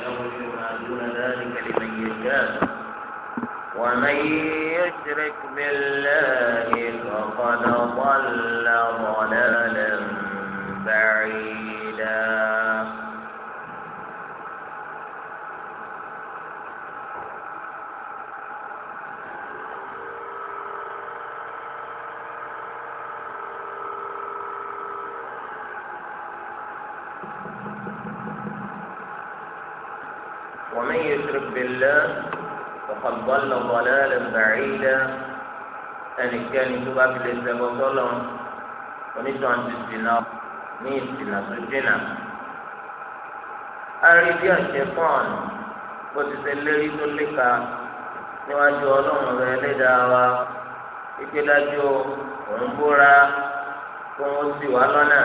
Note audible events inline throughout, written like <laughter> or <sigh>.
ويغفر دون ذلك لمن يشاء ومن يشرك بالله فقد ضل ضلالا بعيدا ومن يشرك بالله فقد ضل ضلالا بعيدا ẹnikẹ́ni tó bá fi lè ṣẹbọ sọ́lọ́ onítàn ti ṣìnà ní ìṣìnà tó jìnà. arí bí ọ̀sẹ̀ fún bó ti ṣe lérí tó léka níwájú ọlọ́run rẹ lẹ́dàá wa wípé dájú òun búra kó wọ́n sì wá lọ́nà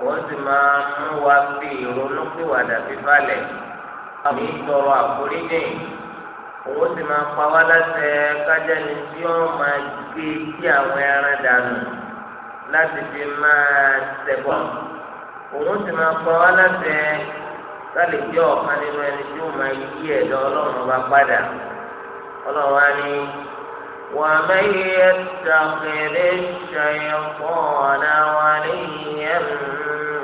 òun sì máa mú wa fi ìrònú pìwàdà fi balẹ̀ àbí tọrọ àforíjì owó sì máa pa wá láṣẹ kájá ni tí ó máa gbé kí àwọn ẹran dànù láti fi máa ṣẹbọ owó sì máa pa wá láṣẹ sálẹ̀ jẹ́ ọ̀kan nínú ẹni tí ó máa yí ẹ̀dá ọlọ́run bá padà ọlọ́run á ní. ومن يتخذ الشيطان وليا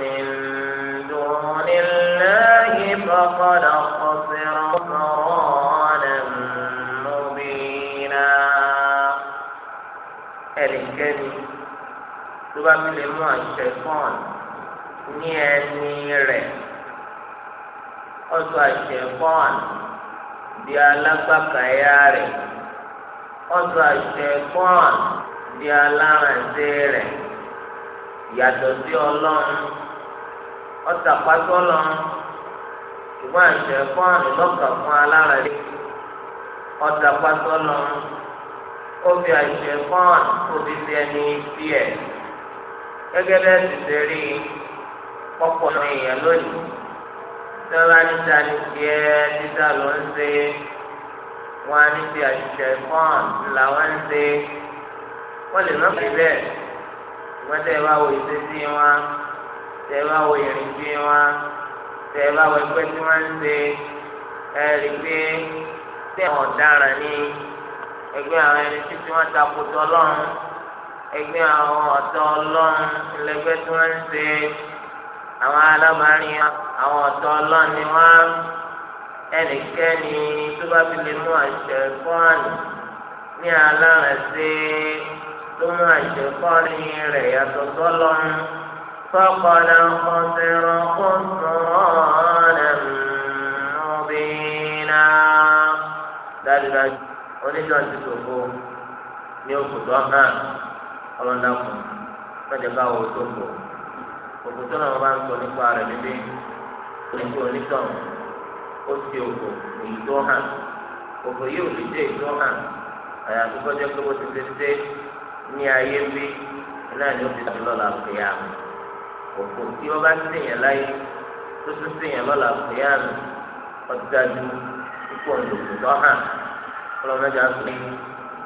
من دون الله فقد خسر خسرانا مبينا ẹnikẹ́ni tó bá fi lè mú àṣẹ fún ní ẹni rẹ̀ ọ̀sọ̀ àṣẹ fún di alágbàkáyà rẹ̀ ọ̀sọ̀ àṣẹ fún di alárànṣẹ́ rẹ̀ yàtọ̀ sí ọlọ́run ọ̀sàpásọ́lọ́run ṣùgbọ́n àṣẹ fún àmì lọ́kà fún alára rẹ̀ ọ̀dà pátọ́nà ó fi àṣẹ fún òbí sí ẹni tiẹ̀ gẹ́gẹ́ bẹ́ẹ̀ sì ṣe rí pọ́pọ̀ náà èèyàn lónìí tí wọ́n bá ní ta ní tiẹ̀ títà ló ń ṣe wọ́n á ní ti àṣẹ fún ńlá wọ́n ń ṣe wọ́n lè má pè bẹ́ẹ̀ ṣùgbọ́n tẹ́ ẹ bá wo ìṣesí wọn tẹ́ ẹ bá wo ìrìnjú wọn tẹ ẹ bá wọ ẹgbẹ́ tí wọ́n ń ṣe ẹ rí i pé tẹ ọ̀daràn ní ẹgbẹ́ àwọn ẹni títí wọ́n takòtò ọlọ́run ẹgbẹ́ àwọn ọ̀tọ̀ ọlọ́run lẹgbẹ́ tí wọ́n ń ṣe àwọn alábàárín àwọn ọ̀tọ̀ ọlọ́run ni wọ́n ẹnikẹ́ni tó bá fi lè mú àṣẹ fọ́ọ̀nù ní alárẹ̀ṣe tó mú àṣẹ fọ́ọ̀nù rẹ̀ yàtọ̀ sọ́lọ́run. فقد خسر خسرانا مبينا dájúdájú onídùú àti ṣòfò ní oṣù tó hàn ọlọ́dàkùn fẹ́jẹ̀ bá wo ṣòfò òkú tó náà bá ń sọ nípa rẹ̀ níbí onídùú onítàn ó ti òkú èyí tó hàn òkú yóò fi dé èyí tó hàn àyàfi kọjá pé ó ti dé ní ayé náà ni ó ti òkú tí wọn bá ń sèyàn láyé tó tún sèyàn lọ́la fìyàmù ọ̀dájú ikú ọ̀dùnkùn lọ́hàn ọlọ́mọdé àgbẹ̀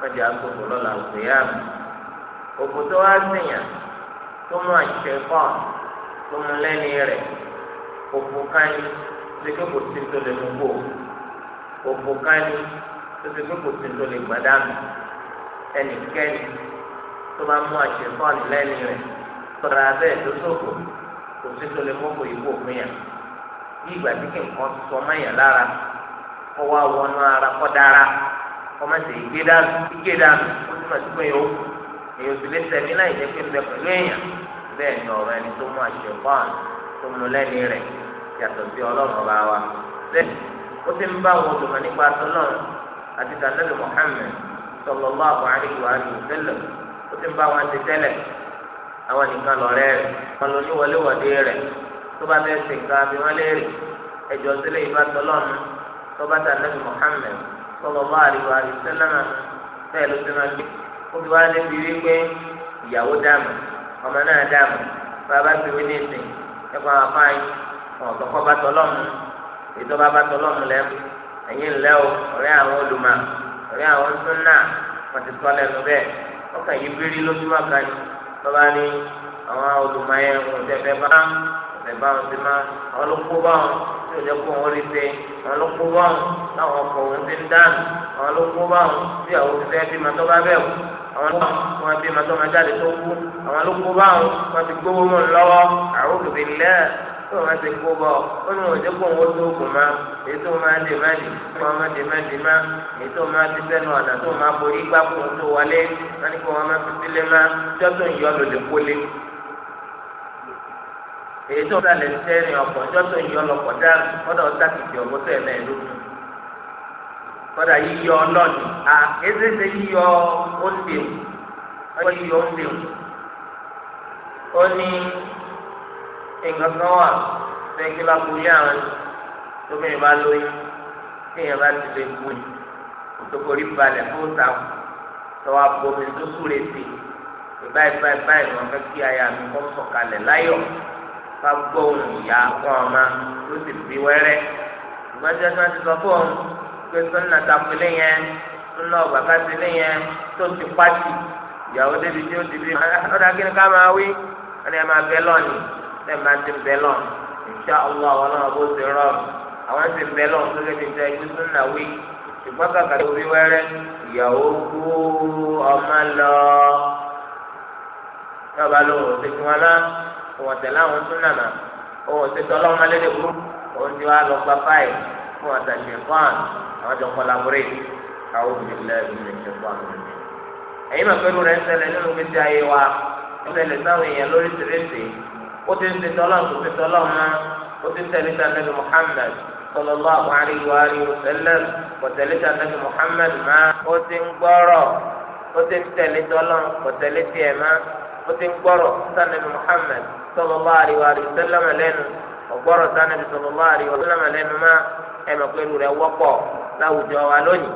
mọ̀dé àgbẹ̀ lọ́la fìyàmù òkú tó wá sèyàn tó mú àṣẹ kọ́ tó mú lẹ́ni rẹ̀ òkú káyé tó ké kò sí tó lè mú kó òkú káyé tó ké kò sí tó lè gbàdánù ẹnikẹ́ni tó bá mú àṣẹ kọ́ lẹ́ni rẹ̀ tọ́ra bẹ́ẹ̀ tó sóko kò sí tó lè mọ́kò ìbò fún yàn bí ìgbà tí kì nǹkan sọ mọ́yàn lára kọ́ wá wọnú ara kọ́ dára kọ́ má ṣe ìgbé dànù ìgbé dànù ó sì máa ti pé yòó èyí ò sì lè sẹ́mi láì jẹ́ pé bẹ́ẹ̀ pẹ̀lú èèyàn bẹ́ẹ̀ ni ọ̀rọ̀ ẹni tó mú àṣẹ bọ́ọ̀n tó mú lẹ́ni rẹ̀ yàtọ̀ sí ọlọ́run ọba wa bẹ́ẹ̀ ó ti ń bá wọn olùmọ̀ nípa tọ́lọ́run àti tànẹ́lì Muhammad sallallahu alaihi wa sallam ó ti ń bá wọn ti tẹ́lẹ̀ àwọn nìkan lọ̀rẹ́ rẹ̀ kan ló ní wọléwọ̀dé rẹ̀ tó bá bẹ́ẹ̀ sì ká bí wọ́n léèrè ẹjọ́ sílẹ̀ ìbá tọ́lọ́nu tó bá ta nẹ́bí Muhammad sọlọ bá àríwá ìsẹ́lẹ̀mà bẹ́ẹ̀ ló ti máa gbé ó fi wá débi wípé ìyàwó dààmú ọmọ náà dààmú bàbá ti wí ní ìsìn ẹ̀kọ́ àwọn afáyín ọ̀tọ̀kọ́ bá tọ́lọ́nu ètò bàbá tọ́lọ́nu lẹ́mú ẹ̀yìn ńlẹ́ o ọ̀rẹ́ àwọn olùmọ̀ ọ̀rẹ́ àwọn súnà wọ́n ti sọ lẹ́nu bẹ́ẹ̀ ọkàn yìí bírí lójúmọ́ kan yìí lọ́ba ní àwọn olùmọ̀ọ́yẹ ọ̀sẹ̀fẹ̀ bá ọ̀sẹ̀ bá wọn ti má àwọn ló kó bá wọn tí ò jẹ́ kó wọn rí ṣe àwọn ló kó bá wọn táwọn ọkọ̀ òun ti ń dànù àwọn ló kó bá wọn tí àwọn òṣìṣẹ́ bí ma tọ́ba bẹ́ẹ̀ wò àwọn ló kó wọn bí ma tọ́ba jáde tó kú àwọn ló bá wọn wọn ti gbówó mọ́ lọ́wọ́ àwọn olùbẹ̀lẹ́ tó wọn ti kó bọ ó ní wọn jókòó wọn tó oògùn ma èyí tó máa dè má dì tó wọn máa dè má dì má èyí tó máa ti sẹ́nu ọ̀nà tó máa borí gbá kó wọn tó wọlé wọn ni kó wọn máa fi sílé má jọ́tò ìyọ́ ló lè kólé èyí tó ta lè sẹ́rin ọkọ̀ jọ́tò ìyọ́ lọkọ̀ dá kọ́dà ọ̀tá kìkì ọ̀gbọ́tọ̀ ẹ̀ náà lókun kọ́dà yíyọ ọlọ́ọ̀nì à ezeze yíyọ ó ń ó yíyọ ó ń ó ní nǹkan kan wà sẹ́kí lápòlí àrùn tóbi ìbá lóyún tí èèyàn bá ti lè kú ni nítorí balẹ̀ fún sàmù tọ́wọ́ abomi tó súre sí ìbáyìí báyìí báyìí wọn fẹ́ kí aya mi kọ́ sọ̀kalẹ̀ láyọ̀ ká gbọ́ ohun ìyá fún ọmọ ló sì fi wẹ́rẹ́ ìgbàjọ́ tí wọ́n ti sọ fún òun pé sọ́nà takùlé yẹn ńlọ bàbá sílé yẹn tó ti pàtì ìyàwó débi tí ó ti bí ọ̀dà kí ni ká máa wí wọ́n ní ẹ máa bẹ lọ́ọ̀nì bẹ́ẹ̀ máa ti bẹ lọ ìṣá ọlọ àwọn náà bó ti rọ àwọn ti bẹ lọ gẹ́gẹ́ bí nǹkan ẹgbẹ́ tó ń nà wí ṣùgbọ́n kàkà tó fi wẹ́rẹ́ ìyàwó kú ọmọ lọ yọba ló ń ṣe fún wa lá òun ọ̀tẹ̀lá òun tún nàmà òun ọ̀tẹ̀ tọ́lọ́ ọmọ lédè kú òun ti wá lọ gba fáì fún ọ̀tà ṣẹ̀fọ́n àwọn jọ kọlábúrè káwọn obìnrin lẹ́yìn lè ṣẹ̀fọ́n ẹ̀yin mọ̀ pé lóore ó ti ń ṣe tọ́lọ́ kò ṣe tọ́lọ́ mọ́ ó ti tẹ̀lé sànẹ́bí Muhammad sallallahu alayhi wa alihi wa sallam kò tẹ̀lé sànẹ́bí Muhammad mọ́ ó ti ń gbọ́rọ̀ ó ti ń tẹ̀lé tọ́lọ́ kò tẹ̀lé tiẹ̀ mọ́ ó ti ń gbọ́rọ̀ sànẹ́bí Muhammad sallallahu alayhi wa alihi wa sallam lẹ́nu ọ̀gbọ́rọ̀ sànẹ́bí sallallahu alayhi wa sallam lẹ́nu mọ́ ẹ̀mọ̀ pẹ̀lú rẹ̀ wọ́pọ̀ láwùjọ wa lónìí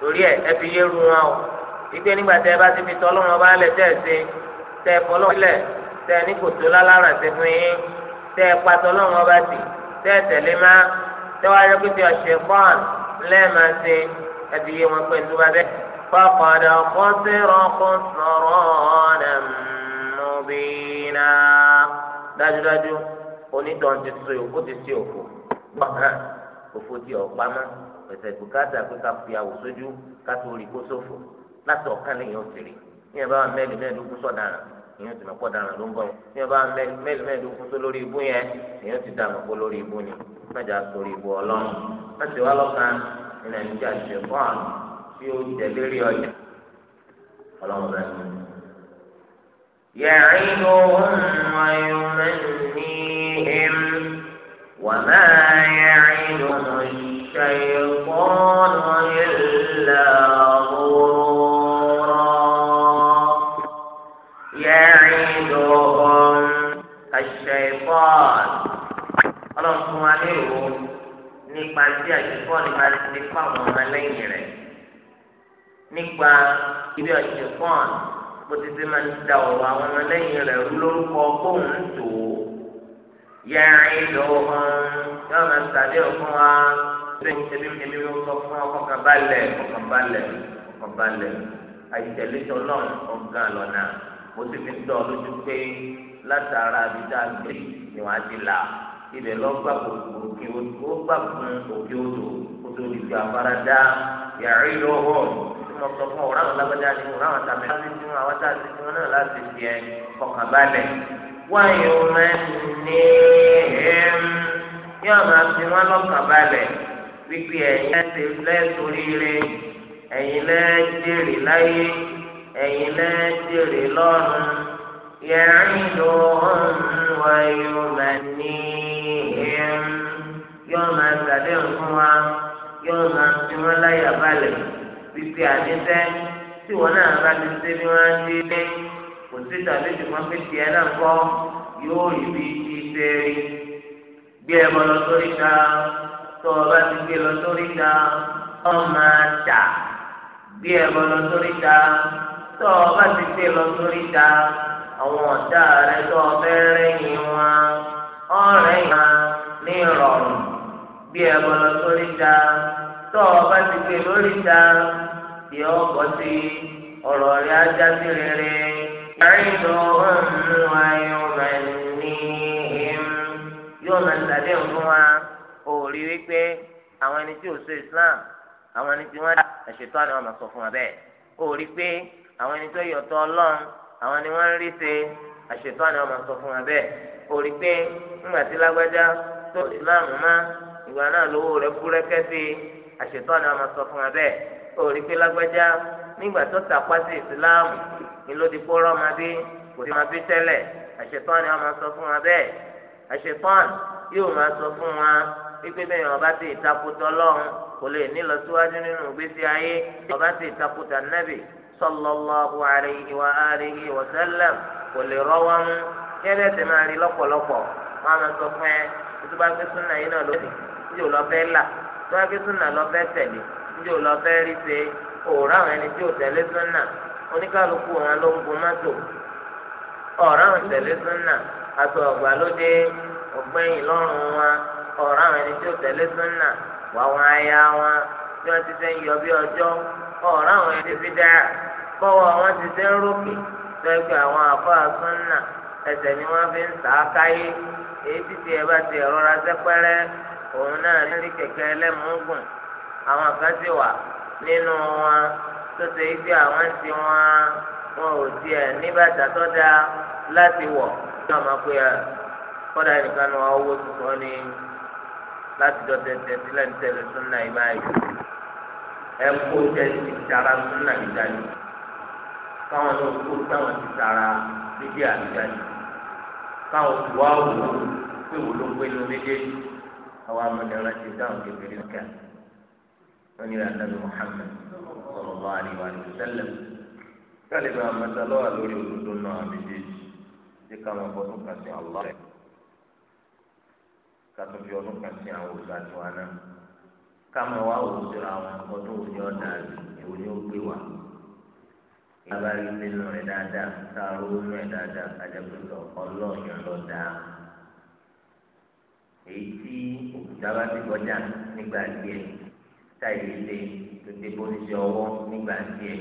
torí ẹ̀ ẹ fi yé ru wọn o ìgbé nígbà tẹ́ ẹ bá ti fi tọ́lọ́mọ bá lẹ̀ tẹ́ ẹ ṣe tẹ́ ẹ fọlọ́ tẹ ẹ ní kò tó lálára sí fún yín tẹ ẹ pàtó lọ́wọ́ bá ti tẹ ẹ tẹ̀lé má tẹ wá yọ pé tí ọ̀sẹ̀ pọ́n lẹ́ẹ̀ma ṣe ẹbí yé wọn pẹ̀lú wa bẹ́ẹ̀. فقد خسر خسرانا مبينا dájúdájú onítàn ti so òkú ti sí òkú gbọ́n òfò tí ò pamọ́ pẹ̀sẹ̀ bùkátà pé ká fi àwò sójú ká tó rí kó sófò látọ̀ kálẹ̀ yẹn ó ti rí ní ẹ̀ bá wà mẹ́rin mẹ́rin ló kú sọ̀daràn èèyàn ti mọ̀ pọ̀ dànù ló ń bọ̀ tí wọ́n bá mẹ́lì mẹ́ẹ̀ẹ́dógún tó lórí ibú yẹn èèyàn ti dànù pọ̀ lórí ibú ni mẹ́jà sórí ibú ọlọ́run láti wá lọ́kàn ní nàìjíríà ṣe fún àwọn tí ó jẹ lérí ọjà ọlọ́run rẹ̀ ni. يعدهم ويمنيهم وما يعدهم الشيطان إلا lérò nípa tí àṣìkò nípa ti fáwọn ọmọ lẹ́yìn rẹ̀ nípa ibi àṣìkò bó ti ti máa ń da ọ̀rọ̀ àwọn ọmọ lẹ́yìn rẹ̀ lórúkọ kóun tó yára ìlò ọ̀hún yóò máa tàbí ọ̀fun wa ebi ebi ló sọ fún ọkọ̀ kan balẹ̀ ọkọ̀ balẹ̀ ọkọ̀ balẹ̀ àyíṣẹ́lẹ̀ tó lọ́n ọ̀gá lọ́nà mo ti fi ń lójú pé látara àbídá gbé ni là ilẹ̀ lọ́gbà òkè ó gbà fún òkè odò kó tó di pé afárá dá yàrá ìlú ọ̀họ́ tí mo sọ fún ọ̀rá àwọn ni ọ̀rá àwọn láti fún àwọn tá a ti fún náà láti fi ẹ kọkàn balẹ̀. wáyé mẹ́rin ní ẹ̀ẹ́m yóò máa fi balẹ̀ wípé ẹ̀yin ti lẹ́sọ̀rí rẹ̀ ẹ̀yin lẹ́ẹ̀dẹ̀rẹ̀ láyé ẹ̀yin lẹ́ẹ̀dẹ̀rẹ̀ lọ́run yàrá ìlú ọ̀hún wáyé mẹ́rin ní yóò máa ṣàdéhùn fún wa yóò máa fi wọn láyà balẹ̀ pípé àdéhùn tí wọn náà bá ti ṣe bí wọn á ṣe é kò sí tàbí ṣùgbọ́n pé tiẹ̀ náà kọ́ yóò rí bí ti ṣe rí gbé ẹbọ lọ sórí ta tó o bá ti gbé lọ sórí ta ọ máa tà gbé ẹbọ lọ sórí ta tó o bá ti gbé lọ sórí ta àwọn ọ̀tá rẹ tó o fẹ́ rẹ́yìn wọn ọ̀rẹ́yìn wọn. ní ìrọ̀rùn bí ẹ̀rọ lọ sórí ta tó o bá ti gbé lórí ta tí ó bọ́ sí ọ̀rọ̀ rẹ̀ ajá sí rere. àìdọ̀ ọ̀hún ayọ̀mọ̀ ní yóò máa tàbí nǹkan wa ò rí wípé àwọn ẹni tí ò so Islam àwọn ẹni tí wọ́n dá ẹ̀ṣẹ̀tọ́ àná ọ̀nà sọ fún wa bẹ́ẹ̀ ò rí pé àwọn ẹni tó yọ̀tọ̀ ọlọ́run àwọn ni wọ́n rí ṣe àná sọ tó ìmáàmù má ìgbà náà lówó rẹ̀ búrẹ́kẹ́ sí àṣetán a máa sọ fún ẹ bẹ́ẹ̀ ó rí pé lágbájá nígbà tó tàpá sí ìsìláàmù ni ló di kóró máa bí kò sí máa bí tẹ́lẹ̀ àṣetán náà máa sọ fún ẹ bẹ́ẹ̀ àṣetán yóò máa sọ fún wa pípé bẹ́ẹ̀ ọba ti ìtakùtà ọlọ́run kò lè ní lọ́síwájú nínú ìgbésí ayé ọba ti ìtakùtà nẹ́bì sallallahu alayhi wa alihi wa sallam kò lè rọ́wọ́ mú kí ẹ bẹ́ẹ̀ ti máa rí lọ́pọ̀lọpọ̀ wọn máa sọ fún ẹ tó bá gbé súnà yìí náà lónìí tí yóò lọ fẹ́ là tó bá gbé súnà lọ fẹ́ tẹ̀lé tí yóò lọ fẹ́ rí ṣe òòrùn àwọn ẹni tí yóò tẹ̀lé súnà oníkálukú wọn ló ń gun mọ́tò ọ̀rọ̀ àwọn tẹ̀lé súnà aṣọ ọ̀gbàlódé ọ̀gbẹ́yìn lọ́rùn wọn ọ̀rọ̀ wọn aya wọn tí ti fẹ́ yọ bí ọjọ́ ọ̀rọ̀ àwọn fi èyí tí tiẹ̀ bá ti rọra sẹ́pẹ́rẹ́ òun náà lórí kẹ̀kẹ́ ẹlẹ́mùúgùn àwọn kan ti wà nínú wọn tó ṣe é pé àwọn ti wọn wọn ò tiẹ̀ ní bàtà tó dáa láti wọ̀ ní ọmọ pé kọ́dà nìkan ni wọ́n owó tuntun ní láti jọ tẹ̀tẹ̀ sílẹ̀ ní tẹ̀lé súnà yìí báyìí ẹ kó tẹ̀ ti tara súnà yìí dání káwọn ló kó táwọn ti tara bíbí àbí dání káwọn ti wá wò ó pé wò ló ń pé ní méjèèjì àwọn amúnira ti dáhùn kékeré ká wọn yóò àtàbí Muhammad sallallahu alaihi wa sallam káàlì bá masalọ́wà lórí òdodo náà méjèèjì tí káwọn ọdún kan sí Allah rẹ̀ kátó fi ọdún kan àwọn òṣù àti wọn náà káwọn wá òṣù ra ọdún òní ọ̀dà àti ìwòní ó gbé wa bá rí nínú rẹ̀ dáadáa tá a rówó nínú rẹ̀ dáadáa àjẹpẹ́tọ̀ ọlọ́ọ̀yàn lọ dáa. èyí tí òkúta bá ti kọjá nígbà díẹ̀ táyé ilé tó dé bóníṣe ọwọ́ nígbà díẹ̀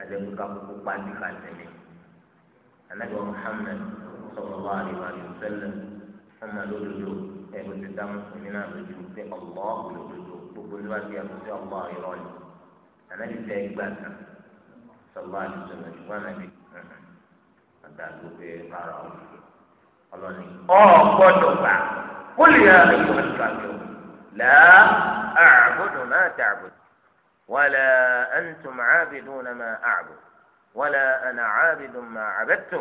àjẹpẹ́tọ̀ àkókò pàdé kàtẹ́lẹ̀. anábọ̀ Muhammad sallallahu alaihi wa sallam ọmọ lódodo ẹ̀rọ ti dá mùsùlùmí náà lójú pé ọ̀pọ̀ lódodo gbogbo nígbà tí a kò sí ọ̀pọ̀ ìrọ̀lẹ́ sọlá àdìsọlá ṣùgbọ́n nàbí ọ̀dà ló pé rárá o ọlọ́ni ọ gbọ́dọ̀ gbà kó lè yára rẹ̀ yóò ṣùgbọ́n mi o là á àbùdù náà tẹ àbùdù wàlà ẹnìtùmọ̀ àbìdù náà máa àbùdù wàlà ẹnà àbìdù máa àbẹ̀tù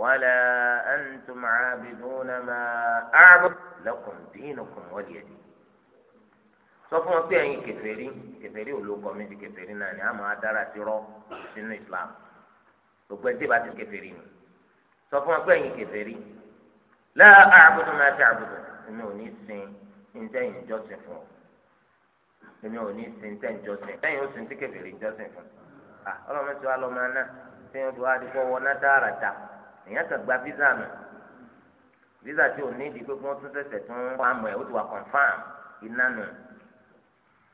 wàlà ẹnìtùmọ̀ àbìdù náà máa àbùdù lẹ́kùn dínú kùn wọ́lẹ̀ yẹn. sọ fún wọn pé ẹ̀yin kèfèrí kèfèrí ò ló kọ méjì kèfèrí náà ni àmọ́ adára ti rọ sínú islam gbogbo ẹ débà ti kèfèrí ni sọ fún wọn pé ẹ̀yin kèfèrí la a'budu ma ta'budu èmi ò ní sin ntẹ̀yìn jọ́sìn fún ọ èmi ò ní sin ntẹ̀yìn jọ́sìn ntẹ̀yìn ó sin tí kèfèrí jọ́sìn fún ọ ọlọ́mọ tí wàá lọ́ máa ná tí wọ́n fi wá adigun wọ ná dára ta èèyàn kan gba visa nù visa tí ò ní di pé kí tún sẹ̀sẹ̀ tún fáàmù ẹ̀ ó ti wà confam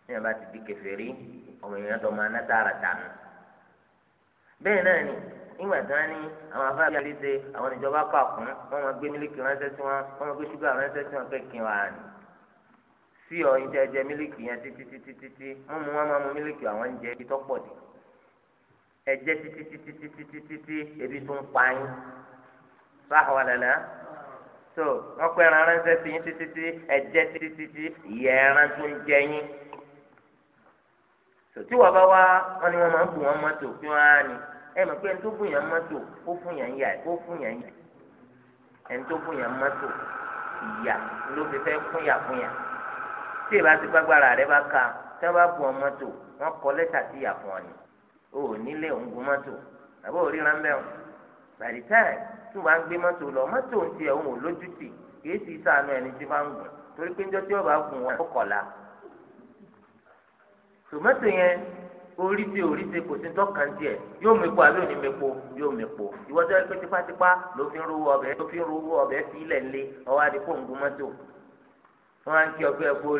níyàn bá ti di kèfèrí ọmọ èèyàn dọ̀ máa ná tààràtà nù. bẹ́ẹ̀ náà ni nígbà tí wọ́n ní àwọn afárá yàrá ṣe àwọn ìjọba kà kún wọ́n máa gbé mílíkì ránṣẹ́ sí wọn wọ́n máa gbé ṣúgà ránṣẹ́ sí wọn kẹ́kìn wà ní. sí ọyìn jẹ jẹ mílíkì yẹn títí títí títí mú mu wọn máa mu mílíkì àwọn jẹ ibi tó pọ̀ dé. ẹ jẹ títí títí títí títí ebi tó pa yín. sáà wà lẹ́la tó wọ́n pẹ́ ránṣẹ́ sí yín títí títí ẹ títí títí ìyẹ́ ẹran tó yín tòtí wàá bá wá wọn ni wọn máa ń bù wọn mọ́tò kí wọ́n á ní ẹ mọ̀ pé ẹni tó bùn yàn mọ́tò ó fún yàn yà ó fún yàn yà ẹni tó bùn yàn mọ́tò ìyà ló fi fẹ́ fún yà fún yà tí ìbá ti gbàgbára rẹ bá ka tí wọ́n bá bùn ọ mọ́tò wọ́n kọ lẹ́tà sí yà fún ọ ni o ò nílé òǹgùn mọ́tò àbó ò ríran bẹ́ẹ̀ o bàdí táì tí wọ́n á gbé mọ́tò lọ mọ́tò ń tiẹ̀ òun ò lójútì kì í sì sànú ẹni tí wọ́n á ń gùn torí pé ń tòmátò yẹn orite orite kò sí dọ́kàn tiẹ̀ yóò mepo àbí òní mepo yóò mepo ìwọ́jọ́ ẹgbẹ́ tipátipá ló fi ń rówó ọbẹ̀ ló fi ń rówó ọbẹ̀ sí ilẹ̀ ńlẹ̀ ọwọ́ wọ́n á ń kí ọgbẹ́ ẹ̀kú o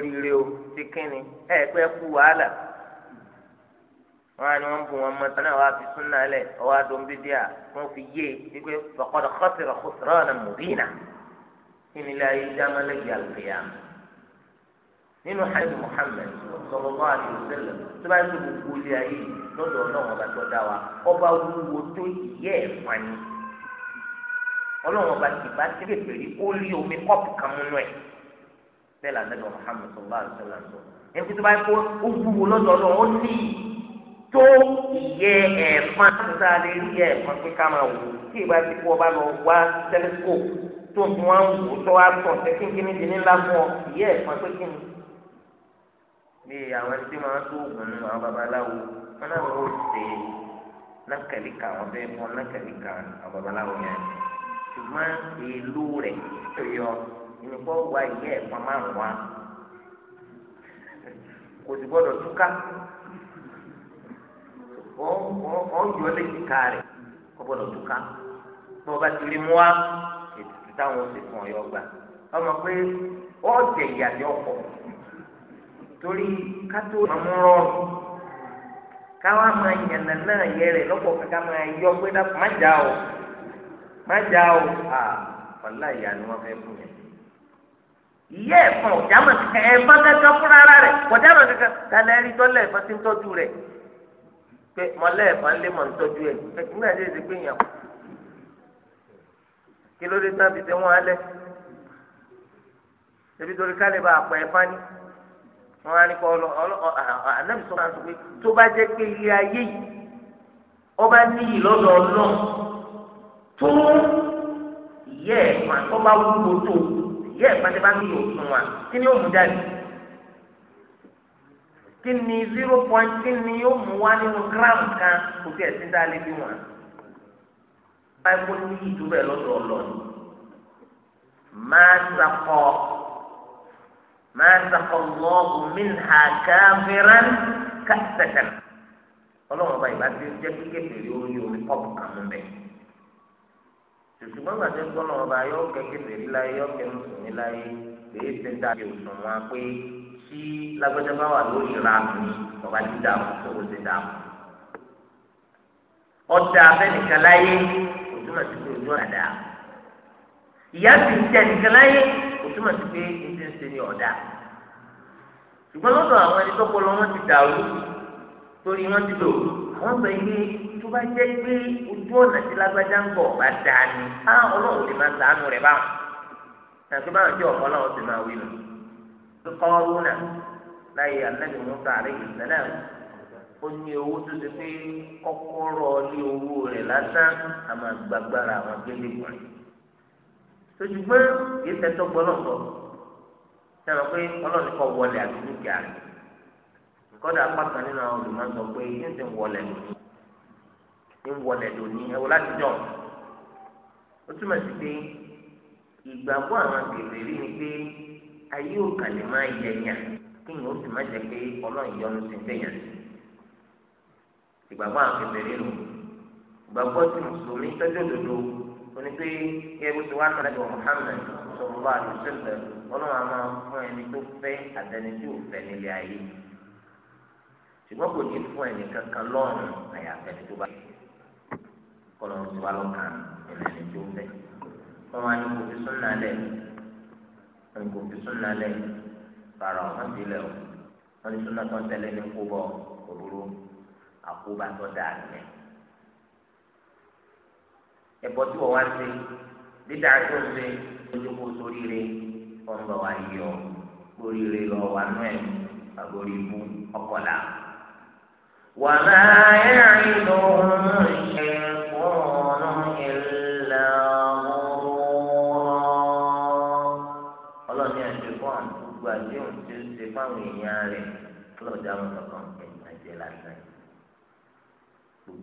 ti kínni ẹ̀kú wàhálà wọ́n á ní wọn mọ́tò náà fi sún náà lẹ̀ ọwọ́ adùn bíbí à wọ́n fi yé wípé e nínú hadith Muhammad sallallahu alaihi wasallam tó bá yẹ kó ilé ayé lọ́dọ̀ Ọlọ́run ọba tó dá wa ọba wúwo tó yẹ ẹfà ni Ọlọ́run ọba tì bá ti lè pèrè ó lé omi kọpù kan múnú ẹ bẹ́ẹ̀ la nẹbẹ Muhammad sallallahu alaihi wasallam sọ ẹni tó bá yẹ kó ó wúwo lọ́dọ̀ Ọlọ́run ó ní tó yẹ ẹfà nígbà lè rí ẹfà pé ká máa wò tí ìbá ti kú ọba lọ wá tẹlifíkò tó ń wá ń wò tó wá tọ̀ ṣe kínkínní ní àwọn tí wọn tó oògùn nínú àwọn babaláwo wọn náà wọn ò ṣe nákàlíkà wọn fẹẹ fọ nákàlíkà àwọn babaláwo yẹn ṣùgbọ́n ìlú rẹ tó yọ ìnìkọ wa ìyá ẹ̀pọn márùn wa kò sì gbọdọ̀ túká ọ̀ọ́yọ́ lẹ́yìn ká rẹ̀ kò gbọdọ̀ túká bí wọ́n bá ti rí mú wa ètùtù táwọn ó sì fún ọ̀yọ́ gbà ọmọ pé ọ̀ọ́dẹ̀ ìyàdí ọ̀pọ̀ torí kátó àmúrọ̀ káwa máa yànnà náà yẹ rẹ̀ lọ́pọ̀ kàkà máa yọ pé dákun má jà o má jà o à wàlá ìyá ni wọ́n fẹ́ fún yẹn. ìyá ẹ̀fọn ọ̀jàmọ̀ ẹ̀fọn kankan fúnra ara rẹ̀ ọ̀jàmọ̀ kankan kálẹ̀ rí tọ́lẹ̀ ẹ̀fọn tí ń tọ́jú rẹ̀ pé mọ́lẹ̀ ẹ̀fọn lé mọ̀ ń tọ́jú ẹ̀ nígbà tí èsì pé yàn kí ló dé sábì tẹ́ wọ́n alẹ́ ebi wọn á ní kọ ọlọ ọlọ anabi sọ máa sọ pé tó bá jẹ pé ilé ayé yìí ọba níyì lọ́dọ̀ Ọlọ́run tó ìyẹ ẹ̀fọn tó bá wúwo tó ìyẹ ẹ̀fọn tó bá níyì òfin wa kí ni ó jáde kí ni zero point kí ni ó mú wá nínú gram kan kò tí ẹ̀ sí dá lé bí wọn báyìí kó níyì tó bẹ̀ lọ́dọ̀ Ọlọ́run máa sakọ. ما سقى الله منها كافرا كأسة ọlọ́run ọba ìbá ti jẹ́ kékeré rí orí omi kọ́ọ̀pù kan mú bẹ́ẹ̀. ṣùgbọ́n gbàdé gbọ́nà ọba yọ kẹ́ kékeré láyé yọ kẹ́ mùsùlùmí láyé lèyí ti ń dàbí òsùn wọn pé tí lágbájá bá wà lórí ìranù ni ọba ti dà mú owó ti dà mú. ọ̀dà abẹ́nìkan láyé kò túmọ̀ pé ojú ọ̀dà. ìyá sì ń tẹ̀ nìkan láyé kò túmọ̀ sí pé ń ṣe ní ọ̀dà ṣùgbọ́n lọ́dọ̀ àwọn ẹni tọ́pọ̀lọ́ wọn ti dàrú torí wọn ti lò àwọn sọ ilé tó bá jẹ́ pé ojú ọ̀nà tí lágbájá ń bọ̀ bá dáa ni á ọlọ́run lè máa sàánú rẹ̀ báwọn tàbí báwọn tí ọ̀pọ̀ ọlọ́run ti máa wí nù kọ́rùnà láyé anábì musa àríyìn sẹ́lẹ̀ ó ní owó tó ti pé kọ́kọ́rọ́ ní owó rẹ̀ lásán àmàgbàgbára àwọn gbẹ̀lẹ̀ kan. sojúgbọ́n kì í fẹ́ tọ́gbọ́n náà sọ̀rọ̀. sẹ́wọ̀n pé ọlọ́ọ̀ni kọ́ wọlé àti dúkìá rẹ̀ kọ́dà apákan nínú àwọn olùmọ̀sọ pé yín ti ń wọlé lónìí ń wọlé lónìí ẹ̀wọ̀ láti jọ̀ ó túmọ̀ sí pé ìgbàgbọ́ àwọn gbèrè rí ni pé ayé òkà lè máa yẹ yàn ó sì jẹ pé ọlọ́run yọnu ìgbàgbọ́ àwọn rí ìgbàgbọ́ òní pé yẹ bó ti wá sọ̀rọ̀ ẹ̀dọ̀ Muhammad sọ̀rọ̀ àdùsọ̀lẹ̀ ọlọ́run àmọ́ fún ẹni tó fẹ́ àtẹni tí ò fẹ́ nílé ayé ṣùgbọ́n kò ní fún ẹni kankan lọ́rùn àyàfẹ́ni tó bá kọ́lọ́ ti wá lọ́kàn ẹni tó fẹ́ wọ́n wá kò fi súnà lẹ̀ ẹni kò fi súnà lẹ̀ fara ọ̀hún sílẹ̀ o wọ́n ní súnà tó ń tẹ́lẹ̀ ní kó bọ̀ àkóbá tó dáa nìyẹn ẹbọ tí wọn wá sí dídá tó ń ṣe ojúkó sórí rẹ ọgbà wa yọ lórí rẹ lọ wà nù ẹ àgórí ibú ọkọlá. وما يعدهم الشيطان إلا غرورا الله يعدهم الشيطان gbogbo àdéhùn tí ó ṣe fáwọn èèyàn rẹ̀ lọ́jà wọn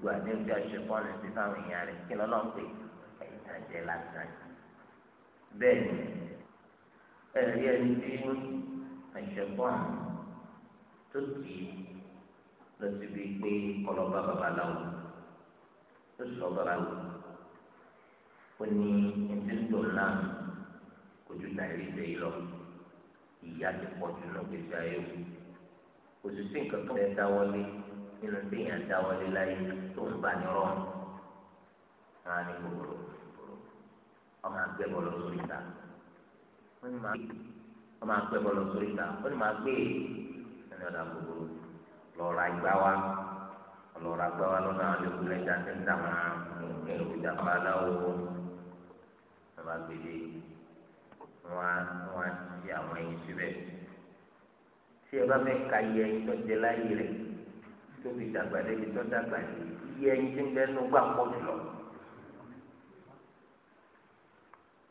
gbogbo àdéhùn àṣẹ pọ́ọ̀lù ti fáwọn èèyàn rẹ̀ kí lọ́lọ́ ń pè ìtàjẹ́ lásán bẹ́ẹ̀ ẹ̀rí ẹni tí àṣẹ pọ́ọ̀lù tó kì í lọ síbi pé kọlọ́ba babaláwo tó sọ babaláwo ó ní ìdíjọ náà kò ju tàìrí ṣe yìí lọ ìyá ti pọ̀ jù lọ gbèsè ayé o kò sì sí nǹkan tó ń dáwọ́lé nínú téèyàn dáwọlé láyé tó ń bá ní rọrùn máa ní gbogbo ọmọ àgbẹ̀ bọ̀ lọ sórí ìta wọ́n ní máa ọmọ àgbẹ̀ bọ̀ lọ sórí ìta wọ́n ní máa gbé ẹni ọ̀dà gbogbo lọ́ọ̀rọ̀ àgbà wa lọ́ọ̀rọ̀ àgbà wa lọ́nà àwọn ẹ̀kú lẹ́jà ń tà wọn nǹkan ẹ̀kú ìjàmbá aláwo wọ́n bá gbélé wọ́n wọ́n ti àwọn ẹyin síbẹ̀ tí ẹ bá fẹ́ ka yẹ ìtọ́jẹ́ láyé rẹ̀ tóbi dàgbà débi tó dàgbà yìí ẹyin tí ń bẹnu gbà pọ̀ jùlọ.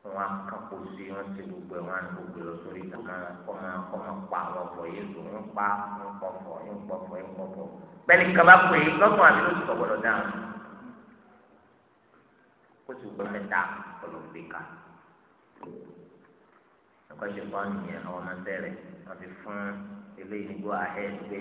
wọn akakpo sí wọn ti gbogbo ẹ wọn àti gbogbo lọ sórí kankan kọmọ kọmọ pa àwọn ọkọ yìí lò ń pa ń pọpọ ń pọpọ ń pọpọ bẹ́ẹ̀ni kaba pè é lọtún àti lọtún sọgbọdọ dáhùn ó sì gbọ́ mẹ́ta ọlọmọdéka ẹ̀kọ́ ṣe fún àwọn ènìyàn ọmọ bẹ̀rẹ̀ wọn ti fún eléyìí gbọ́ ahẹ́ gbé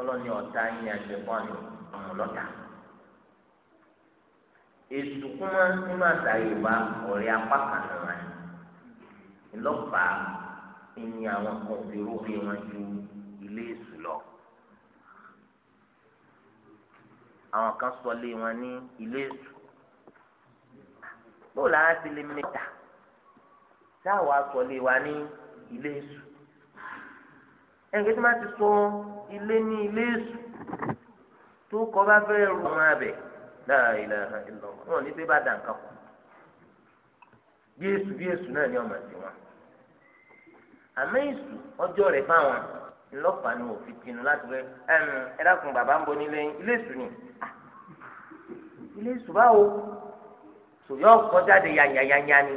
ọlọ́ni ọ̀tá yín àṣẹ̀kọ́ àná ọmọ lọ́tà èsù kúmọ́ ní máa ta yorùbá ọ̀rẹ́ apá kan náà ni ńlọ́pàá ìní àwọn kan fi rúbi wọn ju ilé èsù lọ àwọn kan sọlé wọn ní ilé èsù bó làá ti lè mẹ́ta táwa sọlé wa ní ilé èsù ẹnìkan tí wọ́n ti sọ ilé ní ilé èṣù tó kọ́ bá fẹ́ rú wọn abẹ náà ilẹ̀ ìlọ wọn ní pé bá dà nǹkan kù bí èṣù bí èṣù náà ni ọmọ ti wọn àmọ́ èṣù ọjọ́ rẹ̀ fáwọn ńlọ́pàá ni òfin pinnu láti wẹ́ ẹ dákun bàbá ń bọ̀ nílé ilé èṣù ni ilé èṣù báwo sòyọ́ kọjá de yanyanyanya ni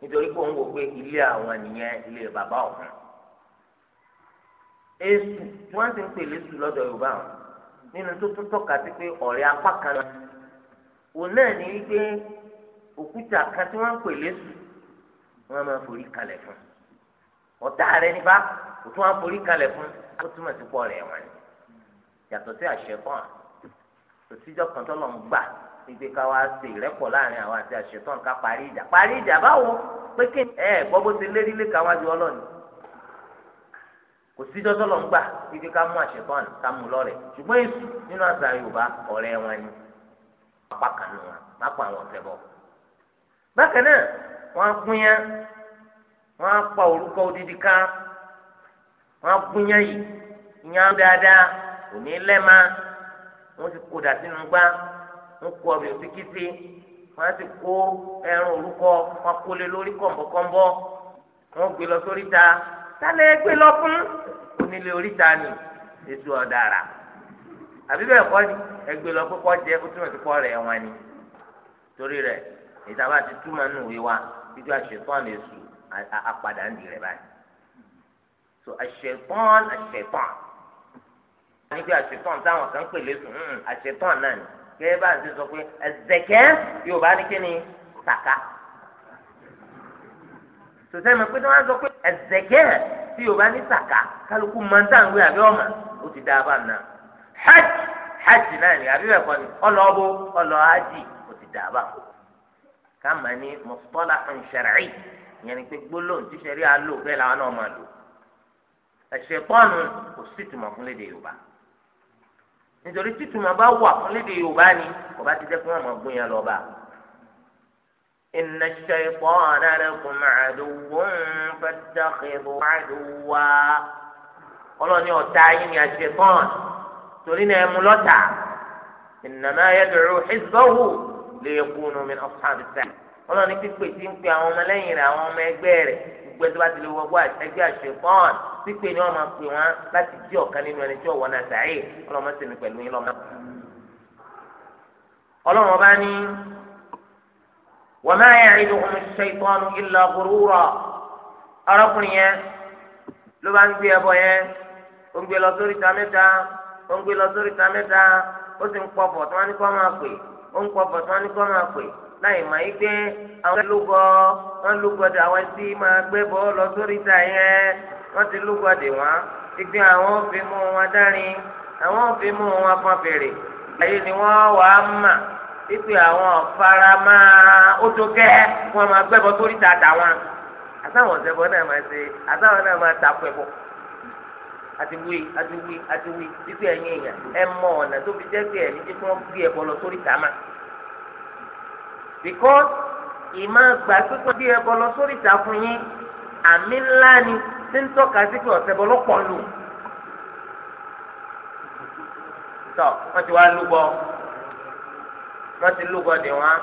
nítorí pé òun wò pé ilé àwọn nìyẹn ilé bàbá òun èsù tí wọ́n ti ń pè lésù lọ́dọ̀ yorùbá wọn nínú tó tó tọ́ka sí pé ọ̀rẹ́ apá kan náà òun náà ní wípé òkúta kan tí wọ́n ń pè lésù wọ́n máa forí kalẹ̀ fún ọ̀tá rẹ nípa kò tún wọ́n forí kalẹ̀ fún kó túmọ̀ sí pọ̀ rẹ̀ wọ́n ni yàtọ̀ sí àṣẹ kan òtíjọ́ kan tó lọ́n gbà wípé ká wá ṣe ìrẹ́pọ̀ láàrin àwọn àti àṣẹ ká parí ìjà parí ìjà báwo pé kí ẹ gbọ́ bó ti lérí lé káwájú ọlọ́ni kò síjọ́ tó lọ ń gbà kíkẹ́ ká mú àṣetán ká mú lọ́rẹ̀ ṣùgbọ́n èsù nínú àṣà yorùbá ọ̀rẹ́ wọn ni apá kan nù wọn má pa àwọn ọ̀sẹ̀ bọ̀. bákan náà wọ́n á gúnyán wọ́n á pa orúkọ odidi ká wọ́n á gúnyán yìí ìyàn dáadáa kò ní lẹ́ẹ̀ma ti kó dàtínú gbá wọ́n kó ọbẹ̀ òsíkìsì wọ́n á ti kó ẹran orúkọ wọn kólé lórí kọ̀ǹbọ̀kọ̀ǹbọ̀ wọ́n gbé lọ sórí ta tálẹ̀ gbé lọ fún onílé oríta ni ètò ọ̀daràn àbí bẹ́ẹ̀ kọ́ ni ẹgbẹ́ lọ kọ́kọ́ jẹ ó túmọ̀ sí kọ́ rẹ̀ wọn ni torí rẹ̀ ìtàbá ti túmọ̀ nù wí wa títí àṣetán lè sùn àpadà ń di rẹ̀ báyìí so àṣetán àṣetán níbi àṣetán táwọn kan pè lẹ́sùn hmm, àṣetán náà ni kẹ́ẹ́ bá ti sọ pé ẹ̀zẹ̀kẹ́ yóò bá ní kí ni tàka sọsẹ mi pé tí wọn sọ pé ẹzẹkẹ tí yorùbá ní sàkà kálukú mọtàǹwé àbí ọmọ ó ti dá a bá nà hajj hajj náà ni àbí bẹ́ẹ̀ kọ́ ni ọlọ́ọ̀bù ọlọ́ọ̀hájì ó ti dá bá kàmá ní mọ̀tọ́lá ṣẹ̀rẹ̀ ìyẹn ni pé gbólóhùn tí ṣẹ̀rí á lò bẹ́ẹ̀ làwọn náà máa lò ẹ̀ṣẹ̀ pọ́ọ̀nù kò sí ìtumọ̀ fún léde yorùbá nítorí títùmọ̀ bá wà fún léde yorùbá ni kò ti إن الشيطان لكم عدو فاتخذوا عدوا ọlọ́ni ọ̀tá yín ni àṣetán torí náà ẹmu lọ́tà ìnàmá yẹ́dùrú ìzọ́wù lè kúnnú mi ọ̀sán àbísà ọlọ́ni pípé tí ń pe àwọn ọmọlẹ́yìn rẹ̀ àwọn ọmọ ẹgbẹ́ rẹ̀ gbogbo ẹgbẹ́ bá ti lè wọgbọ́ ẹgbẹ́ àṣetán pípé ni wọ́n máa pè wọ́n láti jí ọ̀kan nínú ẹni tí ọ̀wọ́ náà sàáyè ọlọ́mọ sì ní pẹ̀lú yín lọ́mọ. ọlọ́run ọba ní. وما يعدهم الشيطان إلا غرورا أرقني ló bá ń gbé ẹbọ yẹn ó ń gbé lọ sórí ta mẹ́ta ó ń gbé lọ sórí ta mẹ́ta ó sì ń pọfọ tí wọn ní kó máa pè ó ń tí ní máa pè láì yí àwọn lúgọ wọn lúgọ dé àwọn tí máa gbé lọ sórí ta yẹn ti lúgọ dé ipe àwọn farama otókẹ́ wọn máa gbẹ́bọ sórí tata wọn àtàwọn ọ̀sẹ̀bọ náà máa ṣe àtàwọn náà máa ta pẹ̀bọ àti wí àti wí àti wí ipe ẹ̀yìn èèyàn ẹ mọ ọ̀nà tó fi jẹ́ pé ẹ̀mí tí wọ́n gbé ẹ̀bọ lọ sórí tàmá because ìmọ̀ gbà pípọ̀ bí ẹ̀bọ lọ sórí tà fún yín àmì ńlá ni tí ń tọ́ka sí pé ọ̀sẹ̀bọ lọ́pọ̀ lò tọ́ wọ́n ti wá lúgbọ́ wọ́n ti lúgọ̀dì wọn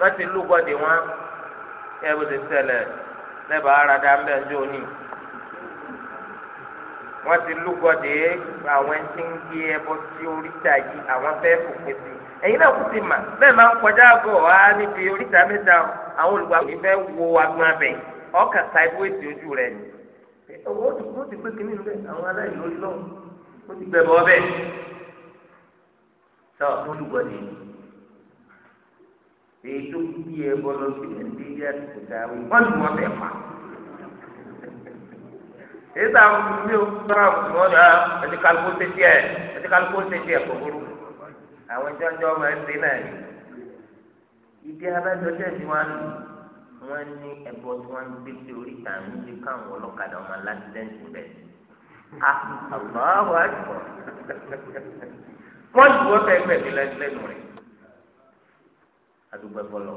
wọ́n ti lúgọ̀dì wọn ẹ bó ti ṣẹlẹ̀ lẹ́bàá ara dá ń bẹ̀ ń jó ní. wọ́n ti lúgọ̀dì àwọn ẹni tí ń gbé ẹbọ sí oríta yìí àwọn fẹ́ fòpin sí ẹ̀yin náà kú ti mà bẹ́ẹ̀ máa ń kọjá àgọ́ wa níbi oríta mẹ́ta àwọn olùgbà kò ní fẹ́ wo agbọn abẹ ọkà ta ibú èsì ojú rẹ ni. ọwọ́ ó ti pé kínní bẹ́ẹ̀ àwọn aláìlórí náà ó ti gbẹ̀bọ̀ bẹ́ẹ̀ táwọn tó lùgbọ́ ni èyí tó bí ẹ bọ́ lọ sí ẹ̀ ní ilé àtìkù tá a wí wọ́n lù wọ́n bẹ̀ pa. èyí tá a fún mi ò sọ́ra fún ọ́nà ẹni kálukú ṣe díẹ̀ ẹni kálukú ṣe díẹ̀ kò burú àwọn ìjọ́jọ́ ọmọ ẹ̀ ń dín náà yìí. ibi abájọjọ́ ìdí wọn lù wọ́n ní ẹ̀bọ tí wọ́n gbé sí oríta ń wọ́n ju ọ̀tẹ̀ ẹgbẹ́ mi lẹ́nu rẹ̀ adúgbò ẹ̀fọ́lọ́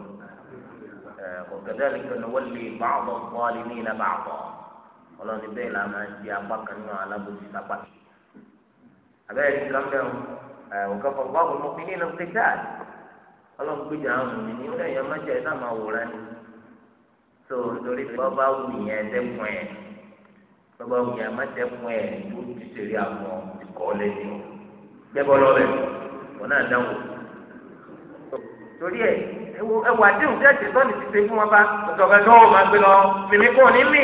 ọ̀gẹ́dẹ́rì kan wọ́n lè bá ọ̀bọ̀ bọ́ọ̀lì ní ilẹ̀ bá ọ̀bọ̀ ọlọ́ni bẹ́ẹ̀ la máa ń di apá kan náà alábòsí sápá abẹ́rẹ́ ní kan bẹ́ẹ̀ ọ̀gá fọwọ́ àwọn ọmọ mi nínú pété ọlọ́run gbèjà àwọn ọmọ mi ní ó lẹ́yìn ọmọ jẹ́ náà máa wòrán ni tó nítorí pé ọba wù yẹn dẹ́kun ẹ̀ ọba wù yẹn má dẹ́kun ẹ̀ tó ti ṣeré àwọn ìkọ́ lẹ́yìn ọ̀ bẹ́bọ̀ lọ́rẹ̀ wọn náà dáhùn. torí ẹ ẹwà díhùn tí ẹ̀sìn sọ́ọ̀nì ti ṣe fún wọn bá ọ̀tọ̀ọ̀gá tó o máa gbé lọ mímí kò ní mì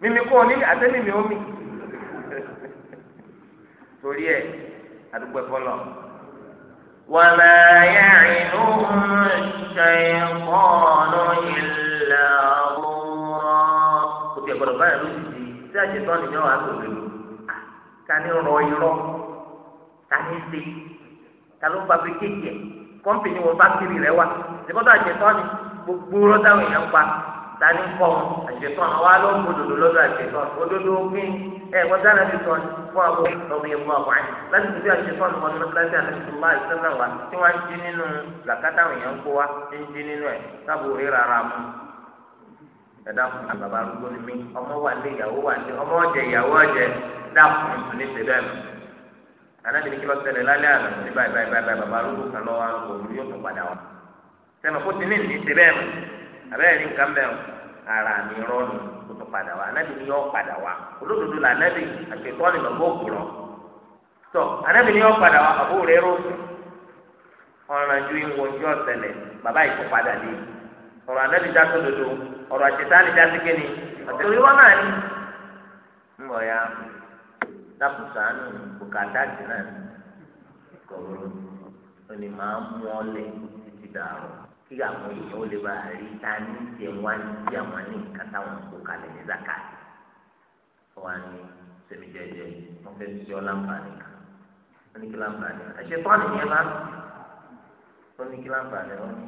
mímí kò ní àtẹ́mìmí ó torí ẹ àdúgbò ẹ̀kọ́ lọ. وما يعلهم الشيطان إلا غرورا. كنت يقول لك أنا لوسي ساجد ظني نوعا كبيرا tani rọ irọ́ tani ṣe tani ó fàbí kéèké kọ́mpìnì wọ fákìrì rẹ wa ṣèkọ́tà àjẹtọ́ ni gbogbo rọ́dà èèyàn pa tani kọ́ àjẹtọ́ àwọn alóhùn òdòdó lọ́dọ̀ àjẹtọ́ òdòdó pín ẹ wọ́n dáná ti sọ fún àwọn ọ̀gbìn ìwọ àwọn àyè láti fi àjẹtọ́ ni wọ́n lọ́dọ̀ àti ṣùgbọ́n àìsàn náà wà tí wọ́n ń jí nínú làkàtà èèyàn kó wa ń jí nínú ẹ̀ sábò rí rárá mu ẹ̀dá fún mi bàbá arúgbó ni mí ọmọ wà lé ìyàwó wà lé ọmọ ọ̀jẹ̀ ìyàwó ọ̀jẹ̀ dá fún mi ní ìṣẹ̀lẹ̀ nù anábìrin kí lọ ṣẹlẹ̀ lálẹ́ àná ní báyìí báyìí báyìí bàbá arúgbó kan lọ́wọ́ arúgbó òru yóò tún padà wá sẹ́nu kó ti ní ní ìṣẹ̀lẹ̀ nù abẹ́rẹ́ ní nǹkan bẹ́ẹ̀ ara mi rọ́ọ̀nù kó tún padà wá anábìrin yóò padà wá olódodo là anábì àṣetọ́ni lọ́gbọ́ òkúrọ̀ anábìrin yóò padà wá ọ̀rọ̀ anabi dá sódodo ọ̀rọ̀ àṣetáni dá síké ni ọtí orí wọn náà ni ń bọ ya dákùsà nù bùkátà tì náà ni kọ̀ọ̀rọ̀ ó ní máa mú ọ lẹ̀ títí dàrú kí àwọn èèyàn ó lè bá rí ta ní tiẹ̀ wá ní tí àwọn ní nǹkan táwọn kó kalẹ̀ ní zakat wọn ni sẹ́mi jẹjẹ wọn fẹ́ẹ́ fi ọ láǹfààní kan wọn ní kí láǹfààní kan ẹ̀ṣẹ̀ tọ́ni yẹn bá wọn ní kí láǹfààní wọn ní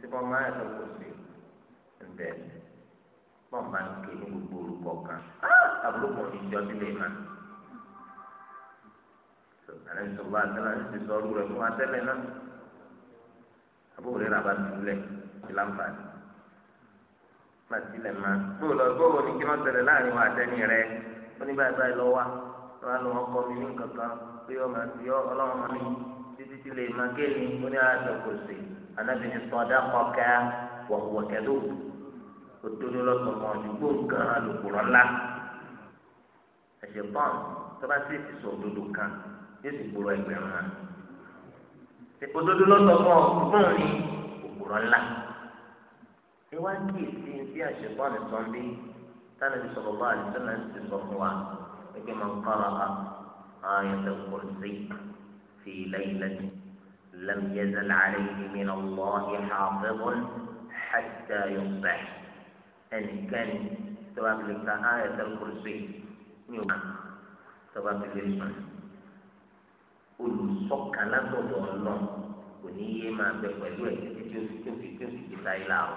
síbọn máa ẹ̀ lọ́kọ̀. ńbẹ mọ máa ń ké ní gbogbo orúkọ kan àbúrò ní ìjọ sílẹ̀ máa àlẹ́ sọ̀rọ̀ àtẹ́lá ń ti sọ̀rọ̀ rẹ̀ fún atẹ́lẹ̀ náà àbúrò rẹ̀ rà bá ní láǹfààní má tilẹ̀ má bó lọ bó ní kí láàrin wa ó ní báyìí báyìí lọ wọn mi ní kankan pé ọmọ àti òdodo lọ́sọ̀kan òdìgbò gan alùpùpù ńlá ẹ̀ṣẹ̀ pọ́n tọ́ba sì ti sọ òdodo kan yóò sì gbòòrò ẹgbẹ̀rún náà òdodo lọ́sọ̀kan ògbóhùn ni òpùrọ̀ ńlá ẹ wá kí èsì tí àṣẹ pọ́n sọ ń bí tánàbí sọ̀rọ̀ bá àdìsọ́nà ti sọ fún wa ẹgbẹ́ máa ń kára آية الكرسي في ليلة لم يزل عليه من الله حافظ حتى يصبح ẹnìkẹ́ni tó bá fi lè ka ayẹ̀tẹ̀ kùrùsì ní òkà tó bá fi lè sùn olùsọ̀kànlá gbọ̀dọ̀ ọlọ́run kò ní yé máa bẹ pẹ̀lú ẹ̀ títí tí ó fi tí ó fi tí ó fi ti ta ilà o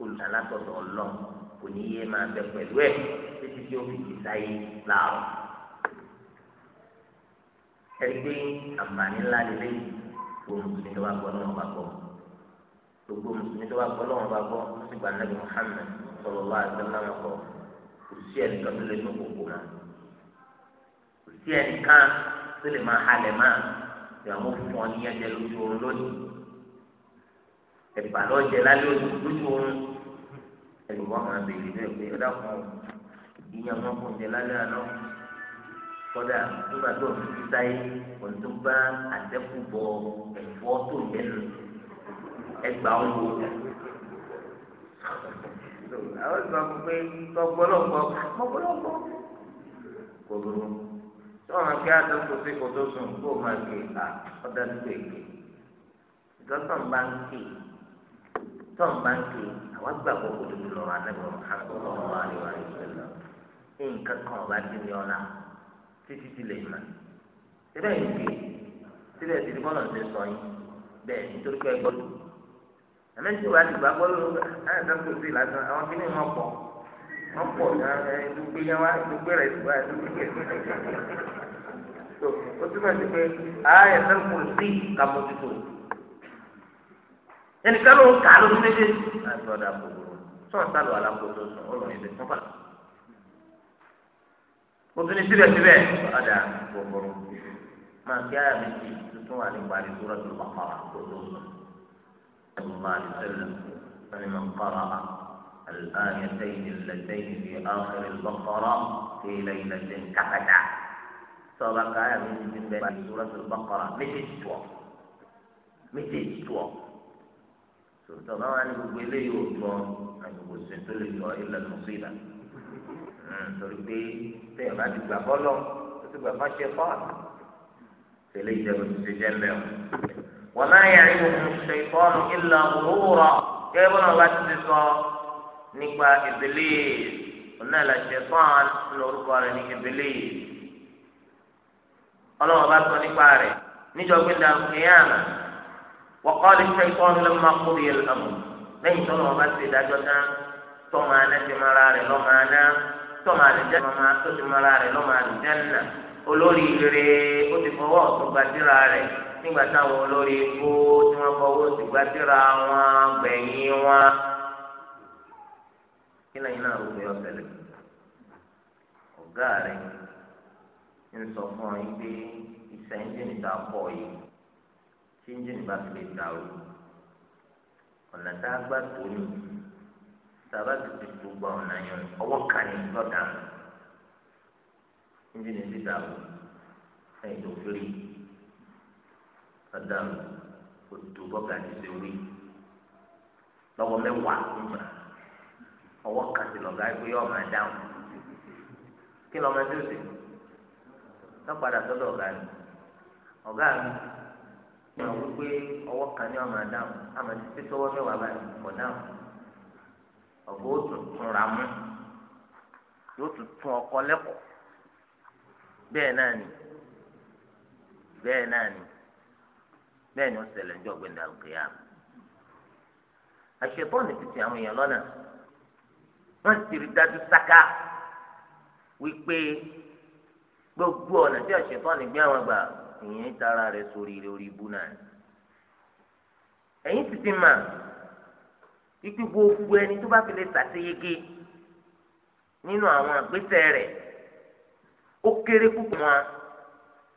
olùsọ̀kànlá gbọ̀dọ̀ ọlọ́run kò ní yé máa bẹ pẹ̀lú ẹ̀ títí tí ó fi ti ta ilà o ẹgbẹ́ àǹfààní ńlá lélẹ́ gbogbo mùsùlùmí tó bá gbọ́ lọ́wọ́ bá gbọ́ gbogbo mùsùlùmí tó bá gbọ́ lọ́wọ́ bá gbọ́ ó sì gbà nàbì Muhammad sọlọ bá àti ọlọ́mọ kọ kò sí ẹnìkan tó lè mú gbogbo mọ kò sí ẹnìkan tó lè máa halẹ̀ mọ́ ìyàwó fún ọ ní ẹ̀jẹ̀ lójú oorun lónìí ẹ̀bà lọ́jẹ̀ lálẹ́ òní lójú oorun ẹnìkan máa bèèrè bẹ́ẹ̀ pé ọ̀dà kan ìyẹn wọn kò jẹ lálẹ́ àná kọ́dà nígbà tó ń fi sáyé kò tó bá àdẹ́kù bọ ẹ̀fọ́ tó yẹ lò ẹgbàá tó àwọn sọ fún pé tọgbọlọgbọ mọgbọlọgbọ kò burú tọ́wọ́n kí á tó sọ pé kò tó sùn kó o máa gbé ìta ọ̀dà tó èké ìtọ́tọ̀ ń bá ń ké tọ́ ń bá ń ké àwọn gbàgbọ́ kó tó lọ́wọ́ anábọ̀ àgbọ̀rọ̀ ọ̀rọ̀ àríwá ìṣẹ̀lẹ̀ nǹkan kan ọba dín ní ọ̀la títí tí lè mà síbẹ̀ ń ké síbẹ̀ tí bọ́lọ̀ ń ṣe sọ yín bẹ́ẹ̀ nítorí pé ẹgbọ́dọ̀ àmẹ́tí wàá dìgbà gbọ́dọ̀ náà sọ́kò sí lásán àwọn kí ni wọ́n pọ̀ wọ́n pọ̀ náà ẹ̀ẹ́dúgbé yẹn wá ẹ̀ẹ́dúgbé rẹ̀ ti wá ẹ̀ẹ́dúgbé tó o túmọ̀ sí pé ààyè sọ́kò sí kàmójútó ẹnìkan ló ń kà á lóṣù méje láti ọ̀dà gbogbo sọ̀rọ̀ sálọ alákòóso sùn ó lọ ilé sọ́fà o tún ní síbẹ̀síbẹ̀ ọ̀dà gbogbo máa kí àyà tuntun wà ní ìparí tó bàbá wa kó tó صلى الله عليه وسلم فلمن قرأ الآيتين اللتين في آخر البقرة في ليلة كفتا سبق آية من بين سورة البقرة مثل توا مثل توا سبحان الله يقول لي يوتوا يقول سنتولي إلا المصيبة torí pé bẹ́ẹ̀ bá ti تبقى fọ́ọ̀nù tẹ́lẹ̀ ìjẹun ti ṣe jẹ́ ńlẹ̀ o ti gba ma se wọ́n máa yà ìwọ̀n ṣèkọ́nù ìlà òwúrọ̀ gẹ́gẹ́ bọ́lá bá ti sọ nípa ìbílẹ̀ ọ̀nà ìlàjẹ̀ fún lórúkọ rẹ̀ ní ìbílẹ̀ ọlọ́wọ́n bá sọ nípa rẹ̀ níjọ́ pé dàrúkìyàmà wọ́kọ́lì ṣèkọ́nù ló máa kúrò yẹ lọ́mù lẹ́yìn tó lọ́wọ́ bá ti dájọ́ náà tó máa mara rẹ̀ lọ́mọ aná tó máa lè tó ti mara rẹ̀ lọ́mọ àlùjẹ́ nà olórí ire ó ti fọwọ́ ọ̀tún nígbà táwọn olórí ikú tí wọ́n fọwọ́ sígbà síra wọn gbẹ̀yìn wọn kí lẹ́yìn náà rò pé ọ̀sẹ̀lẹ̀ ọ̀gá rẹ̀ ń sọ fún ọ yín pé iṣẹ́ ẹ́ńjìnì tá a pọ̀ yìí tí ẹ́ńjìnì bá fi lè dàrú ọ̀nà tá a gbà tó ní tàbá ti ti gbogbo ọ̀nà yẹn ọwọ́ kan ní lọ́dà ẹ́ńjìnì ti dàrú ẹ̀yìn tó fi rí i ọ̀daràn odò bọ́gà ti ṣe wí lọ́wọ́ mẹ́wàá nígbà ọwọ́ kan ti lọ́gà pé yọ máa dáhùn kí lọ́mọ tí ó ṣe lọ́padà sọ́dọ̀ ọ̀gá mi ọ̀gá mi ni wọ́n wí pé ọwọ́ kan ni wọ́n máa dáhùn àmọ́ títí sọ́wọ́ mẹ́wàá báyìí kọ̀ dáhùn ọ̀gá ó tún tún ra mú yóò tún tún ọkọ lẹ́kọ̀ọ́ bẹ́ẹ̀ náà ni bẹ́ẹ̀ náà ni. bẹ́ẹ̀ ni ó ṣẹlẹ̀ ń jọ gbẹ̀ndà òkèèyà ti ti àwọn èèyàn lọ́nà wọ́n ti rí dájú sáká wípé gbogbo ọ̀nà tí àṣetọ́ni gbé àwọn gbà ìyẹn tara rẹ̀ sórí ilé ibú náà ẹ̀yìn ti ti mà ikú gbogbo ẹni tó bá fi lè ṣàṣeyege nínú àwọn àgbésẹ̀ rẹ̀ ó kéré púpọ̀ mọ́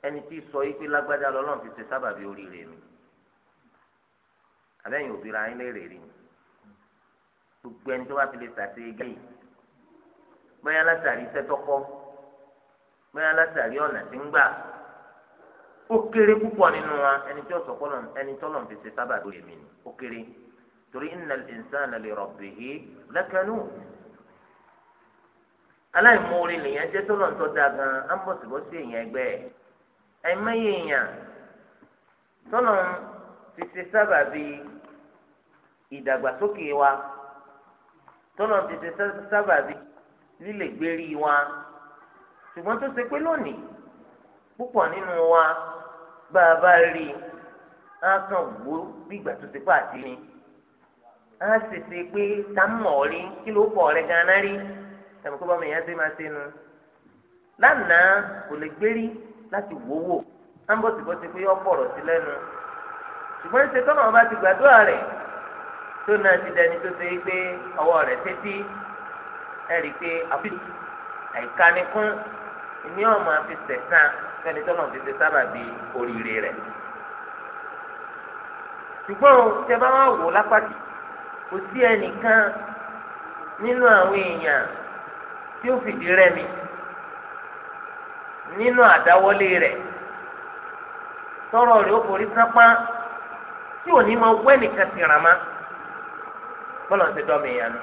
ẹni tí sọ yìí pé lágbájá lọ́lọ́run fi ṣe sábàbí oríire mi abẹ́yìn òbí ra yín léèrè rí gbogbo ẹni tó bá fi lè tàṣe igi yìí bóyá látàrí iṣẹ́ tọ́kọ́ bóyá látàrí ọ̀nà tí ń gbà ó kéré púpọ̀ nínú wa ẹni tí ọ̀sọ̀ kọ́lọ̀ ẹni tọ́lọ̀ fi ṣe sábà lórí mi ni ó kéré torí innal insana li rabbihi lakanun aláìmoore nìyẹn jẹ́ tọ́lọ̀ ń da gan á ń bọ̀ síbọ̀ sí èèyàn ẹgbẹ́ ẹ̀ ẹ̀mẹ́yẹ èèyàn tọ́lọ̀ ṣíṣe sábàbí ìdàgbàsókè wa tọ́nà ti ṣe sábàbí lílè gbérí wa ṣùgbọ́n tó ṣe pé lónìí púpọ̀ nínú wa bá a bá rí i á kàn wó bígbà tó ṣe pàtì ni á ṣèṣe pé tá a mọ̀ rí kí ló pọ̀ rẹ ganan rí tàbí bá mi yẹn ṣe máa ṣe nu lánàá kò lè gbérí láti wò wò á ń bọ̀ síbọ̀ sí pé ó pọ̀rọ̀ sí lẹ́nu. ṣùgbọ́n ṣe tọ́nà ọba ti gbàdúrà rẹ̀ tó náà ti dẹni tó ṣe pé ọwọ́ rẹ̀ tẹ́tí ẹ̀ rí i pé àfi àìkánikún ìní ọmọ àfi sẹ̀sán fẹ́ni tọ́nà ti ṣe sábà bí oríire rẹ̀. ṣùgbọ́n tẹ bá wà wò lápàtì kò sí nínú àwọn èèyàn tí tọrọ rẹ̀ ó tí ò máa wẹ́ nìkan ti ràn má bọ́lá ń ṣe dọ́mi ìyá ni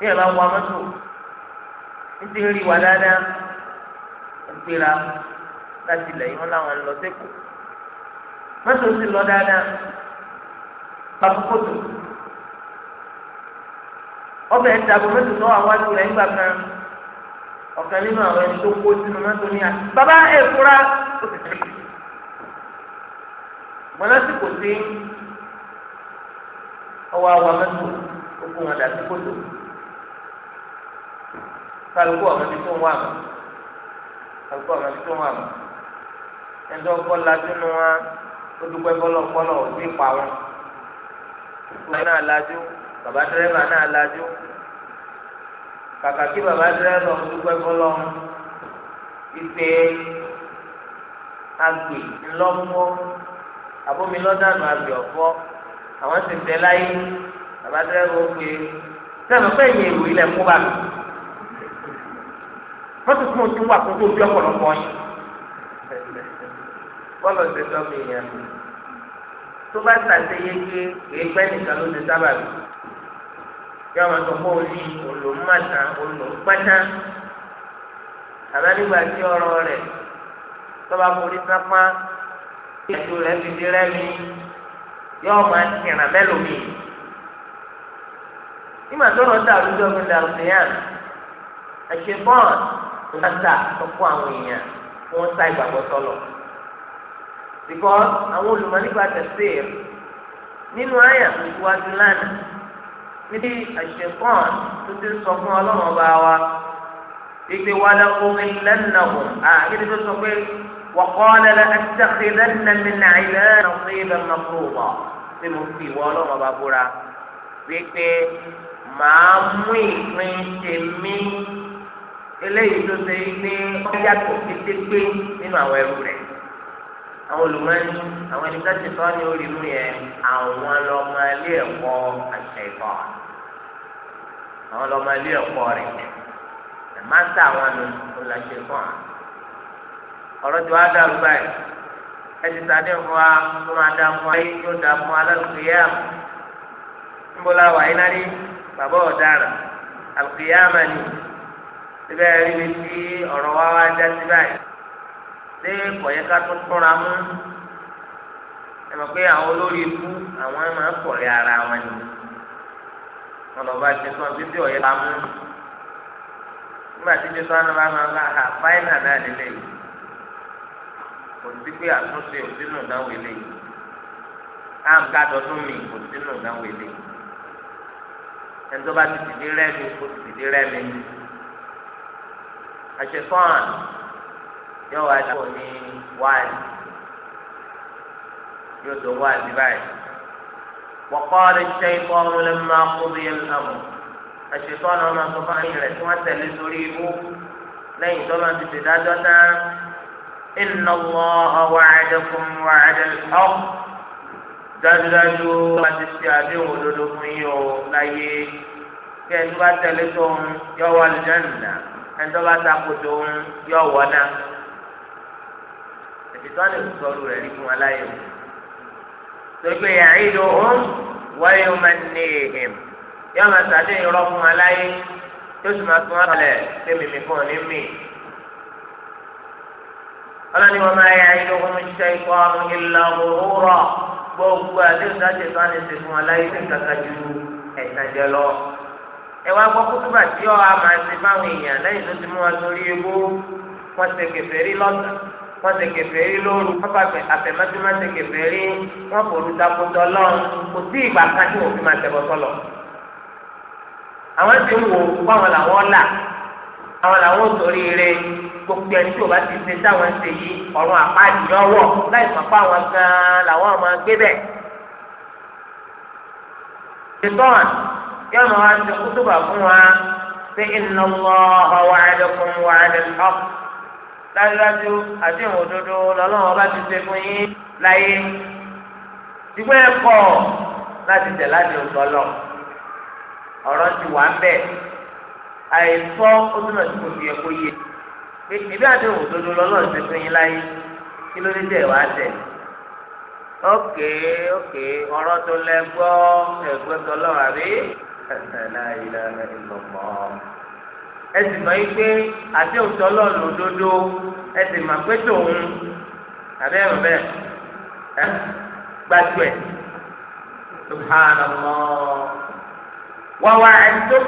bí ẹ bá wọ amọ́tò ń ti rí wa dáadáa ń gbéra láti ilẹ̀ yìí wọ́n láwọn ń lọ sẹ́kọ̀ọ́ mọ́tò sì lọ dáadáa pàkókòtò ọbẹ̀ ń dàgbọ́ mọ́tò tó àwọn àti rẹ̀ ńgbà kan ọ̀kan nínú àwọn ẹni tó kó sínú mọ́tò ní à bàbá ẹ̀ fúra ó ti tẹ̀lé mọ lásìkò sí ọwọ́ àwọn mẹ́tò ogun wọn dàbí kòtò kálukú ọmọ ibi tó ń wà mọ́ kálukú ọmọ ibi tó ń wà mọ́ ẹjọ́ kọ́lá sínú wa ó dúpẹ́ bọ́lọ̀kọ́lọ̀ òsì pa wọn ìkúrẹ́ náà lajú bàbá dírẹ́bà náà lajú kàkà kí bàbá dírẹ́bà ó dúpẹ́ bọ́lọ̀ ìpè agbè ńlọ́mọ́ abomi lọ́dànù àbí ọ̀fọ́ àwọn sì ń tẹ láyé bàbá dẹ́rẹ́ wo pé sẹ́nu fẹ́ yẹ ìwé ilẹ̀ kó bá mi mọ́tò tí mo ti wà kó tó bí ọ̀pọ̀lọpọ̀ yìí bọ́ọ̀lù ti tọ́ mi yẹn tó bá sàṣẹ yege èèpẹ́ nìkan ló ti sábà mi yọ àwọn tó kó orí olùmọ̀tà olùpátá àbá nígbà tí ọ̀rọ̀ rẹ̀ tó bá forí sápá ètò rẹ̀ fi di rẹ́mi yóò máa tìràn mẹ́lòmí. nígbà tó lọ sí àwùjọ mi ní àlùfíàn ẹ̀ṣẹ̀ bọ́ọ̀n lọ́sà tó kó àwọn èèyàn kí wọ́n sá ìgbàgbọ́ sọ́lọ̀. because àwọn olùmọ̀ nípa tẹ̀síìr nínú àyà ìwájú lánàá níbi ẹ̀ṣẹ̀ bọ́ọ̀n tó ti sọ fún ọlọ́run ọba wa ìgbéwálẹ̀ omi lẹ́nu náà wọ̀ وقال لأتخذن من عباد نصيبا مفروضا tí mo fi ìwọ ọlọ́run ọba búra wípé màá mú ìpín tèmi eléyìí tó ṣe pé ó yàtọ̀ kétékpé nínú àwọn ẹrù rẹ̀ àwọn olùmọ̀ẹ́ni àwọn ẹni tó ti tọ́ ni ó rí yẹn àwọn lọ́mọ ilé ẹ̀kọ́ àṣẹ àwọn lọ́mọ ilé ẹ̀kọ́ rẹ̀ ẹ̀ máa ń tà àwọn ọ̀nà ìfọ̀ làṣẹ fún àwọn ọ̀rọ̀ tí wàá dàrú báyìí ẹtì sàdé fún wa tó máa dà fún wa yìí yóò dà fún wa lálùkìyàm níbo la wà iná ní bàbá ọ̀daràn àlùkìyàmà ni síbẹ̀ rí mi tí ọ̀rọ̀ wa wá já sí báyìí ṣé kọ̀yẹ́ ká tó kúnra mú ẹ mọ̀ pé àwọn olórí ikú àwọn ẹ̀ máa kọ̀rẹ́ ara wọn ni wọn lọ bá ti sọ títí ọ̀yẹ́ ká mú nígbà tí jésù àná bá máa bá àfáìnà náà nílé yìí kò sí pé àtúnṣe ò sínú ìdánwò eléyìí àǹkàdọ́dún mi kò sínú ìdánwò eléyìí ẹni tó bá ti dìde rẹ́mi kò ti dìde rẹ́mi àṣefọ́n yóò wá dùn ní wáyé yóò tó wáyé báyìí wọ́kọ́rẹ́ ṣe ikọ́ ọ̀rùnlẹ̀ máa kó bí ẹ̀ lọ́mọ àṣetọ́nà ọmọ tó bá rẹ̀ tí wọ́n tẹ̀lé sórí ibú lẹ́yìn tó lọ́n ti ṣèdájọ́ náà. إن الله وعدكم وعد الحق dájúdájú láti ṣe àdéhùn òdodo fún yín o láyé kí ẹni bá tẹ̀lé tó ń yọ wọ àlùjánnà ẹni tó bá takò tó ń yọ wọ náà ìtọ́ lè sọ̀rọ̀ ọlọ́ni wọn máa yà ayé wọn ń ṣe ikọ́ ọ̀run ìlà òwúrọ̀ gbogbo àdéhùn láti ẹ̀ka ní ti fún aláyé ní kàkà ju ẹ̀sán jẹ lọ. ẹ wá gbọ́ kútùbà tí ọ̀ a ti báwọn èèyàn lẹ́yìn tó ti mú wọn sórí egbò wọn ti kẹfẹ́ rí lọ́sàn wọ́n ti kẹfẹ́ rí lóru wọ́n bá àfẹ̀mẹ́tí ti kẹfẹ́ rí wọ́n fòrú takotọ́ lọ́run kò sí ìgbà kan tí wọ́n fi máa tẹ̀bọ̀ sọ́lọ̀. àwọn ti ń wò fún làwọn là àwọn làwọn sórí gbogbo ẹni tí o bá ti ṣe táwọn ń ṣe yìí ọ̀run àpáàdì yọ wọ̀ láì mọ̀ fún àwọn gan-an làwọn máa gbé bẹ̀. ṣètọ́n yóò máa wá ṣe kútùbà fún wa pé iná lọ ọwọ́ àdẹkùn wà àdẹkùn ọ̀. dájúdájú àti ìwọ̀n òdodo lọ́lọ́wọ́ bá ti ṣe fún yín láyé. ìgbẹ́ ẹ̀kọ́ láti tẹ̀ láti òtọ́lọ̀ ọ̀rọ̀ ti wà ń bẹ̀ àìsọ́ ó túnbọ̀ tí kò fi ẹ̀kọ́ yé pé ìbí àdéhùn òdodo lọ́lọ́run ti fún yín láyé kí ló dé tẹ̀ wá tẹ̀. ókè ókè ọ̀rọ̀ tó lẹ gbọ́ ẹ̀gbẹ́ tọ́lọ́ àbí ẹ̀sẹ̀lá ìlà ìlọ̀pọ̀. ẹ sì mọ̀ pé àdéhùn tọ́lọ́run òdodo ẹ sì mọ̀ pé tòun àbí ẹ̀rọ bẹ́ẹ̀ ẹ gbàgbé subhanallah wàwà ẹ̀ tó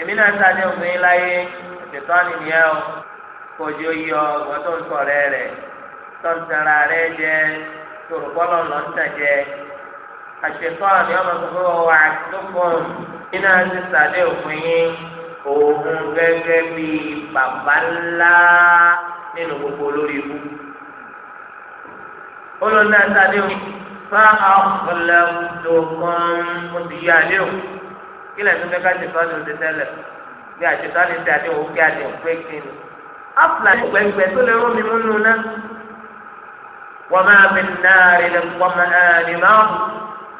èmi náà sáà òfin láyé ṣètò ànìyàn o kọjú yọ gbọ́dọ̀ sọrẹ rẹ tọntara rẹ jẹ torùbọlọ lọtà jẹ àṣetọ àmì ọmọ gbogbo wa lókun iná ti sàdé òfin yín òun gẹ́gẹ́ bíi bàbá ńlá nínú gbogbo olórí ikú olórí náà sàdé òfin fa ọ̀pọ̀lọpọ̀lọpọ̀n òdìyà àdéhùn kí lẹ́nu fẹ́ ká ṣe fọ́ọ̀dù ti tẹ́lẹ̀ bí àṣetọ́ ni ti àdéhùn ó kí àdéhùn pé kí ni afla gbẹngbẹ tó lè rómi múnú náà wọ́n máa fi náàrí lè pọ́ máa ní máa hù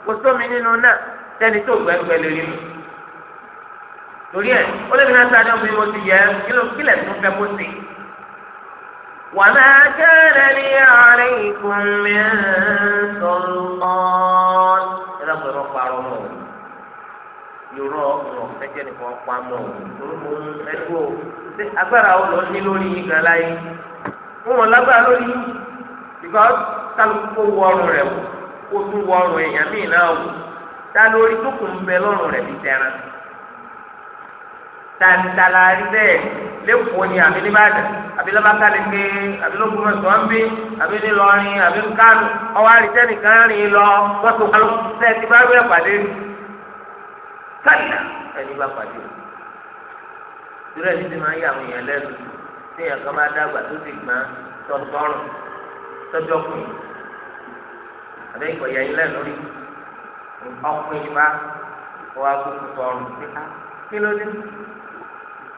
kò sómi nínú náà sẹ́ni tó gbẹngbẹ lè rí mu torí ẹ ó lè fi náà sáré omi mo ti yẹ kílò kílẹ̀ tó fẹ́ kó sí. وما كان لي عليكم من سلطان irọ́ ọ̀rọ̀ mẹ́jẹ nìkan pamọ́ òun ẹ̀dùn o ṣé agbára ọ̀ lọ ní lórí yín gan láyé wọn wọn lágbára lórí yín ìgbà kálukú kó wọ ọrùn rẹ̀ wò kó tún wọ ọrùn èèyàn míì náà wò ta lórí tó kù ń bẹ lọ́rùn rẹ̀ fi tẹ̀ràn tàǹtàlà rí bẹ́ẹ̀ lẹ́kọ̀ọ́ ni àbí nìbàdàn àbí lọ́bàkà lè ké àbí lọ́gbọ̀n tó ń bí àbí nílọrin àbí kánò ọwọ́ àrítẹ́nìkan rìn lọ wọ́n tó kálukú sẹ́ẹ̀ ti bá rí ẹ̀ pàdé rí káyà ẹni bá pàdé o ìrẹ́ mi ti máa ń yà àwọn èèyàn lẹ́nu tí èèyàn kan bá dàgbà tó sì gbọ́n tọ́tọ́rùn tọ́jọ́ kùn àbẹ́ ìkọ̀yà yín lẹ́nu rí ọkùnrin bá wọ́n á kó tọ́rùn sí ká ah, kí ló dé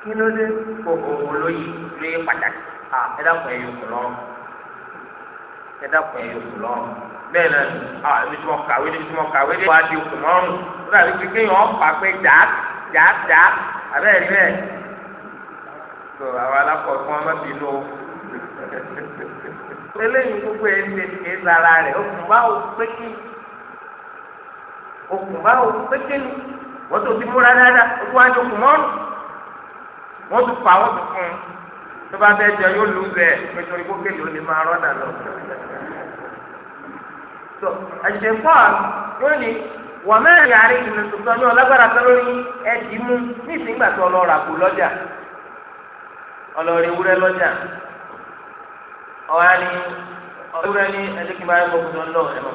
kí ló dé kòkòrò olóyè lé pàtàkì à ẹ dákun ẹ yòókù lọ́rùn ẹ dákun ẹ bẹ́ẹ̀ náà à ibi tí mo kàwé ibi tí mo kàwé dé wàá di òkú mọ́rùn dàbí pé kéèyàn ọ̀pá pé jàá jàá jàá abẹ́ ẹ̀ bẹ́ẹ̀ tó àwọn alákọ̀ọ́ fún ọmọ bínú o <laughs> eléyìí gbogbo ẹ̀ ń ṣe é lára rẹ̀ okùn bá o pé kí okùn bá o pé kí ni wọ́n tó ti múra dáadáa o tó wá ní okùn mọ́rùn wọ́n tó pa wọ́n tó fún un tó bá bẹ́ẹ̀ jẹ yóò lù bẹ́ẹ̀ nítorí kó kéde ó máa rọ́nà lọ. tó <laughs> àṣepọ̀ yóò ní wọ́n mẹ́rin yàrá ìdùnnú tuntun ní ọlágbára kan lórí ẹ̀dì mú ní ìsìngbà tó ọlọ́ọ̀rà kù lọ́jà ọlọ́ọ̀rẹ́ ewúrẹ́ lọ́jà ọ̀hání ewúrẹ́ ní ẹ̀dẹ́kì bá ẹ̀kọ́ fún ọlọ́ ẹ̀mọ́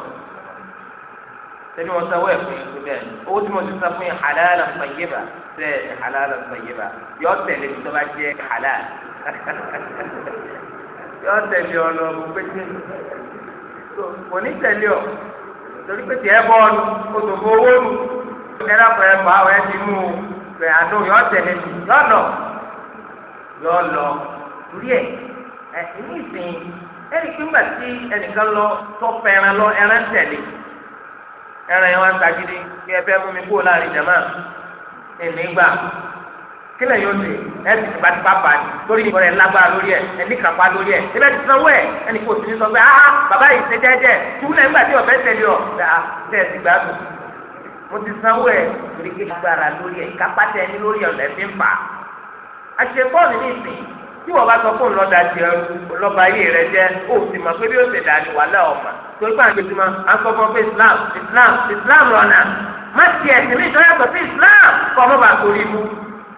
tẹ́lẹ̀ wọn sanwó ẹ̀kọ́ yẹn tó bẹ́ẹ̀ owó tí mo ti san fún yẹn halal fayébà bẹ́ẹ̀ halal fayébà yọ tẹ̀lé tó bá jẹ́ halal <laughs> yọ tẹ̀lé ọ torí pé tiẹ̀ bọ́ ọ́nù o tó fo owó nù ẹ̀rọ pẹ̀ bá ọ ẹ ti mú o pẹ̀ àdó yọ tẹ̀lé mi yọ lọ yọ lọ torí ẹ̀ ẹ̀ ní ìsìn ẹ̀rí pé ńgbà tí ẹnìkan lọ tó fẹ́ràn lọ ẹran tẹ̀lé ẹran yẹn wá ń ta gidi ẹ fẹ́ mú mi kúrò láàrin jàmáà ẹ̀ nígbà kílẹ̀ yóò ṣe ẹ ti ti bàtí bàbà ni lórí ìbọn rẹ̀ lágbára lórí ẹ̀ ẹ̀ ní kápá lórí ẹ̀ ẹ̀ bẹ́ẹ̀ ti sanwó ẹ̀ ẹnì kò sí sọ pé ah bàbá yìí ṣe jẹ́jẹ́ túnlẹ̀ nígbà tí ọ̀fẹ́ tẹ̀lé ọ̀ ṣe ti gbádùn mo ti sanwó ẹ̀ torí kí gbára lórí ẹ̀ kápá tẹ ẹni lórí ọ̀lẹ́ fi ń fà á ṣe bọ́ọ̀lù ní ìsìn tí wọ́n bá sọ fún lọ́dà jẹ lọ́ba máa ń sọ fún pé Islam Islam Islam lọ́nà má tiẹ̀ sí mi ìtọ́yàtọ̀ sí Islam kọ́ ọ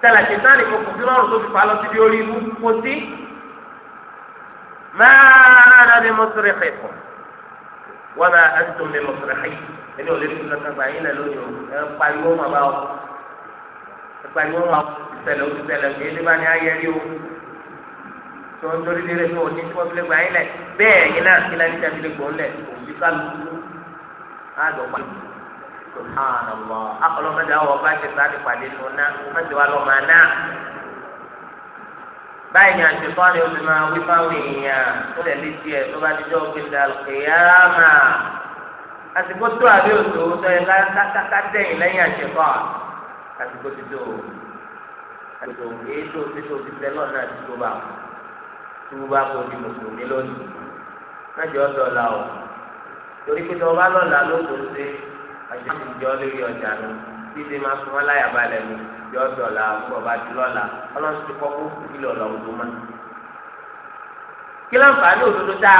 tẹlẹ ṣètàn ìkó kò sí lọ́rùn tó fi fà á lọ síbi orí ibú kò sí. máa ana bí mọ́sọ̀rẹ́ fẹ́ kọ́ wọ́n máa ẹni tó lè mọ́sọ̀rẹ́ fẹ́ ẹni ò lè fi kankan gbà yín lẹ lóyún ẹ ń pariwo máa bá ọ ẹ máa ṣẹlẹ̀ ó ti ṣẹlẹ̀ kí ẹni bá ayẹ rí o tó ń torí délé fún òní tí wọ́n fi lẹ bẹ́ẹ̀ yín náà kí lẹ́ni tẹ́ subhanallah akọlọmọdé awọ bá ṣe sáà ti pàdé nù ná mọtò wa lọ màá náà báyìí ni àṣetán ni olùmọ wí fáwọn èèyàn tó lè lé tiẹ̀ tó bá dídọ́ gbẹdà kéyàmà àsìkò tó àbí òtò tó yẹ kákáká dẹ́yìn lẹ́yìn àṣetán àsìkò ti tó àsìkò èyí tó ti tó ti tẹ́ lọ́nà àti tó bá àti ìjọ lórí ọjà mi bí máa fún ọláyà balẹ̀ mi yọ dọ̀là bọ̀bá dúlọ́là ọlọ́run ti kọ́kọ́ ìlọ̀ lọ́wọ́ mọ́. kí láǹfààní òdodo tá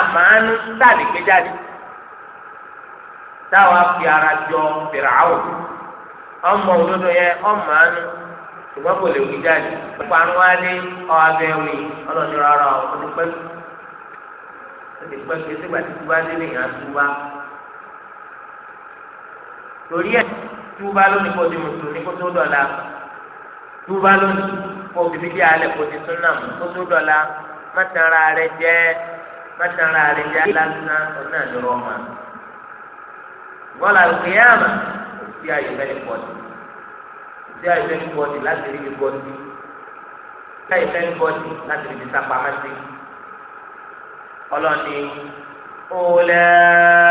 a máa ń tàbí gbé jáde fi ara jọ fìràwò ọmọ òdodo yẹn ọmọ àánú ṣùgbọ́n kò lè torí ẹ̀ túbá lónìí kó di mùsùlùmí kó tó dọ̀la túbá lónìí kó bìbí di alẹ́ kó di súnà mú kó tó dọ̀la mọ́tara rẹ̀ jẹ́ mọ́tara rẹ̀ jẹ́ lásán ọ̀nà ìrọ̀ ọ̀ma bọ́lá òkè yá àmà òsì ayò bẹ́ẹ̀ pọ̀jù òsì ayò bẹ́ẹ̀ pọ̀jù láti rí ibi pọ̀jù òsì ayò bẹ́ẹ̀ pọ̀jù láti rí ibi sápamẹ́sì ọlọ́ni òlẹ́ẹ̀.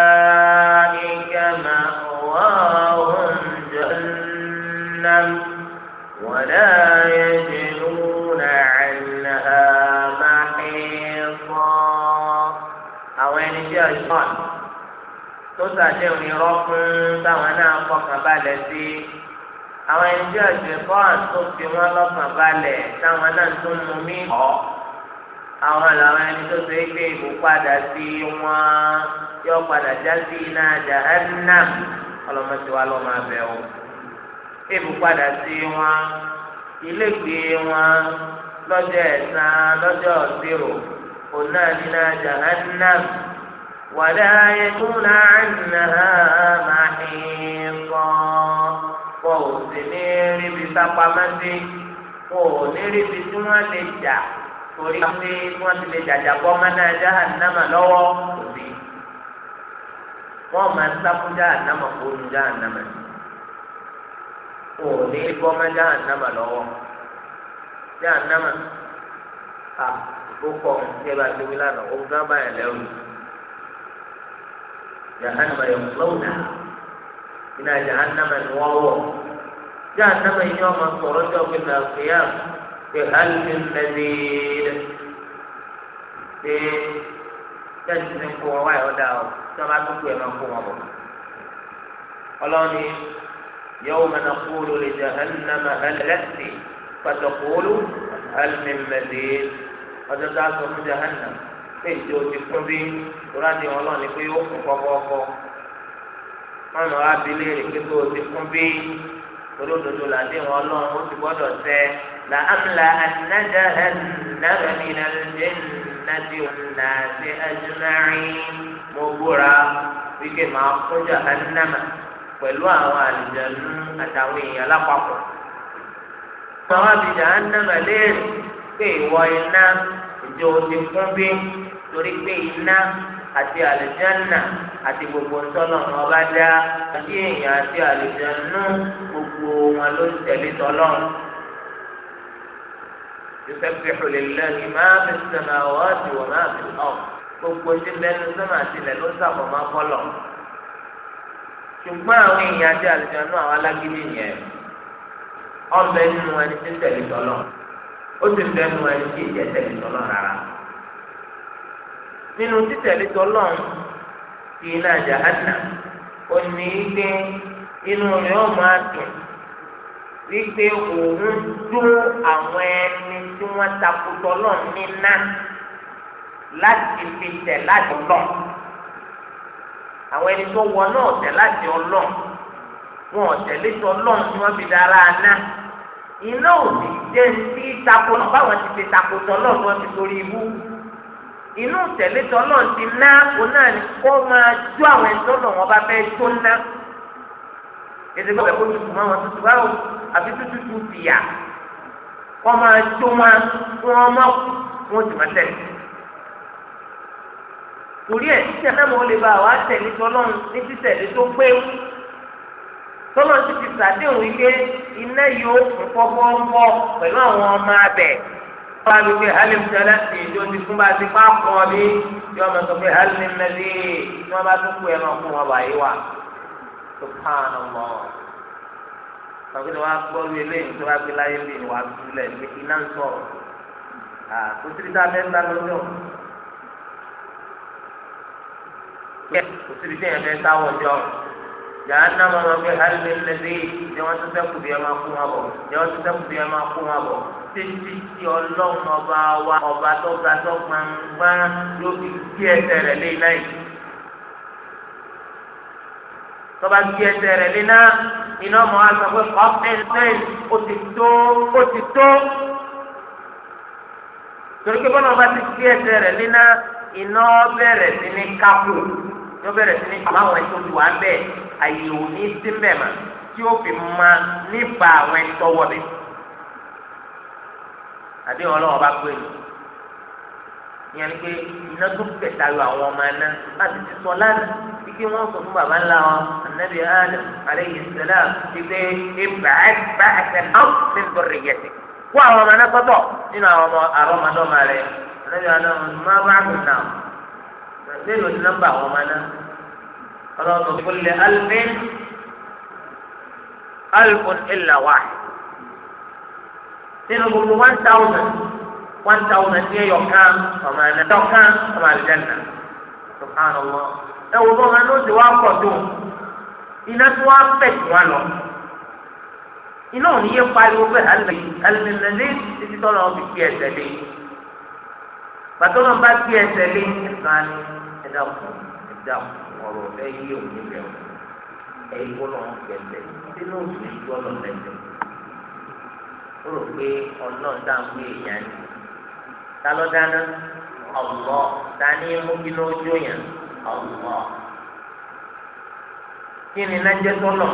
ولا يجدون عنها محيطا àwọn ẹni tí ọ̀yọ́n tó sàdéhùn irọ́ fún táwọn náà fọkàn balẹ̀ sí àwọn ẹni tí ọ̀yọ́n tó fi wọ́n lọ́kàn balẹ̀ táwọn náà tó mú mi kọ́ àwọn làwọn ẹni tó ṣe é gbé ìbò padà sí wọn yọ padà já sí iná jahannam ọlọmọ lọ máa bẹ̀ ọ́ ibùpadà sí wọn ilégbé wọn lọ́jọ́ ẹ̀san lọ́jọ́ ọ̀sẹ̀rò ọ̀nà nínú jahannam wàdà ayẹkùnà ànàhà màhìn kan kò sí ní ríbi sápamọ́sí kò ní ríbi tí wọ́n lè jà torí pé wọ́n ti lè jàjà bọ́ mọ́nà jahannama lọ́wọ́ òbí wọ́n máa ń sáfún kó nu jahannama ni ò ní bọ́mọ́ jáhànámà lọ́wọ́ jáhànámà à ó kọ́ ọ̀hún tí ẹ bá ti wí ó gán báyà lẹ́rù jáhànámà yẹn lọ́wọ́dà iná jáhànámà ni wọ́n wọ̀ jáhànámà yìí ọmọ sọ̀rọ̀ jọ pé nà kéèyà pé hàlùmí mẹ́lẹ́ẹ̀dẹ́ pé tẹ́sí ti kó wọn wáyà ọ̀dà ọ̀ tí wọ́n bá tó kú ẹ̀ máa kó wọn bọ̀ ọlọ́ni. يوم نقول لجهنم هل لست فتقول هل من مزيد ọjọ́ tá a sọ fún jahannam pé ìjọ ti kún bí kúrádì ọlọ́run ni pé ó kún kọ́kọ́kọ́ mọ́nà abilé rẹ̀ pé kó o ti kún bí olódodo làdé wọn ọlọ́run ó ti gbọ́dọ̀ sẹ́ la amla anna jahannam min al-jinnati wan-nasi ajma'in mo búra wíkẹ́ máa kún jahannama pẹ̀lú àwọn àlùjẹ̀nu àtàwọn èèyàn lápapọ̀. Sọ̀rọ̀ àbìjà ń dánà léèrè pé ìwọ iná ìjọ ti kún bí torí pé iná àti àlùjẹ̀nà àti gbogbo sọ́nà ọba dá àti èèyàn àti àlùjẹ̀nu gbogbo wọn ló ń tẹ̀lé tọ́lọ́. يسبح لله ما في السماوات وما في الأرض gbogbo ti bẹnu sọmọ àti ما ló sàbọ̀ ṣùgbọ́n àwọn èèyàn àti àlejò náà àwọn alágídí yẹn ọbẹ̀ nínú ẹni tí ń tẹ̀lé tọ́lọ̀ ó sì ń bẹ nínú ẹni tí ìjẹ́ tẹ̀lé tọ́lọ̀ rárá nínú títẹ̀lé tọ́lọ̀ ti iná jahanna ó ní gbé inú rẹ̀ ó máa dùn wípé òun dún àwọn ẹni tí wọ́n takùtọ̀ lọ́ọ̀ láti fi tẹ̀ láti lọ́ọ̀. àwọn ẹni tó wọ náà ọ̀tẹ̀ láti ọlọ́run wọn ọ̀tẹ̀ létí ọlọ́run tí wọ́n fi dára aná iná òsì jẹ́ ti tako náà báwọn ti fi tako tọ́lọ́ tí wọ́n ti torí ibú inú tẹ̀lé tọ́lọ́ ti ná òun náà ni kó máa jó àwọn ẹni tọ́lọ́ wọn bá fẹ́ tó ná ètò ìgbà kó tutù mọ́ wọn tutù báwo àfi tutù tu fìyà kó máa jó wọn kó wọn má wọn sì máa tẹ̀lé torí ẹ títẹ náà mo lè ba àwa tẹ̀lé tọ́lọ́run ní títẹ̀lé tó pé tọ́lọ́run ti ti sàdéhùn ike iná yóò fún fọ́fọ́fọ́ pẹ̀lú àwọn ọmọ abẹ wọ́n á lè pe halim tẹ́lẹ̀ sí ìjọ ti fún bá ti fá pọ̀ ní tí wọ́n máa sọ pé halim mẹ́lẹ́ tí wọ́n bá tún kú ẹran fún wọn báyìí wà tó pààn ọmọ tọ́kí ni wọ́n á gbọ́ wí eléyìí tó wá gbé láyé bí wàá dúlẹ̀ pé iná ń sọ̀rọ̀ àtúntì tá a fẹ́ ń bá lọ́jọ́ pé kò síbi tí èèyàn fẹ́ sáwọ́ jọ jàánà máa ma pé alẹ́ lẹ́dẹ́ ìjẹ́ wọn tún sẹ́kù bí ẹ máa kú wọn bọ̀ ìjẹ́ wọn tún sẹ́kù bí ẹ máa kú wọn bọ̀ títí tí ọlọ́run ọba wa ọba tó ga tó gbangba yóò fi kí ẹsẹ̀ rẹ̀ lé náà tọ́ba kí ẹsẹ̀ rẹ̀ lé náà iná mọ́ a sọ pé ọ̀pẹ̀ ó ti tó ó ti tó torí pé bọ́lá ọba ti kí ẹsẹ̀ rẹ̀ lé náà iná bẹ̀rẹ̀ sí ní kápò yóò bẹ̀rẹ̀ sí ní báwọn ẹni tó ti wà bẹ́ẹ̀ àyèwò ní síbẹ̀ mà tí ó fi máa nípa àwọn ẹni tọwọ́ bẹ̀. àdéhùn ọlọ́wọ́ bá pè ní ìyẹn ni pé iná tó kẹta yọ àwọn ọmọ ẹ̀ná láti ti sọ lánàá ike wọn sọ fún baba ńlá wọn anabi adam aleyhi salam ike ibaad baasa am min dori yẹtì kó àwọn ọmọ ẹ̀ná nínú àwọn ọmọ àrọmọdọ́mọ rẹ anabi adam má bàa kún mélòó ni nọ́mbà àwọn ọmọ náà ọlọ́run tó kúlẹ̀ alfin alfun illa wahid nínú gbogbo one thousand one thousand ní ẹyọ kan ọmọ ẹ̀ náà kan ọmọ àlùjáde subhanallah ẹ wo bọ́ọ̀mọ ní oṣù wa pọ̀ tó iná tó wá pẹ̀ tó wá lọ iná ò ní pariwo bẹ́ẹ̀ alùpùpù ní títí tọ́lọ́ fi fi ẹsẹ̀ lé pàtó náà bá fi ẹsẹ̀ lé ẹ̀ka ni dákun ẹ dákun ọ̀rọ̀ ẹ̀yìn òní rẹ̀ o ẹ̀yìn gbọ́dọ̀ ń gbẹ̀lẹ̀ sínú òní gbọ́dọ̀ lẹ́sẹ̀ ó rò pé ọ̀nà dáhùn èèyàn ni ta ló dáná ọ̀pọ̀ ta ní mú kí ló jó yàn ọ̀pọ̀ kí ni nájẹ́ tọ́lọ̀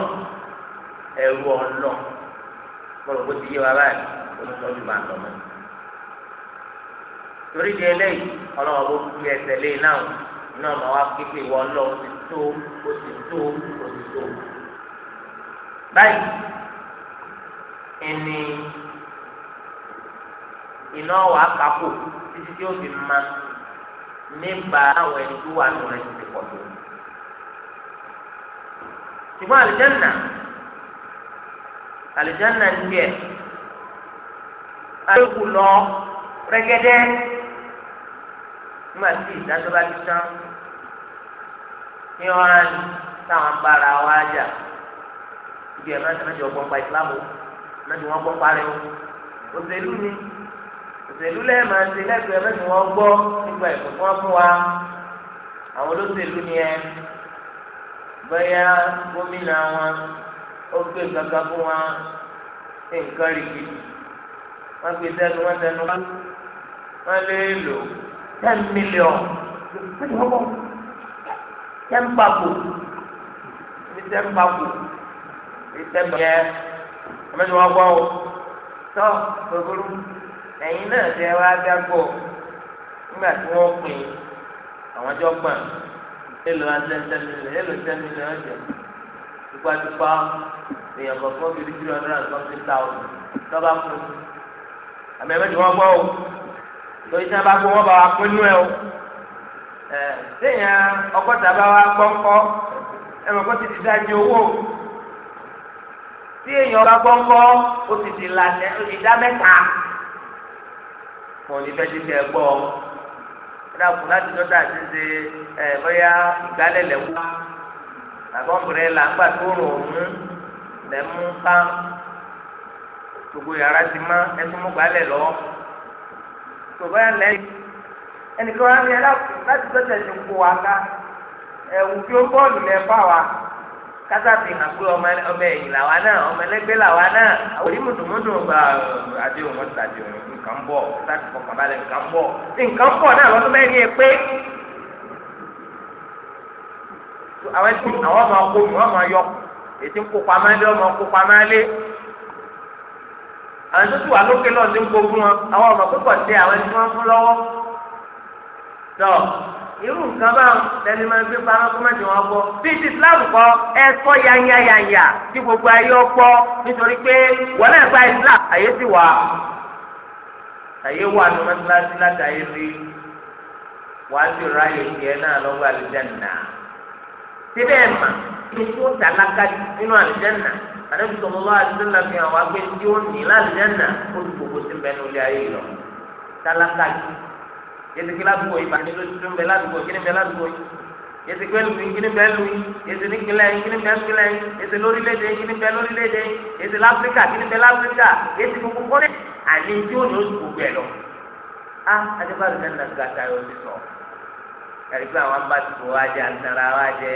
ẹ̀rù ọ̀nà gbọ́dọ̀ kó ti yé wa báyìí ó ti tọ́jú bá a lọ́mọ torí di eléyìí ọlọ́wọ́ bó fi ẹsẹ̀ lé e náà náà máa wá kéke wọ lọ ó ti tó ó ti tó ó ti tó. báyìí ẹni iná wà á kápò títí tí ó fi ma nípa àwọn ẹni tó wà lórí ti pọ̀ tó. ṣùgbọ́n àlùjànnà àlùjànnà ń jẹ àlékún lọ rẹ́gẹ́dẹ́ nígbà tí ìdájọ́ bá ti tán ní ọ̀ràn ni táwọn bára wa jà ibi ẹ̀ máa ń tẹ̀lé ọgbọ́n pa ìsìlámù mẹ́tì wọ́n gbọ́ parí òṣèlú ni òṣèlú lẹ́yìn máa ń ṣe lẹ́gbẹ̀ẹ́ mẹ́tì wọ́n gbọ́ nípa ẹ̀kọ́ tí wọ́n fún wa àwọn olóṣèlú ni ẹ bẹ́yà gómìnà wọn ó gbé kankan fún wa nǹkan rìkì wọ́n gbé sẹ́nu wọ́n sẹ́nu wọ́n lé lò ó ten million ten papo ní ten papo ní ten yẹ ọmọdé wọn gbọ́ ọ tọ́ gbogbo ẹ̀yin náà tẹ wá dágbọ́ nígbà tí wọ́n pè é àwọn ọjọ́ gbọ̀n èlò àtẹ̀ntẹ̀mílẹ̀ èlò tẹ̀mílẹ̀ ọ̀jẹ̀ ìgbàdúgbà èèyàn kọ̀ọ̀kan bíi three hundred and something thousand tọ́ kú àmì ẹ̀mẹ́jọ wọn gbọ́ ọ lórí tí wọn bá gbọ́ wọn bá wa pín nú ẹ o ẹ sèyàn ọgọ́ta bá wa gbọǹkọ ẹ mọ kó ti ti dájú owó tí èèyàn bá gbọǹkọ ó ti di lànà ìdá mẹ́ta mo ní fẹ́ títí ẹ gbọ́ dákun láti dọ́tà ti ṣe ẹ bóyá ìgbálẹ̀ lẹ́wọ́ àbọ̀ bẹ̀rẹ̀ là ń gbà tó rò ń lẹ́mú ká gbogbo yàrá ti má ẹ tún mú gbálẹ̀ lọ́wọ́ tòbáyà lẹ́yìn ẹnìkan wá ní ẹ láti gbẹ́sẹ̀ ṣe ń kó wa ká ẹ̀wù tí ó bọ́ọ̀lù lẹ́ bá wa kátàfi hàn pé ọmọ ẹ̀yìn làwa náà ọmọ ẹlẹ́gbẹ́ làwa náà òní mùtùmùtù gba àdéhùn wọn tàdéhùn nǹkan bọ̀ láti fọkàn balẹ̀ nǹkan bọ̀ nǹkan bọ̀ náà lọ́dún bẹ́ẹ̀ ni ẹ pé àwọn ọmọ ọkọ mi wọn máa yọ ètí ń kópa máa lé ọmọ kópa máa lé àwọn tó ti wà lókè náà ti ń gbogbo wọn àwọn ọmọ púpọ̀ tẹ àwọn ẹni tí wọ́n fún lọ́wọ́ tọ irú nǹkan báwọn lẹni máa ń gbé pamọ́ kó má wọn gbọ́ ti Islam kọ ẹ wọn náà gba Islam àyè ti wà àyè wà ní mọ́tíláṣí láti ayé rí sì ráyè tiẹ̀ náà lọ́wọ́ àdébù sọ̀rọ̀ lọ́wọ́ àdúgbò fi hàn wá pé tí ó ní lálẹ́nà ó ti gbogbo sí mbẹ́ nulẹ̀ ayé lọ tálákà yìí yẹtìkí ládùúgbò yìí bàtí ló ti mbẹ́ ládùúgbò kí ni mbẹ́ ládùúgbò yìí yẹtìkí ẹlù kí ni mbẹ́ lù yìí yẹtì ní kílẹ̀ yìí kí ni mbẹ́ kílẹ̀ yìí yẹtì lórílẹ̀-èdè yìí kí ni mbẹ́ lórílẹ̀ yẹtì láfíríkà kí ni mbẹ́ láfíríkà yẹtì gbogbo kọ́lẹ̀ àní tí ó ní ó ti gbogbo ẹ̀ lọ. a adébáyọ̀ náà nà gàtà yóò ti sọ kàríkì àwọn bá ti fò wájẹ àtàrà wájẹ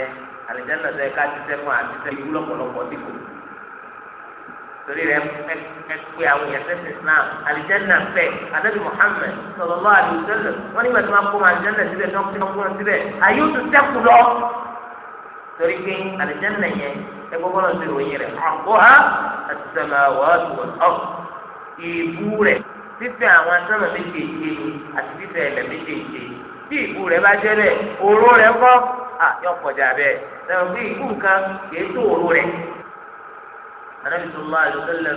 torí rẹ ẹgbẹ àwọn yẹn sẹsẹ islam alijanna fẹ anabi muhammed sọlọlọ alijanna wọn nígbà tí wọn kó ma alijanna síbẹ̀ tí wọn kó ma kó ma síbẹ̀ ayé oṣù sẹkù lọ torí pé alijanna yẹn ẹgbẹ bọlọ sí ìròyìn rẹ ọkọ ha as-samawati wal-ard ìbú rẹ fífẹ̀ àwọn asọmọ méjèèjì àti fífẹ̀ ẹlẹ méjèèjì tí ìbú rẹ bá jẹ anabisọlá àlùsẹlẹ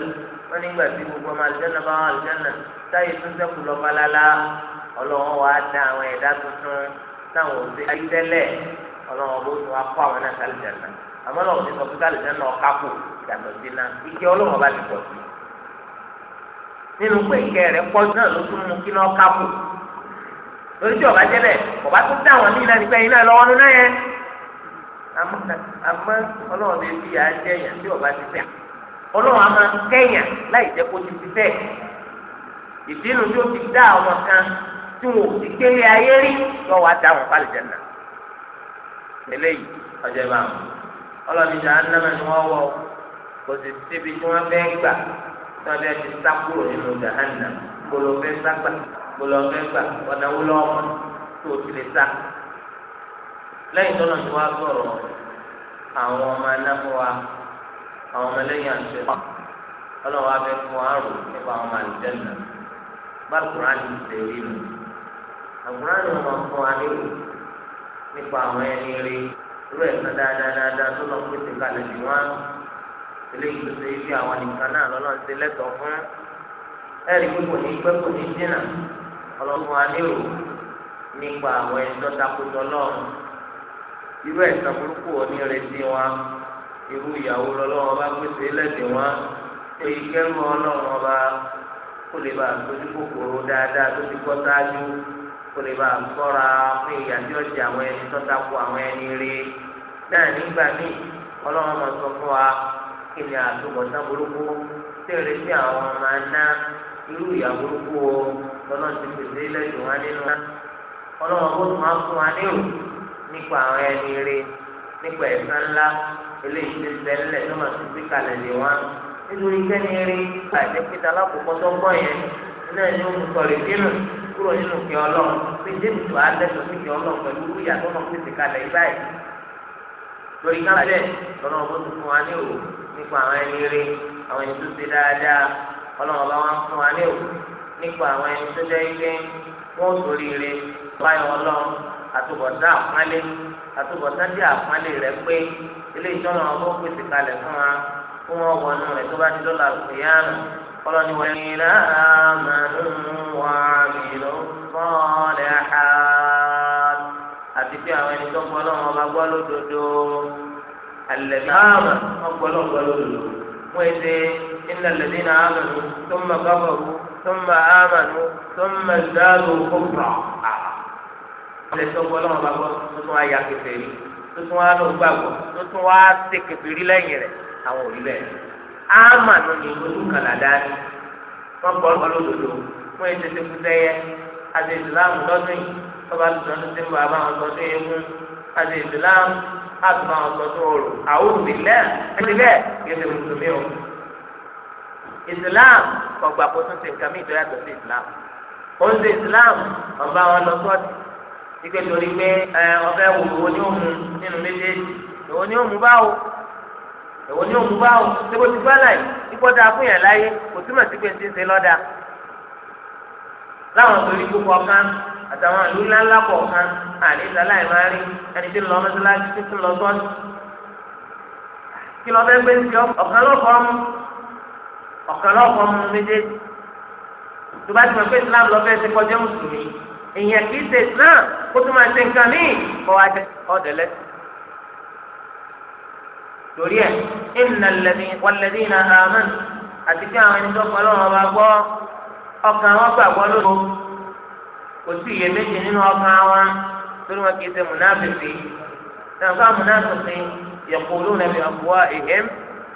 wọn nígbà tí gbogbo ọmọ àlùsẹlẹ bá wọn àlùsẹlẹ táyé tó sẹkù lọ falala Ọlọ́run wàá dá àwọn ẹ̀dá tuntun táwọn òsè ayídẹlẹ Ọlọ́run bó tún wá kó àwọn náà sálùsẹlẹ àmọ́ lọ́wọ́ ní sọfún sálùsẹlẹ ọkà kù ìyàtọ̀ sí náà ike Ọlọ́run bá ti pọ̀ sí nínú pé ìkẹ́ rẹ̀ pọ̀ náà ló tún mú kí náà ọkà kù lórí tí ọba jẹlẹ ọba tó dá àwọn nílẹ̀ nípa ẹ̀yin náà lọ́wọ́ nínú yẹn àmọ́ Ọlọ́run bẹ fi àjẹyàn tí ọba ti tẹ ọlọ́run a máa kẹ́yàn láì jẹ́ kó ti fẹ́ ìdínú tó ti dá àwọn kan tí wọn ò ti kélé ayé rí lọ wá dá wọn pálí jẹ́nà eléyìí ọjọ́ ìbá wọn ọlọ́run ìjà ńlẹ́mọ̀ ni wọ́n wọ kò sì síbi tí wọ́n fẹ́ gbà tí wọ́n fẹ́ ti sá kúrò nínú jahanna gbolo fẹ́ ságbà gbolo fẹ́ gbà ọ̀nà wúlọ́ ọmọ tó o ti lè sá lẹ́yìn tó lọ́n ti wá sọ̀rọ̀ àwọn ọmọ anáfọ́ wa àwọn ọmọlẹ́yìn àti ẹ̀fọ́ ọlọ́wọ́ abẹ́ fún àrùn nípa àwọn àlùjẹ́nà bá kúránì ṣe rí nù àkùránì wọn fún wa nílò nípa àwọn ẹni rí irú ẹ̀ka dáadáa tó lọ pèsè kalẹ̀ bí wọ́n eléyìí tó ṣe é fi àwọn nìkan náà lọ́nà ṣe lẹ́tọ̀ọ́ fún ẹ̀rí pé kò ní pẹ́ kò ní dínà ọlọ́fun wa nípa àwọn ẹni tó takùtọ̀ lọ́rùn irú ẹ̀sán burúkú òní retí wọn irú ìyàwó lọ́lọ́wọ́ bá pèsè lẹ́gbẹ̀ẹ́ wọn èyí kẹ́rù ọlọ́run ọba kó lè bá àtúntò kòkòrò dáadáa tó ti kọ́ sáájú kó lè bá àkọ́ra fún ìyá tí ó àwọn ẹni tó takò àwọn ẹni rí náà nígbà míì ọlọ́run máa sọ fún wa kí ni àtúbọ̀tán burúkú tẹ̀lé sí àwọn ọmọ aná irú ìyá burúkú o lọ́nà ti pèsè lẹ́gbẹ̀ẹ́ wọn nínú ọlọ́run ó tún á fún wa ní nípa ẹ̀sán ńlá eléyìí ti sẹ́lẹ̀ tó máa ti fi kalẹ̀ lé wọn nítorí kẹ́ni rí àìjẹ́ pété alákòókò tó gbọ́ yẹn náà ni ó mú sọ̀rọ̀ ìdínú kúrò nínú kí ọlọ́run pé jébù tó alẹ́sọ̀ sí kí ọlọ́run pẹ̀lú ìyá tó náà pèsè kalẹ̀ yìí báyìí lórí kábẹ́ lọ́nà ọgbọ́n tó fún wa ní òwò nípa àwọn ẹni rí àwọn ẹni tó ṣe dáadáa ọlọ́run ọba àtúbọ̀tán àpọ́nlé àtúbọ̀tán dé àpọ́nlé rẹ̀ pé ilé ìjọba wọn kó pèsè kalẹ̀ fún wa fún wọn wọnú rẹ̀ tó bá ti dọ́là òkèèyàn kọ́lọ́ ni wọ́n yìí láàmú wà mílò fọ́ọ̀lẹ̀ ha àti pé àwọn ẹni tó gbọ́ lọ́wọ́ bá gbọ́ lódodo alẹ́ dáhàmà wọ́n gbọ́ lọ́wọ́ gbọ́ lódodo wọ́n yìí ṣe iná lẹ́dí náà ámàlú tó ń mọ̀ kábọ̀ tó ń mọ̀ ámàlú tó ń mọ̀ ilé tó gbọ́ lọ́wọ́ bá gbọ́ tó tún wá ya kèfèrí tó tún wá lọ gbàgbọ́ tó tún wá ṣe kèfèrí lẹ́yìn rẹ̀ àwọn òbí bẹ́ẹ̀ ámà ló ní ojú kàlàdá ni wọ́n gbọ́ ọlọ́dọ̀dọ̀ fún ètò ìṣẹ́kù sẹ́yẹ àti ìsìláàmù lọ́dún yìí tọ́ba tuntun tó ti ń bọ̀ àbáwọn sọdún eégún àti ìsìláàmù àtúbáwọn sọdún òrò àwọn òbí lẹ́ẹ̀ ẹni bẹ́ẹ̀ yóò ṣe mùsùlùmí o islam ọgbà kó tún ṣe nǹkan mìíràn yàtọ̀ sí islam ó ń ṣe islam ọba wọn lọ sọ́ọ̀tì ike torí pé ẹ ọfẹ wò èwo ni òmu nínú méjèèjì èwo ni òmu báwo èwo ni òmu báwo síbo ti gbọ́ láì ikú ọ̀dà fún yẹn láyé kò túmọ̀ sí pé ń ti ń ṣe lọ́dà láwọn torí gbogbo ọ̀kan àtàwọn ìlú ńláńlá kọ̀ọ̀kan àní ìsàlá ìmárí ẹni tí ń lọ mọ́sálásí tí ń lọ sọ́ọ̀tì. kí lọ́ọ́ fẹ́ gbé sí ọ̀kan lọ́kọ̀ọ́ mu ọ̀kan lọ́kọ̀ọ́ mu méjèèjì tó bá ti mọ̀ pé Islam lọ́ọ́ fẹ́ ti kọjá mùsùlùmí èèyàn kì í ṣe islam kó tó máa ṣe nǹkan míì kó wá jẹ ọdẹ lẹsẹ. torí ẹ ìnà lẹbi wàlẹbi ìnà àmàn àti kí àwọn ẹni tó kọ lọ́wọ́ bá gbọ́ ọkàn wọn gbàgbọ́ lóko kò sí iyèméjì nínú ọkàn wọn torí wọn kì í ṣe múnáfìsì náà fún amúnáfìsì yẹkùlù nàbí ọkùwà ìhẹm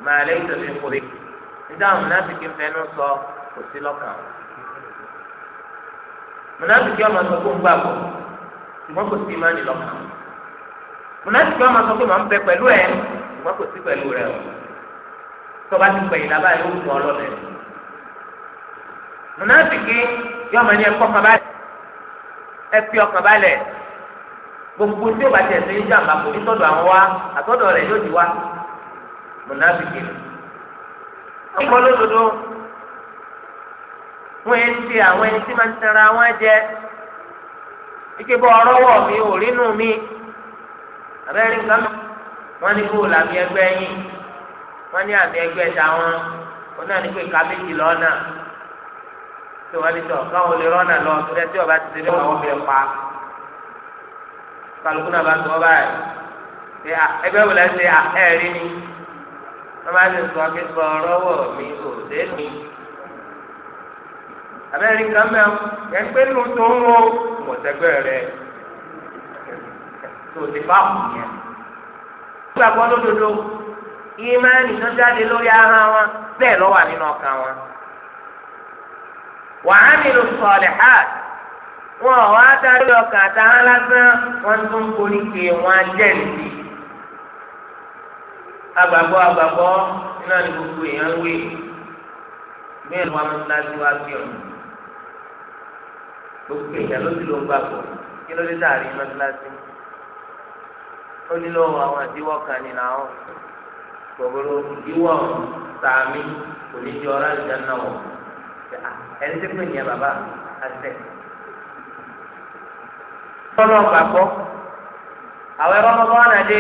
màálẹ ìtòsí kùrì níta múnáfìsì fẹnu sọ kò mùnàfíkì ọmọ sọ pé ń gbà bọ ṣùgbọ́n kò sí ìmánì lọ́kàn mùnàfíkì ọmọ sọ pé màá ń bẹ pẹ̀lú ẹ ṣùgbọ́n kò sí pẹ̀lú rẹ o tọba ti yóò sọ ọlọ́dẹ mùnàfíkì yọ ní ẹkọ kan balẹ̀ ọkàn balẹ̀ gbogbo tí o bá tẹ̀sí ní jàmbá kò ní sọ́dọ̀ àwọn wa àtọ́dọ̀ rẹ̀ yóò di wa wọn yẹn ti àwọn ẹni tí máa ń tẹnra wọn jẹ ike bọ ọrọwọ mi ò rínú mi abẹ́rẹ́ nǹkan mi wọ́n ní kó làmì ẹgbẹ́ yín wọ́n ní àmì ẹgbẹ́ táwọn wọn náà ní pé ká méjì lọ́nà tó wọ́n ní tọ̀ káwọn olè rọ́nà lọ tó dẹ́ tí ọba ti tẹ̀lé wọn bẹ̀ pa kálukú náà bá tó ọ báyìí ṣe ẹgbẹ́ wò lẹ́sẹ̀ ẹ̀rí ni wọ́n bá ti sọ pé bọ ọrọwọ mi ò dénú. abẹ́rẹ́ nǹkan mẹ́ yẹ ń pé nù tó ń wo mọ̀tẹ́gbẹ́ rẹ tó ti bá wù yẹn. lódodo jáde lórí ara wọn bẹ́ẹ̀ nínú ọkàn wọn. wọn wá dárí ọkàn lásán wọn tún ń borí pé wọn jẹ́ nìyí. agbàgbọ́ agbàgbọ́ iná ni gbogbo èèyàn ń gbogbo èèyàn ló ti ló ń gbàgbọ́ kí ló dé dàrí mọ́tíláṣí ó nílò àwọn àdíwọ́ kan ní làwọn gbogbo ìwọ sàmì kò ní di ọ̀rá ìjà náà wọ̀ ẹni tí pè ní ẹ bàbá àtẹ. tọ́lọ̀ gbàgbọ́ àwọn ẹ̀rọ ọmọ wọn àdé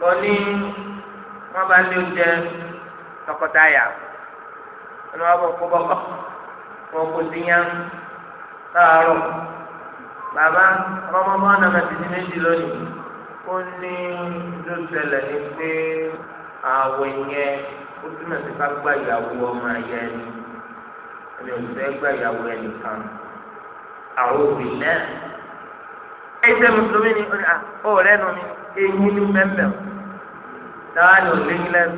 wọn ní wọn bá ní oúnjẹ tọkọtaya wọn bá kó bọ́kọ́ wọn kó sí yán káàárọ̀ bàbá rọmọmọ nàmẹtì ní méjì lónìí ó ní ló ṣẹlẹ̀ ní pé àwẹ̀ yẹn ó túmọ̀ sí ká gba ìyàwó ọmọ ayẹ ẹni ẹni òṣìṣẹ́ gba ìyàwó ẹnìkan àwọn òbí náà ẹsẹ̀ mùsùlùmí ni ó rẹ́nu ni eyín ní mẹ́mẹ́ táwa ni ò léyìn lẹ́nu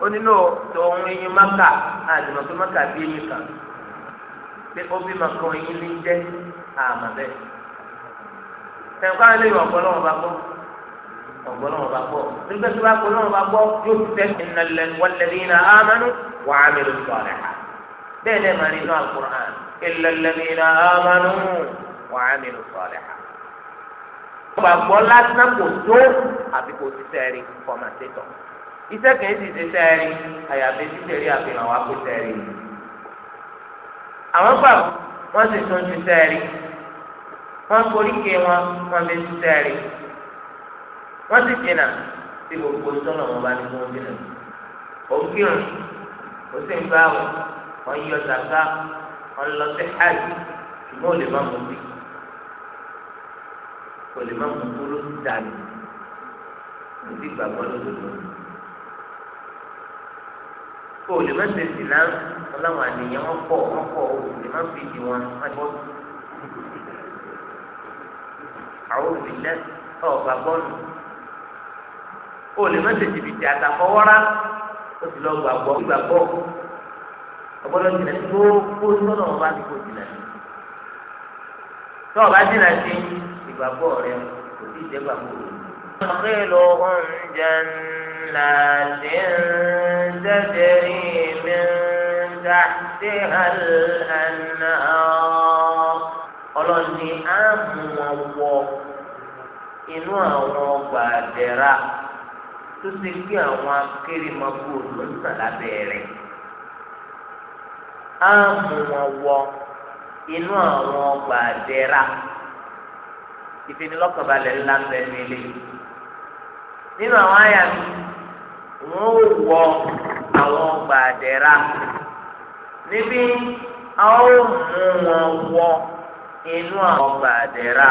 ó nínú tòun eyín máka àdìmọ̀ pé máka bí eyín kan pé ó bí màkàn yín ní jẹ́ àmà bẹ́ẹ̀. ẹ̀kọ́ alẹ́ yìí ọ̀pọ̀lọ́wọ́ bá gbọ́ ọ̀pọ̀lọ́wọ́ bá gbọ́ nígbà tí wọ́n ọ̀pọ̀lọ́wọ́ bá gbọ́ yóò ti tẹ́ ìnàlẹ́wọ̀lẹ́dínà ámánú wàá mi ló ń sọ̀rọ̀ ẹ̀ka bẹ́ẹ̀ dẹ́ màá nínú alukur'an ìnàlẹ́dínà ámánú wàá mi ló sọ̀rọ̀ ẹ̀ka. ọba gbọ́ lásán kò tó àbí kò ti sẹ́ẹ̀rì fọmàtẹ́tọ̀ iṣẹ́ kìí ti ti sẹ́ẹ̀rì àyàfi ti sẹ́ẹ̀rì àfihàn wa kò sẹ́ẹ̀rì yìí àwọn gbà wọ́n sì tún ṣiṣẹ́ rí wọ́n koríke wọn wọ́n fi ṣiṣẹ́ rí wọ́n sì jìnnà sí gbogbo sọ́nà wọn bá ní kó ń jìnnà òkìrùn ó sì ń bá wọn wọ́n yọ sàká wọ́n lọ sí hajj ṣùgbọ́n ò lè má mú bí kò lè má mú kúrú dànù kò sí gbàgbọ́ lódodo kò lè má ṣe sì náà wọn láwọn àníyàn wọn pọ̀ wọn pọ̀ òṣèlú máa ń fi di wọn wọn ti wọ́n tu. àwọn òṣèlú ọ̀gbà bọ́ọ̀lù ó lè má tètè bìtì àtàkọ́wọ́rá ó sì lọ gbà bọ́ gbà bọ́ ọgbọ́dọ̀ jìnnà tí ó kó sọ́nà wọn bá ti kó jìnnà sí. tọ́ọ̀ bá jìnnà sí ìgbàgbọ́ rẹ kò sí ìjẹ́gbàgbọ́ rẹ. مدخلهم جنات تجري من تحتها الأنهار ọlọ́ni á mú wọn wọ inú àwọn ọgbà àdẹ́rà tó ṣe kí àwọn akérèmọ́bù ló ń sàn lábẹ́ rẹ̀ á mú wọn wọ inú àwọn ọgbà àdẹ́rà ìfinilọ́kànbalẹ̀ ńlá ń nínú àwọn àyà mi wọ́n wọ àwọn ọgbà àdẹ́rà níbí a ó mú wọn wọ inú àwọn ọgbà àdẹ́rà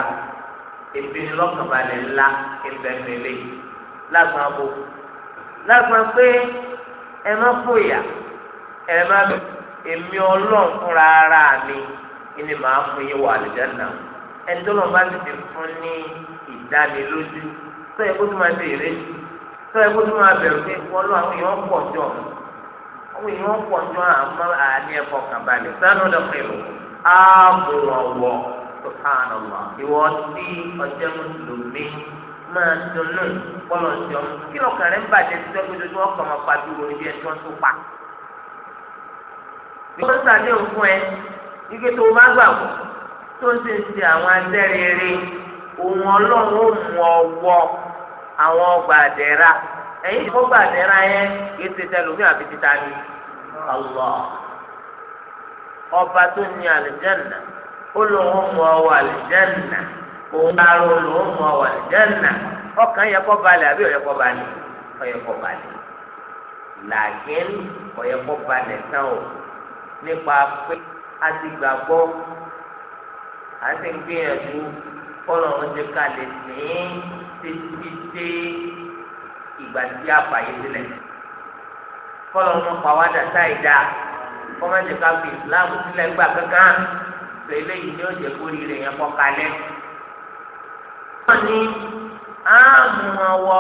ìpinnu lọ́kànbalẹ̀ ńlá ìfẹ́mẹ́lẹ́ lágbọ́n bò lágbọ́n pé ẹ má fòyà ẹ má bẹ̀ èmi ọlọ́run fúnra ara mi ni màá fún yín wọ àlùjáná ẹni tó lọ́n bá ti ti fún ní ìdánilójú sọ yẹ kó tó máa bèrè sọ yẹ kó tó máa bẹ̀rù pé wọ́n lọ àwọn èèyàn pọ̀ jọ àwọn èèyàn pọ̀ tó àmọ́ àní ẹ̀fọ́ kàbálẹ̀ sánú dọ̀kẹ́lù ààbò ọ̀wọ́ sọ̀tánàlá ìwọ tí ọjọ́ mùsùlùmí máa dunnú kọ́lọ̀ sí ọmọ kí lọ́kàn rẹ̀ ń bàjẹ́ sí ẹgbẹ́ tó ọkọ̀ máa pàdé wo níbi ẹjọ́ tó pa. ìwọ́n sàdé òfin ẹ ike tó o bá gbà wọ́ tó ń ṣe ń ṣe àwọn adẹ́rẹ́rẹ́ ohun ọlọ́run ó mú ọwọ́ àwọn ọgbà àdẹ́ra ẹ̀yin tó gbà dẹ́ra yẹn kì í ṣe tẹlumi àfi títa ni Allah ọba tó ní àlìjẹ́nà ó lóun mú ọwọ́ àlìjẹ́nà òun arọ lóun mú ọwọ́ àlìjẹ́nà ọkàn yẹ kọ́ balẹ̀ àbí ọ̀yẹ́ kọ́ balẹ̀ ọ̀yẹ́ kọ́ balẹ̀ làákín ọ̀yẹ́ kọ́ balẹ̀ tán o nípa pé a ti gbàgbọ́ a ti gbìyànjú kọ́lọ̀ ọ̀hún ti kalẹ̀ sí títí dé ìgbà tí a fàyè sílẹ̀ kọlọ wọn pa wá dàtà ìdá kọmọdé ká fi islam sílẹ̀ gbà kankan tó eléyìí ni ó jẹ kó rírẹ yẹn kọ kalẹ̀. wọn ní àmú ọwọ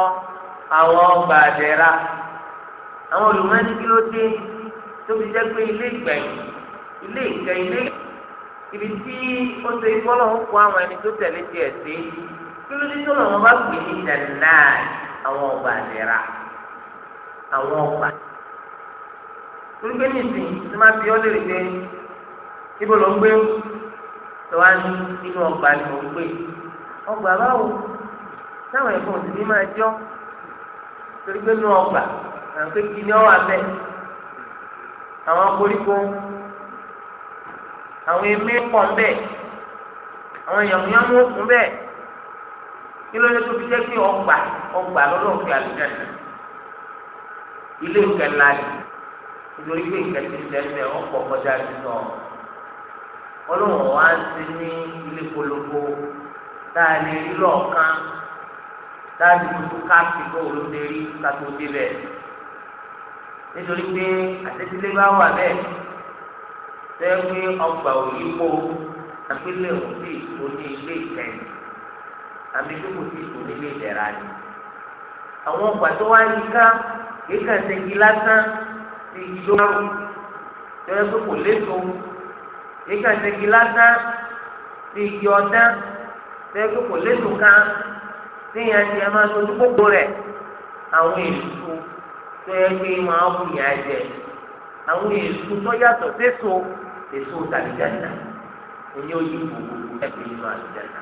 àwọn ọgbà àdẹ̀ra àwọn olùmọ̀ọ́ni kí ló dé tóbi jẹ́ pé ilé ìgbẹ̀yìn ilé ìgbẹ́ ilé ibi tí ó ṣe ìfọlọ́hún kó àwọn ẹni tó tẹ̀lé tiẹ̀ sí kí ló dé tó lọ́wọ́ bá pè ní ìdàlẹ́ àwọn ọgbà àdìrà àwọn ọgbà torípé nìsín tí máa fi ọ́ lè rí pé ibo ló ń gbé tó wá ní inú ọgbà ni mò ń gbé ọgbà báwo táwọn ẹ̀fọn òsì ní máa jọ́ torípé inú ọgbà àwọn kékeré ni ọ wà bẹ́ẹ̀ àwọn koríko àwọn emé pọ̀ ń bẹ́ẹ̀ àwọn yàmùyàmù ó kún kí ló dé tó fi jẹ́ pé ọgbà ọgbà lọ́dọ̀ fi àlùjẹ́ nà ilé ìkẹ́ ńlá yìí nítorí pé ìkẹ́ ti tẹ́lẹ̀ ọ̀pọ̀ kọjá sísọ ọlọ́run wá sí ní ilé polówó tá a lè rí lọ́ọ̀kan tá a lè tuntun káàpì kó o ló dé rí kátó débẹ̀ nítorí pé àtẹ́tílé bá wà bẹ́ẹ̀ tẹ́ pé ọgbà òyìnbó àpilẹ̀ òsì òní ilé ìkẹyìn àmì tó kò sí kò nílé ìdẹ̀ra ni àwọn ọgbà tó wá yí ká kéka ṣègi lásán ti yí lóru tẹ́lẹ̀ pé kò léto kéka ṣègi lásán ti yí ọ̀dá tẹ́lẹ̀ pé kò léto ká téèyàn ti ẹ̀ máa sojú gbogbo rẹ̀ àwọn èso tó yẹ pé máa wù yà jẹ àwọn èso tó yàtọ̀ séso èso tàbí jàdá òní ojú gbogbo ẹgbẹ̀rún àti jàdá.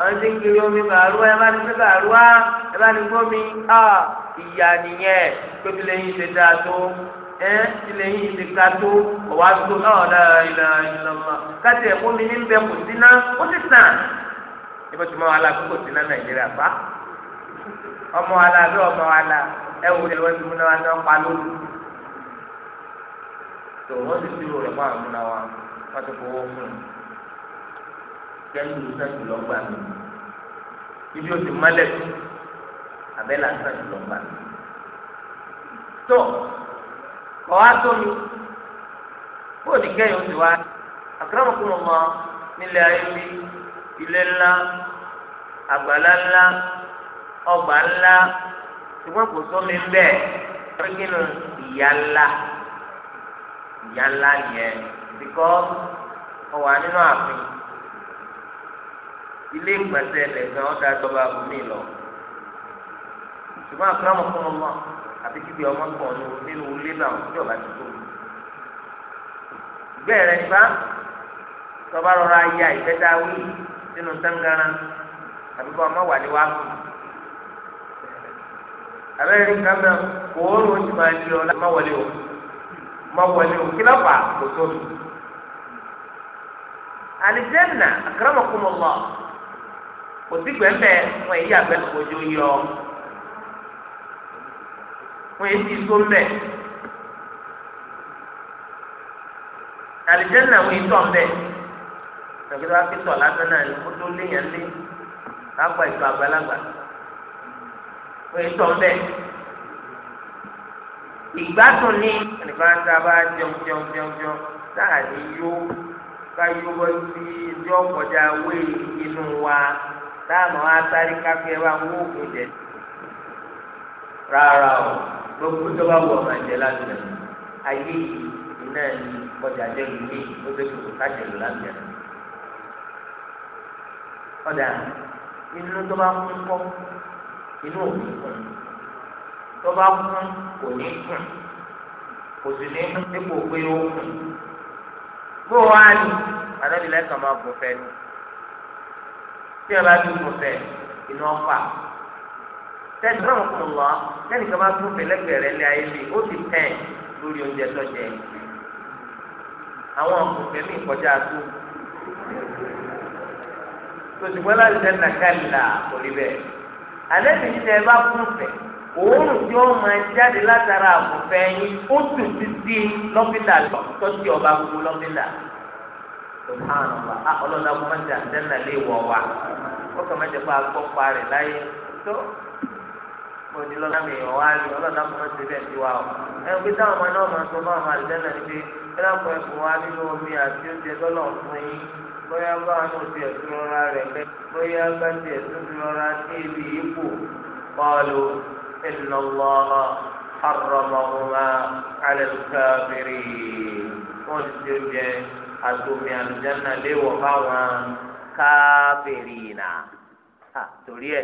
àwọn tí ń kiri omi màrúwá ẹ bá ti fi màrúwá ẹ bá gbómi ọ ìyá nìyẹn tóbi lẹ́yìn ṣe dáa tó ẹ ti lẹ́yìn ṣe ká tó ọwọ́ àtúntò náà náà ìlà ìlà ọmọ káti ẹ̀ fún mi ní bẹ kò ó sì tàn kò nàìjíríà ọmọ wa bí ọmọ wa ẹ wò lè wọ́n ti sẹ́kù sẹ́kù lọ́gbà mi ibi o ti mọ́lẹ̀ tó abẹ́là sẹ́kù lọ́gbà mi. tó kọ́ wa tó mi kó o ní kẹ́yìn o ti wá àkàràmọ̀kùnmọ̀ mọ́ nílẹ̀ ayé mi ilé ńlá àgbàlá ńlá ọgbà ńlá ṣùgbọ́n kò sómi bẹ́ẹ̀ pẹ́kínú ìyá ńlá ìyá ńlá yẹn bíkọ́ ọ wà nínú ààfin ilé ìgbàsẹ̀ ẹ̀lẹ́gàn ọ̀dà àtọ́ba àbùmí lọ. ṣùgbọ́n àkàràmọ̀ fún ọmọ àti kíbi ọmọ kan nínú ilé náà ìjọba ti tó. bẹ́ẹ̀ rẹ̀ nípa tọ́ba rọra ya ìfẹ́ta wí sínú tángara àbí kọ́ ọmọ wà ní wá kù. abẹ́rẹ́ nǹkan mẹ́ kòóró ti máa di ọ má wọlé o má wọlé o kí lọ́pàá kò tóbi. àlìjẹ́ nà àkàràmọ̀ fún ọmọ kò sí wọn èyí àgbẹ̀tòkòjò yọ wọn èyí ti tó mbẹ̀ àlìjẹ́nà wọn èyí tọ̀ mbẹ̀ tẹ̀gbẹ́dọ́ akitọ̀ lásán náà ni kó léyàn lé lápá ìtọ́ àgbàlagbà wọn èyí tọ̀ mbẹ̀ ìgbádùn ní ẹnìkan bá jẹun jẹun jẹun jẹun táà ní yó ká yó bọ́ sí ẹjọ́ kọjá wéé inú wa táàmù asáré káfíẹ́ wa ń wó òkú jẹ rárá o gbogbo tó bá wọ ọmọ ẹ̀jẹ̀ láti rẹ̀ ayé yìí iná ni ọjà jẹ́ ìwé ó ṣe kòkò kájẹ̀ ló láti rẹ̀ ọjà inú tó bá kún kọ́ inú òkú kún tó bá kún kò ní kún kò sì ní ipò pé ó kún bó wá ní anábìlẹ̀ kan máa gùn fẹ́ ni tí a bá dùn fún fẹ iná fà tẹsí náà kò lọ lẹ́nu kan bá tún fẹlẹgbẹ rẹ lé ayé bi ó ti tẹ lórí oúnjẹ tọjẹ àwọn ọkùnrin mi kọjá tó tòṣùgbọ́n láti tẹ nàkàlà kò rí bẹ́ẹ̀ alẹ́ mi tẹ ẹ bá fún fẹ òórùn tí ó máa jáde látara àbùfẹ́ yín ó tù títí lọ́fíńdà lọ tọ́sí ọba gbogbo lọ́fíńdà. subhanallah ah, ọlọ́dà kọ́mọ́jà dẹ́nà lè wọ̀ wá ó kàn má jẹ́ pé agbọ́ pa rẹ̀ láyé tó mo ní lọ́nà mi ìwọ̀n wá rí ọlọ́dà mọ́ ti bẹ̀ ti wá o ẹ gbé táwọn ọmọ náà máa sọ náà máa lè lẹ́nà ni pé ẹ dákun ẹ̀kún wa nínú omi àti oúnjẹ tọ́lọ̀ fún yín bóyá bá àwọn oṣù ẹ̀sùn rọra rẹ̀ lẹ́ bóyá bá ti ẹ̀sùn rọra sí ibi ipò kọlu ìnáwó arọmọhùnmá káfíìrìnà à torí ẹ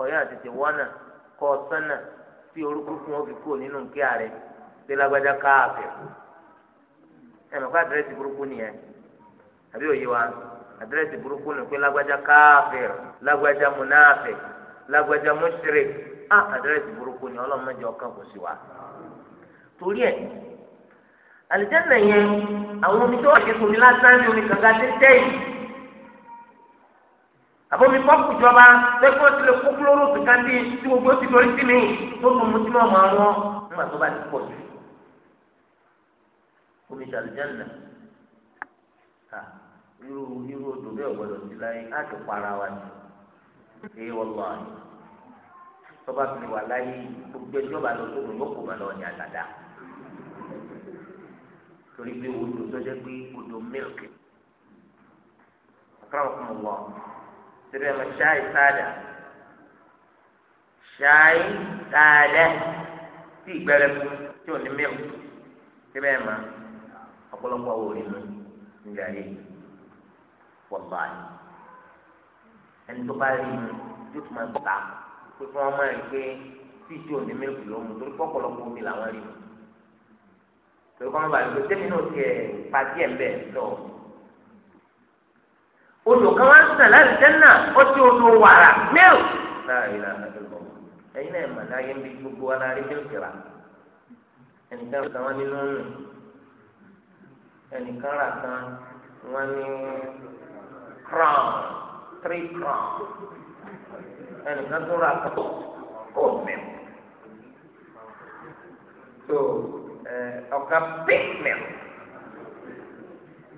ọyọ àtẹtẹ wọnà kọ sọnà tí orúkú fún òfin kúrò nínú nkí ààrẹ pé lágbájá káfíìr ẹnì kó àdírẹ́sì burúkú nìyẹn àbí òye wa àdírẹ́sì burúkú nìyẹn pé lágbájá káfíìr lágbájá munafik lágbájá mushrik á àdírẹ́sì burúkú nìyẹn ọlọ́mọdé ọkàn kò sí wa torí ẹ àlìjáde yẹn àwọn omi tó wà kékeré lásán ní omi kàkà tẹ́tẹ́ yìí àbómi pọ́pù jọba lẹ́kọ́ tí lè kó kúlóró tó ká dín tí gbogbo ti lórí sí mi tó tún mu tí wọ́n máa wọ́n nígbà tó bá ti pọ̀ jù. omi ṣàlùjẹ́nà irú irú odò bẹ́ẹ̀ gbọ́dọ̀ sí láyé á para wa jù èyí wọ́n lọ àyè tọ́ba fi wà láyé gbogbo ẹjọ́ bá lọ sódò yóò kó bá lọ ní àgàdá torí pé odò tó jẹ́ pé odò mílìkì. akọ́rọ̀ fún mi wọ̀ ọ́ síbẹ̀ mọ ṣáì sáàdà ṣáì sáàdà tí ìgbẹ́rẹ́ fún tí ò ní mẹ́wù síbẹ̀ mọ ọ̀pọ̀lọpọ̀ owó rí mi nílé ayé wọ̀gbà ẹni tó bá rí mi yóò tún máa gbọ́ta pé kí wọ́n máa rí pé tí ìjọ ní mẹ́wù ló mu torí pọ̀pọ̀lọpọ̀ omi làwọn rí mi torí kọ́ máa bàa rí tẹ́mi náà tiẹ̀ pa díẹ̀ mbẹ́ lọ́wọ́ odò kan wá ń sàn láti jẹ́nà ó ti odò wàrà mílù. láàrin ìlànà tó lọ ẹyin náà mà náà yẹn bí gbogbo wa náà rí mílù kìlà ẹnìkan rà kan wọn nínú nù ẹnìkan rà kan wọn ní crown three crown ẹnìkan tó rà kan ó mẹ́m so ọ̀kan pink mẹ́m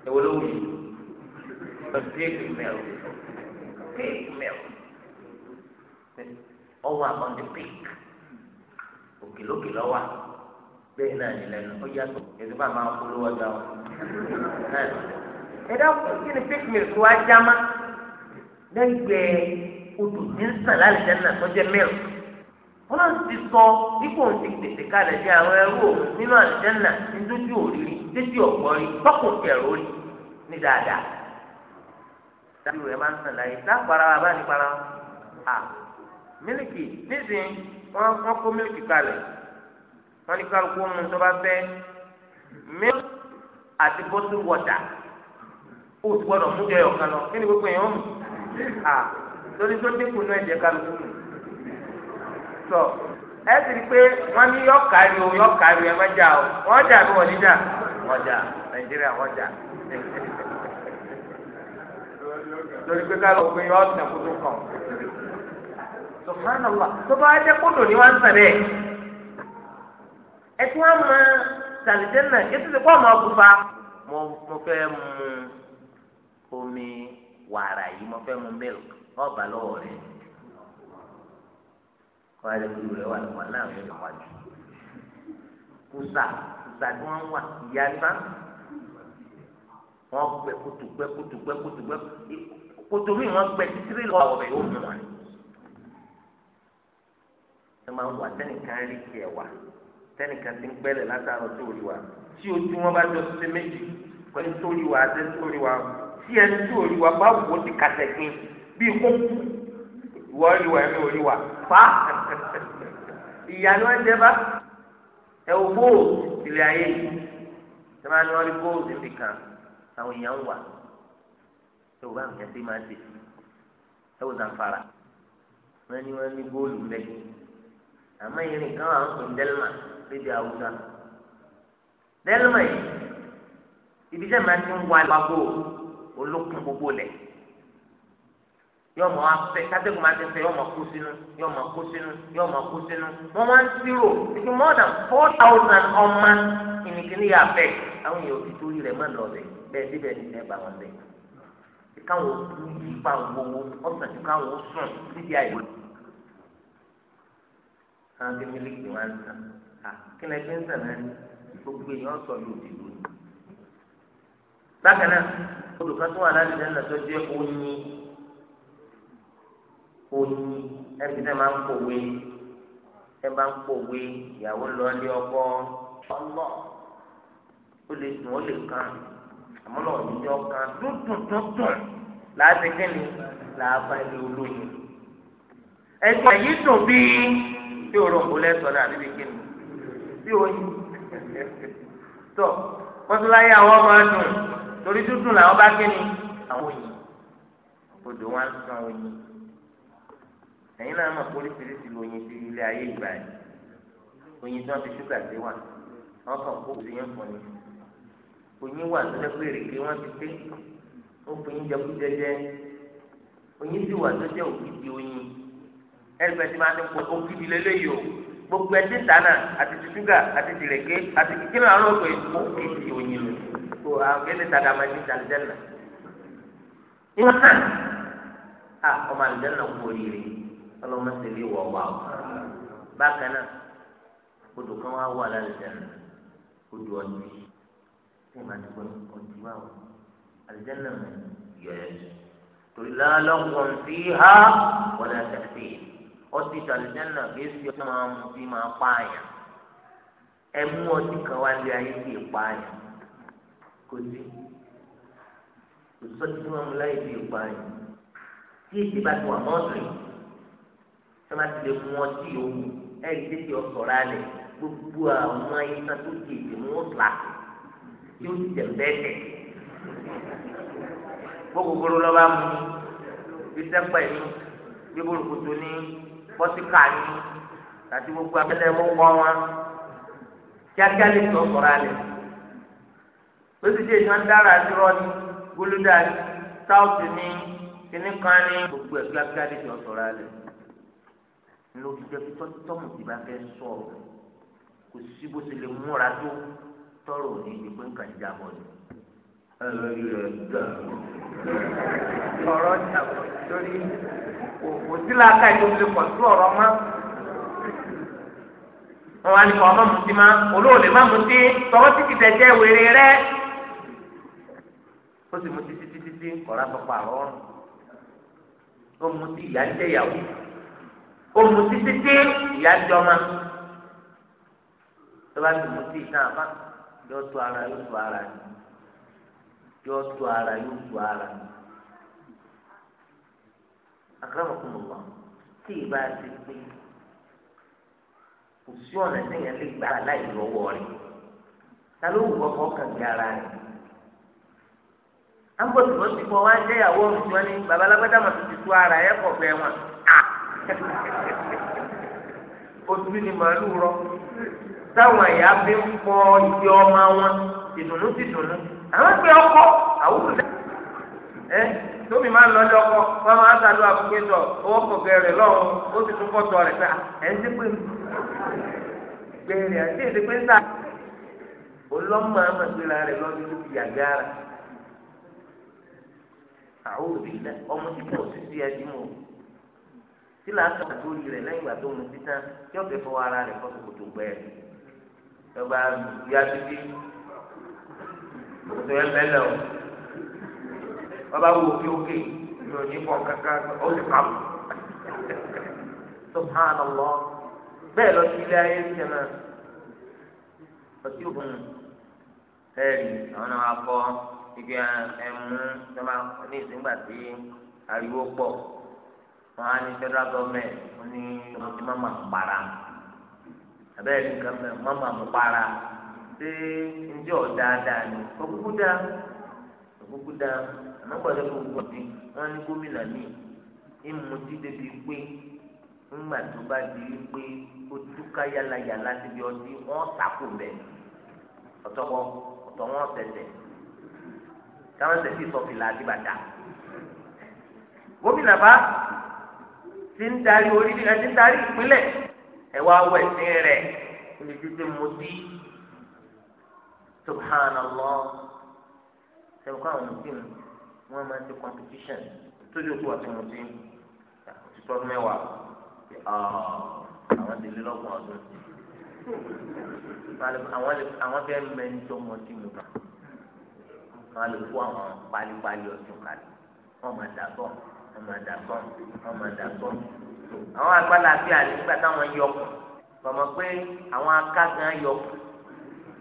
èwo ló wù yìí a big milk, big milk. Ọwọ́ àmọ́ ní pink, òkèlókè lọ́wọ́ bẹ́ẹ̀ náà ní lẹ́nu ó yàtọ̀ ẹ̀sùn bá máa polówó ọjà wọn. Ẹ̀dá kí ni pink milk wá já má lẹ́gbẹ̀ẹ́ odò ní sàn lálẹ́ jẹ́nà tọ́jẹ́ milk. Wọ́n náà ti sọ dípò ti pèsè kalẹ̀ ní àwọn ẹrú òun nínú àlùjẹ́nà ní dójú òrìrì, dójú ọ̀gbọ́n rí, tọ́kùn kẹrò rí ní dáadáa tàbí rẹ̀ máa ń sàn láyé lápara wa bá nípara à mílíkì nísìnyí wọ́n wọ́n kó mílíkì kalẹ̀ wọ́n ní kálukú mu tó bá fẹ́ mílíkì àti bọ́tù wọ̀tà ó ti gbọ́dọ̀ mú jẹyọ̀ kan lọ kí ni gbogbo èèyàn mú à lórí tó dínkù náà ẹ̀jẹ̀ kálukú mu sọ ẹ sì rí i pé wọ́n ní yọ kárí o yọ kárí ẹ má jà o wọ́n jà bí ní jà wọ́n Nàìjíríà wọ́n torí pé ká lọ pé yọ ọ̀sẹ̀ kó tó kàn. subhanallah tó bá jẹ́ kódò ni wọ́n ń sẹ̀rẹ̀ ẹ tí wọ́n mọ sàlìjẹ́nà yóò ti kọ́ ọmọ ọkùnfà mo fẹ́ mu omi wàrà yìí mo fẹ́ mu milk ọba lọ́wọ́ rẹ̀ wọ́n á lè kúrò rẹ̀ wà lọ́wọ́ náà yóò lọ́wọ́ jù kùsà kùsà tí wọ́n wà ìyá sáà wọn gbẹ kutu gbẹ kutu gbẹ kutu gbẹ kutu mi wọn gbẹ titiri lọ àwọn ọbẹ yóò mú wa ẹ máa wà tẹnìkan rí tiẹ̀ wá tẹnìkan ti ń gbẹlẹ látàrọ tó rí wa tí ojú wọn bá jọ sílé méjì pẹ̀lú tó rí wa àti tó rí wa tí ẹni tó rí wa bá wò ó ti kàtẹ gbin bí kò kú ìwọ rí wa ẹni ò rí wa fa ìyanu ẹjẹ bá ẹ wò bóòlù ilé ayé yìí tẹ máa ní wọn rí bóòlù nìkan àwọn èèyàn ń wà ẹ wò bá àwọn èèyàn ṣe máa ṣe ẹ wò Zamfara wọn ni wọn ní góòlù mbẹ àmọ́ irin kan wà ń pè Delma lédè Haúsá Delma yìí ibi tẹ́ máa ti ń wá lọ́gbàgbó olókun gbogbo lẹ̀ yóò mọ afẹ kátẹ́kùn máa ti fẹ yóò mọ kó sínú yóò mọ kó sínú yóò mọ kó sínú wọn máa ń sírò títí more than four thousand ọmọ ìnìkíní yà bẹ́ẹ̀ àwọn èèyàn ti torí rẹ̀ má lọ bẹ́ẹ̀ bẹ́ẹ̀ síbẹ̀ ní ẹ̀ bá wọn bẹ̀. káwọn kú yípa gbogbo ọ̀sán tí káwọn sùn síbi àìwé. àwọn kí mílíkì wá ń sàn kí ni ẹgbẹ́ ń sàn náà ni gbogbo èèyàn sọ yóò ti lónìí. bákan náà olùkọ́ tó wà láti lẹ́nu tó jẹ́ oyin oyin ẹbí náà máa ń pòwe ẹ máa ń pòwe ìyàwó lọ ilé ọkọ ọlọ ó lè dùn ó lè kàn án àmúlò òyìnbó kan dúndùn dúndùn láti kíni làbá ilé olóyin ẹgbẹ́ yìí dùn bí tí òròǹbó lẹ́sọ̀ọ́ náà ni kíni tí oyin <laughs> tó mọ́tòláyé àwọn máa dùn torí dúndùn làwọn bá kíni àwọn oyin odò wa ń san oyin ẹ̀yin náà mọ̀ pólísìírísìí lóyin sí ilé ayé ìgbà yìí oyin tí wọ́n fi ṣúgà sí wa wọ́n kàn kó òbí yẹn fún ni oyin wà tó jẹ́ pé èrèké wọn ti dé ó fi yín jẹ kú jẹjẹ oyin sì wà tó jẹ́ òkìdí oyin ẹgbẹ́ tí máa ń pọ òkìdí lélẹ́yìí o gbogbo ẹtí tánà àti ti ṣúgà àti ti rèké àti kíkí náà ló pé òkìdí oyin lò kó àwọn kéde tàdá máa ti dàlùjẹ́ nà ìwọ náà a ọmọ àlùjẹ́ nà kú oríire ọlọ́mọ sèlé wọ̀ wá o bákan náà odò kan wá wà lálùjẹ́ nà odò ọ̀nìyí kí màá ti gbọ́n ojú wa o àlùjánnà mi yẹ torí lálọ́kùn sí ha wọlé tẹ̀sí ọtí àlùjánnà kìí ṣe ọmọ àwọn tí máa pààyàn ẹ mú ọtí kan wá lé ayé kìí pààyàn kò sí kò sọ́tí tí wọ́n mú láyé kìí pààyàn tí èsì ti wà mọ́ọ̀sì ẹ ti lè mú ọtí yòówù ẹ rí títí ọ̀sọ̀ rálẹ̀ gbogbo àwọn ayé sátó kìí ṣe mú ó tìlàkì yóò ti tẹ̀ bẹ́ẹ̀ gbogbogbòrò lọ́ba mu bí sẹ́pẹ̀ ní bí burúkutu ní pọ́síkà ní àti gbogbo abẹ́lẹ́ mú wọ́n wá kíákíá lè tó sọ̀rọ̀ alẹ̀ ó sì jẹ́ ìtàn dára dúró ní gúlúdà sáùtì ní kíní kan ní gbogbo ẹ̀ kíákíá lè tó sọ̀rọ̀ alẹ̀ ló fi jẹ́ kí tọ́tọ́mù ti bá fẹ́ sọ̀rọ̀ kò sí bó ti lè múra tó tọrọ ní ibi pé nǹkan ìjàmbọ ni ẹlẹ́rìí rẹ̀ gbà ọ̀rọ̀ jàmbọ̀ lórí kò sí làákà yìí lè pọ̀ sí ọ̀rọ̀ mọ́ wọn wá ní kọ́ ọmọ mùtí má olóòlè má mùtí tọwọ́ títí tẹ̀jẹ́ wèrè rẹ̀ ó sì mú títí títí tí kọ̀ọ̀rọ̀ àpapọ̀ àrọ́rùn ó mú tí ìyá ń jẹ́ ìyàwó ó mú títí tí ìyá ń jọ ma tó ti mú tí ìtàn àbá. yóò tu ara yóò tu ara ni yóò tu ara yóò tu ara ni akérèmọkùn mọ wọn tí ìbá ti pé kò sí ọ̀nà téèyàn lè gbà láì lọ́wọ́ rẹ̀ ta ló wù ọkọ̀ kan gbé ara rẹ̀ ti wá wọn ni ara kọ̀ fẹ́ wọn <laughs> ni táwọn ẹ̀yà fi ń pọ ìdí ọmọ wọn ìdùnnú ti dùnnú àwọn pé ọkọ àwùjọ ẹ tóbi máa ń lọ ọkọ, wọn máa ń sàlù àkókò owó kọkẹ rẹ lọrùn ó sì tún kọtọ rẹ pé ẹ ń àti èdè pé ń sà olọ́mọ amagbèrè rẹ lọ́dún tó fi ọmọ àti lẹ́yìn ìgbà lọ́gbà ya títí òtò ẹ mẹ́lẹ̀ o bàbá wo òkè òkè yóò ní bọ̀ kankan ó ti kà mọ́ subhanallah bẹ́ẹ̀ lọ sí ilé ayé tiẹ̀ náà ọtí òkun ẹ̀rì àwọn náà wá kọ́ ibi ẹ̀mú tó máa ní ìsìngbà tí ariwo pọ̀ wọn á ní federal government wọn ní ọmọdé má máa para abẹ́rẹ́ nìkan mẹ́rin má máa mú para ṣé njẹ́ ọ̀ dáadáa ni òkúkú dá òkúkú dá àmọ́ gbọ́dọ̀ gbogbo ọ̀dín wọ́n ní gómìnà mi ìmùtí débi pé ńgbà tó bá di pé ó túká yálayàlá síbi ọtí wọ́n tako bẹ́ẹ̀ ọ̀tọ̀kọ ọ̀tọ̀ wọn tẹ̀tẹ̀ káwọn tẹ̀sí sọ̀fìlà àdìbàdà gómìnà bá ti ń darí orílẹ̀ ẹ̀ ti ń darí ìpínlẹ̀ ẹ wá wẹ̀ sí rẹ̀ níbi títí mutí subhanallah sẹ́wọ́n kọ́ àwọn mutí wọn máa ń ṣe competition tójú òkú àti mutí òtítọ́ mẹ́wàá àwọn ti lé lọ́gbọ̀n ọdún àwọn fẹ́ mẹ́ńtọ́ mọtí mu kan wọn lè fún àwọn pálípálí ọtún kalẹ̀ wọn máa dà bọ́ọ̀ wọn máa dà bọ́ọ̀ wọn máa dà bọ́ọ̀ àwọn agbálàbíà nígbà táwọn yọkù mọ̀mọ́ pé àwọn akágan yọkù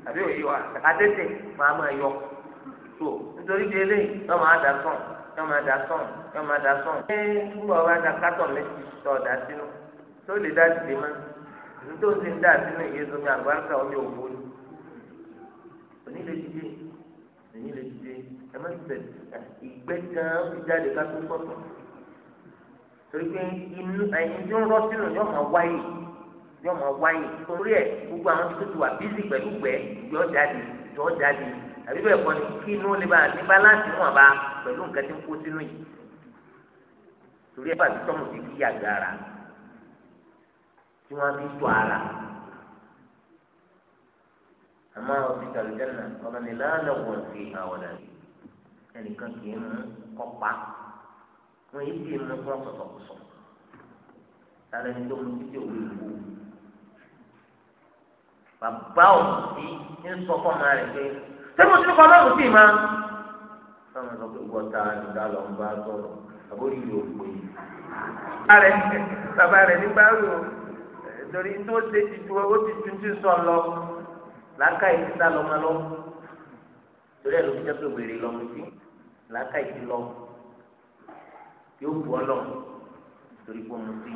àbí òye wa àtẹ̀tẹ̀ máa máa yọkù tó nítorí bí eléyìí wọ́n máa dà sàn wọ́n máa dà sàn wọ́n máa dà sàn. ṣé túbọ̀ wá da kátọ̀ méjì tó ọ̀dà sínú tó lè dá dìde mọ́ nítorí tí ń dà sínú ìyẹ́sọ̀mí àgbáríkà omi òwò ni onílé dìde onílé dìde ẹ má ti bẹ̀rẹ̀ ìgbẹ́ kan fi jáde ká tó sọ̀tọ̀ torí pé inú ẹyin tí ń rọ sínú yóò máa wáyé yóò máa wáyé torí ẹ gbogbo àwọn tó ti wà bízì pẹ̀lú pẹ̀ yọ jáde yọ jáde àbí bẹ́ẹ̀ kọ́ ni kí inú lè bá ní báláǹsì wọn bá pẹ̀lú nǹkan tí ń kó sínú yìí torí ẹ bá ti tọ́mù sí kí àgàrà tí wọ́n fi tó ara àmọ́ ọ̀sítàlù jẹ́nà ọ̀nà nílànà wọ̀n sí àwọn ọ̀dà ẹnìkan kì í mú kọ́pa wọn yìí di ìmú kúrọ sọsọkùsọ tàbí ẹni tó mú títí òwe ìkú bàbá òsì ń sọ fọmọ rẹ pé sẹ́mu tí kọ́ náà kò sí ma sọ́nà sọ pé wọ́ta nígbà lọ ń bá sọ̀rọ̀ àbórí yóò pè é. bàbá rẹ̀ nígbà yóò torí tó ṣe ti tu ó ti tu ti sọ lọ làákà yìí sá lọ́mọ lọ torí ẹ̀ ló fi jẹ́ pé wèrè lọ́mọ sí làákà yìí lọ́mọ yóò bu ọlọ torí pé mo ti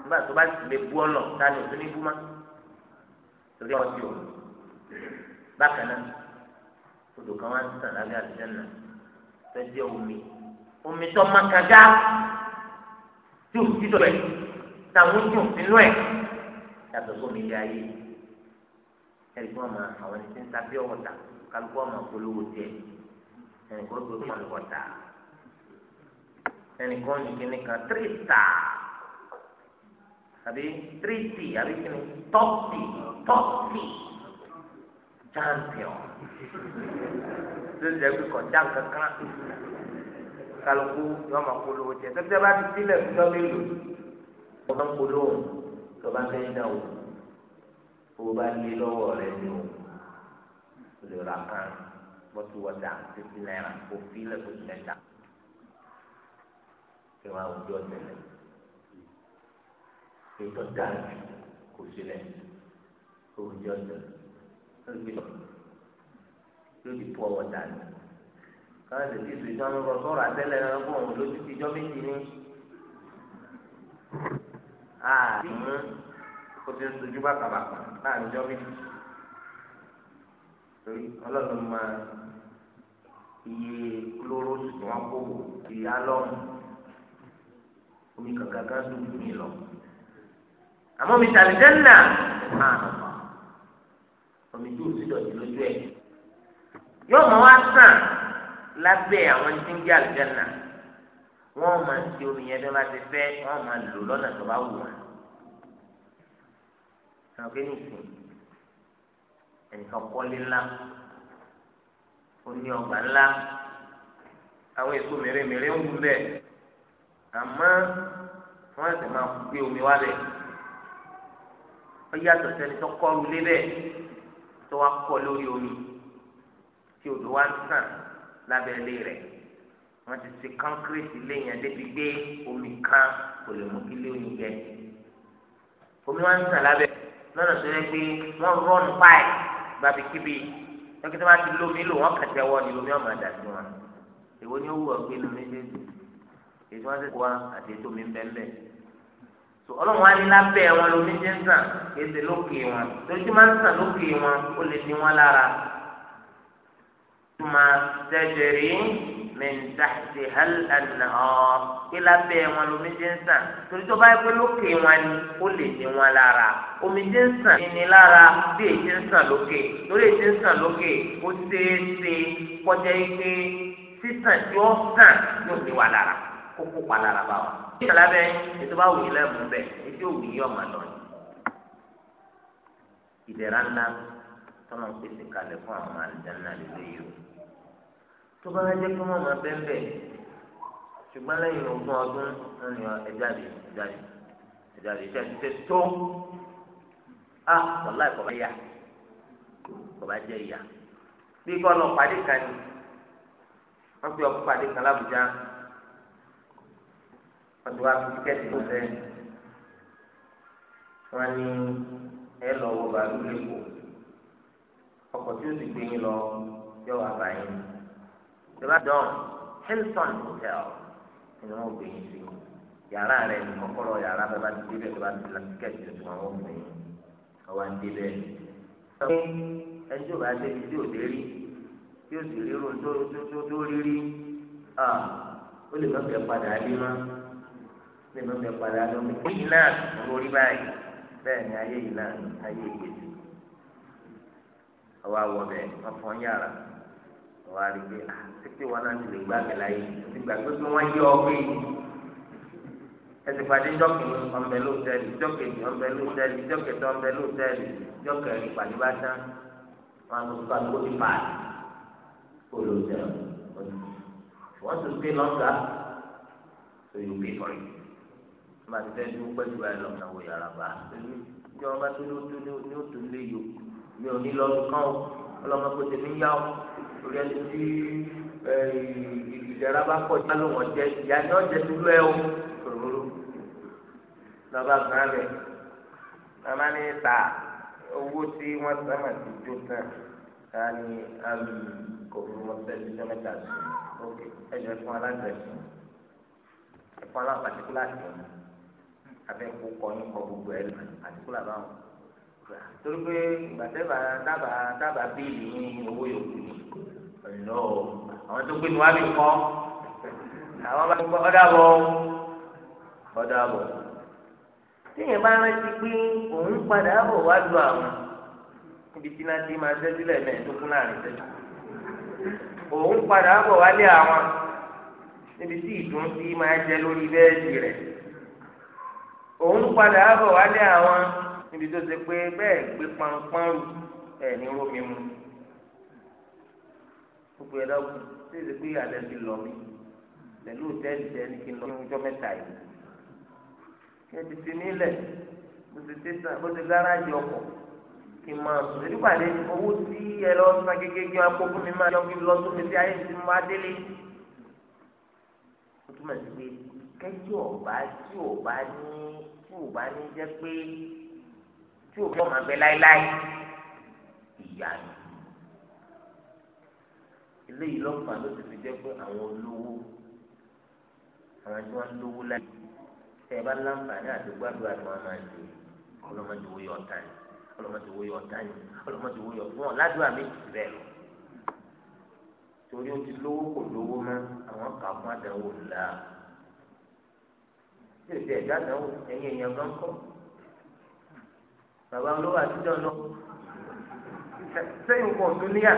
nígbà tó bá ti lè bu ọlọ ta ni òtún ní bú má torí ọtí o bákan náà odò kan wá ń tàn lábẹ́ àtijọ́ náà fẹ́ jẹ́ omi omi tó má kájá tí o ti dọ̀bẹ̀ táwọn ojú òfinú ẹ̀ yàtọ̀ sómi ilé ayé ẹ̀rí kí wọ́n àwọn ẹni tí ń ta bí ọ̀wọ̀ta kálukú ọ̀mà polówó tiẹ̀ ẹ̀rí kó gbé pọ̀ lọ́wọ́ta ẹnì kan ní kíní kan three star àbí three t àbí kíní top t top t champion tó jẹ́ pé kọjá kankan kálukú yóò máa polówó jẹ tẹ́tẹ́ bá ti sílẹ̀ fún lọ́mí lò ó máa ń polówó tó bá fẹ́ dá o owó bá lé lọ́wọ́ rẹ ni o lè ra kan bọ́tù wọ́dà fífi náírà kó fílẹ̀ kó tilẹ̀ ẹ wá ojú ọ̀sẹ̀ lẹ̀ èyí tó dáa jù kò sílẹ̀ ojú ọ̀sẹ̀ lórí lọ lórí pọ̀ wọ̀dà ni káwọn tètè ìlú ìjọ ń rọ sọ̀rọ̀ àtẹ́lẹ̀ náà fún òun lójú ti ìjọ méjì ni àti mú kó ti ń sojú bákàbàkà láàrin ìjọ méjì torí ọlọ́run máa iye kúlóró sì wọ́n kó iye alọ́run omi kankan ká dùn mí lọ àmọ́ mi tàlìjẹ́nà máa nà fà omi tí òsì dọ̀tí lójú ẹ̀ yóò mọ wá sàn lábẹ́ àwọn tí ń jẹ́ àlìjẹ́nà wọ́n máa ti omi yẹn tó bá ti fẹ́ wọ́n máa lò lọ́nà tó bá wù wọ́n. àwọn kéde ìsìn ẹnìkan kọ́lé ńlá ó ní ọgbà ńlá àwọn èso mèremère ń wú bẹ́ẹ̀ àmọ́ wọ́n ẹ̀sẹ̀ máa gbé omi wá bẹ̀ wọ́n yàtọ̀ sẹ́ni tó kọ́ ilé bẹ́ẹ̀ tó wá kọ́ lórí omi tí odò wá ń sàn lábẹ́ ilé rẹ̀ wọ́n ti ṣe kọ́ńkírẹ́tì ilé yẹn débi gbé omi kan kò lè mú kí ilé omi jẹ omi wá ń sàn lábẹ́ lọ́nà tó yẹ pé wọ́n rọ́ọ̀nù páì gbàbí kíbi bá ti lómi lò wọ́n kẹ̀tẹ́ wọ́ọ̀ni omi ọ̀mọ̀ àdàtì wọn èwo ni ó wù ọ́ gbé nu méjèèjì èyí tí wọ́n ti wá àti ètò mi bẹ́ẹ̀ so ọlọ́run wa ní lábẹ́ wọn lómi ti ń sàn kéde lókè wọn lójú máa ń sàn lókè wọn ó lè ní wọn lára tuma tẹ̀sẹ̀rì mẹ́ntàṣe hàlànà ọ́ pé lábẹ́ wọn lómi ti ń sàn torí tó bá yẹ pé lókè wọn ni ó lè ní wọn lára omi ti ń sàn ní lára bí èyí ń sàn lókè lórí èyí ń sàn lókè ó ṣeé ṣe kọjá yìí pé sísàn tí ó sàn yóò ní wà lára kókó palára bá wa. ìṣẹ̀lá bẹ́ẹ̀ ètò bá wù yín lẹ́mú bẹ́ẹ̀ ètò òwú yín ọ̀mà lọ. ìdẹ̀ra ńlá tọ́nà pèsè kalẹ̀ fún àwọn àlùjáná lílo yìí o. tó bá jẹ́ pé wọ́n máa bẹ́ẹ̀ bẹ́ẹ̀ ṣùgbọ́n lẹ́yìn ogún ọdún wọn ni ẹ̀jáde ẹ̀jáde ẹ̀jáde iṣẹ́ ti ṣe tó. a wọ́n láì kọ́ bá yà kọ́ jẹ́ ìyà. bí kọ́ lọ pàdé kan ni wọ́n fi ọ wọ́n ti wá fi tíkẹ́ẹ̀tì tó fẹ́ wọ́n ní ẹ lọ wọ bàálù lẹ́kọ̀ọ́ ọkọ̀ tí ó sì gbé yín lọ yọ wà báyìí ìjọba dán Hilton Hotel ni wọ́n gbé yín sí yàrá rẹ̀ ní kọ́kọ́rọ́ yàrá bàbá ti débẹ̀ bàbá ti la tíkẹ́ẹ̀tì tó wọn wọ́n fún yín ọwọ́ ń débẹ̀ ẹjọ́ bá dé ibi tí ò dé rí tí ó sì rí ro tó tó tó rí rí ó lè má fẹ́ padà rí mọ́ ṣé ló fẹ́ padà lọ sí pé yìí náà báyìí bẹ́ẹ̀ ni ayé yìí náà ayé ìgbésí àwa wọ bẹ́ẹ̀ wọ́n fọ́ yàrá àwa rí pé àtẹ́tẹ́ ah, wọn náà ti lè gbá mi láyé ti gbà pé kí wọ́n yí ọ pé ẹsẹ̀ pàdé jọ́kìnì ọ̀bẹ lóòtẹ́ẹ̀lì jọ́kìnì ọ̀bẹ lóòtẹ́ẹ̀lì jọ́kìnì ọ̀bẹ lóòtẹ́ẹ̀lì jọ́kìnì pàdé bá tán wọn lọ sọ àgbo ní paadi kó lóòtẹ́ẹ̀lì wọ́n tún pé lọ́gàá so you pay for má ti fẹ́ dúró pẹ́lú báyìí lọ́mọ náà wò yàrá bá bí wọn bá tó ló tó ló ní ó tó lé yò mi ò ní lọ kán o ọlọ́mọ pé tèmi yá o lórí ẹni tí ìdára bá pọ̀ já ló wọ̀n jẹ ìyá ni wọ́n jẹ dúró ẹ o tòróró lọ́ba gan rẹ̀ màmá ní ta owó tí wọ́n sá ti jó tán ká ní kò fún wọn sẹ́ni jọ́ mẹ́ta sí i ok ẹ jẹ́ fún aláǹdẹ̀ẹ́sì ẹ fún aláǹdẹ̀ẹ́sì kíláàsì ọ̀hún abẹ́kú kọyún kọ gbogbo ẹ̀ àdìkú làbá wọn. torí pé gbàtẹ́bà dábàá dábàá bíìlì yín owó yòókù ni ọ̀nà àwọn tó gbé ni wá bí kọ́ àwọn bá gbọ́ ọ̀dà bọ̀ ọ̀dà bọ̀. téèyàn bá rántí pé òun padà bọ̀ wá lu àwọn níbi tí náà ti máa ṣẹ́jú lẹ́ẹ̀mẹ́ẹ̀ẹ́dógún láàrin ṣẹ́jú òun padà bọ̀ wálé àwọn níbi tí ìdùnnú ti máa jẹ lórí bẹ́ẹ̀dì rẹ̀ òun padà àbọ̀ wálé àwọn níbi tó ṣe pé bẹ́ẹ̀ gbé pọnpọ́n rù ẹ̀ ní rómi mu gbogbo ẹ̀dá kù tí èsì pé àlẹ́ ti lọ mí pẹ̀lú òtẹ́ẹ̀lì tẹ́ ní kí n lọ ní ọjọ́ mẹ́ta yìí kí ẹ ti fi mí lẹ̀ bó ti tẹ́sà bó ti gáràjì ọkọ̀ kí n máa sùn èdè pàdé owó tí ẹ lọ san gégége wọn kó mi máa yọ kí n lọ sómi sí ayé tí mo bá ó túmọ̀ sí pé kẹ́tí ọ̀bá tí ọ̀bá ní tí ọ̀bá ní jẹ́ pé tí ọ̀bá ọ̀ma bẹ láéláé ìyá ni eléyìí lọ́pàá ló ti fi jẹ́ pé àwọn olówó àwọn tí wọ́n lówó láyé tẹ́ ẹ bá láǹfààní àti gbàdúrà ni wọ́n máa ń ṣe ọlọ́mọdé wo yọ ọ̀tá yìí ọlọ́mọdé wo yọ ọ̀tá yìí ọlọ́mọdé wo yọ fún ọ ládùúgbà méjì bẹ́ẹ̀ lọ torí o ti lówó kò lówó mọ́ àwọn kà fún àdánwò ńlá tí èsì ẹ̀dá náà wò ẹ̀yìn èèyàn gan kọ́ bàbá olówó àtijọ́ lọ sẹ́yìn kan tó níyà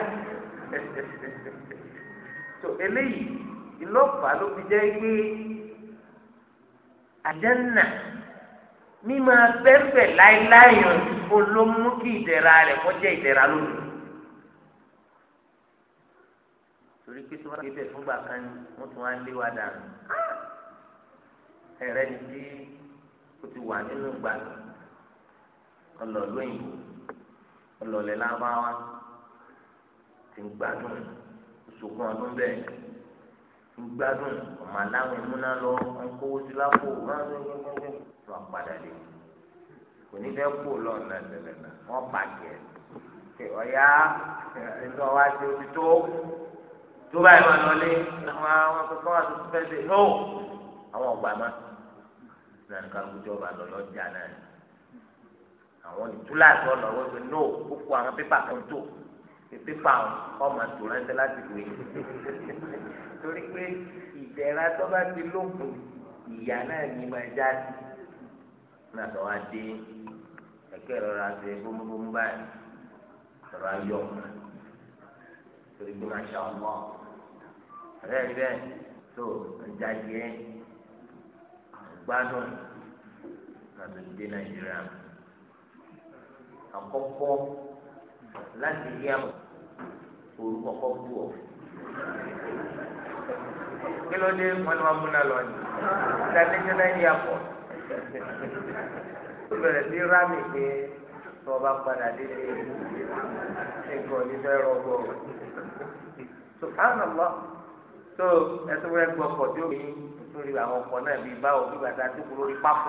tó <laughs> eléyìí ìlọ́pàá ló fi jẹ́ pé àjẹ́nà mímọ abẹ́fẹ̀ láéláé yàn olómú kí ìdẹ̀ra rẹ̀ kọjá ìdẹ̀ra lónìí. torí pé tí wọ́n ké bẹ̀ fúngbà kan ni wọ́n tún wá lé wa dànù. Ah! ẹrẹ ni tí o ti wà nínú gbàgbọ́ ọlọlọ òyìnbó ọlọlẹ lábáwá ti ń gbádùn oṣùkún ọdún bẹ́ẹ̀ ń gbádùn ọmọ aláwìn múná lọ ń kówó sí lápò wọn padà dé kò ní fẹ́ kó lọ nàìjíríà náà wọn bàjẹ́ ọ̀yá ẹ̀sọ́ wa ti o tó tó báyìí wọn lọ lé àwọn akẹ́kọ̀ọ́ àti fẹ́ẹ́ dé ó àwọn ọgbà máa náà ní kálukú tí ọba lọ́lọ́ jà náà ni àwọn ìtúláàsì ọ̀nà wọ́n fi nó kókó àwọn pépà kan tó pépà ọmọ tó ránṣẹ́ láti wé <laughs> torí pé ìdẹ̀ra tó bá ti lókun ìyá náà ní máa já sí náà tó wá dé ẹ̀kẹ́ rọra ṣe bómúbómú báyìí rọra yọ torí pé máa ṣe ọmọ rẹ̀ rẹ̀ tó ń jáde yẹn gbádùn kàtó dé nàìjíríà àkọ́kọ́ láti yá orúkọ kọ́ bú ọ kí ló dé wọn ni wọn múná lọ ní international airport ó bẹ̀rẹ̀ sí rámì pé tí wọn bá padà dé dé nǹkan onífẹ́ rọgbọ subhanallah tó ẹtú wẹ́ gbọ́ ọkọ̀ tí ó yí nítorí àwọn ọkọ̀ náà bíi báwo bí bàtà tó kú lórí pápó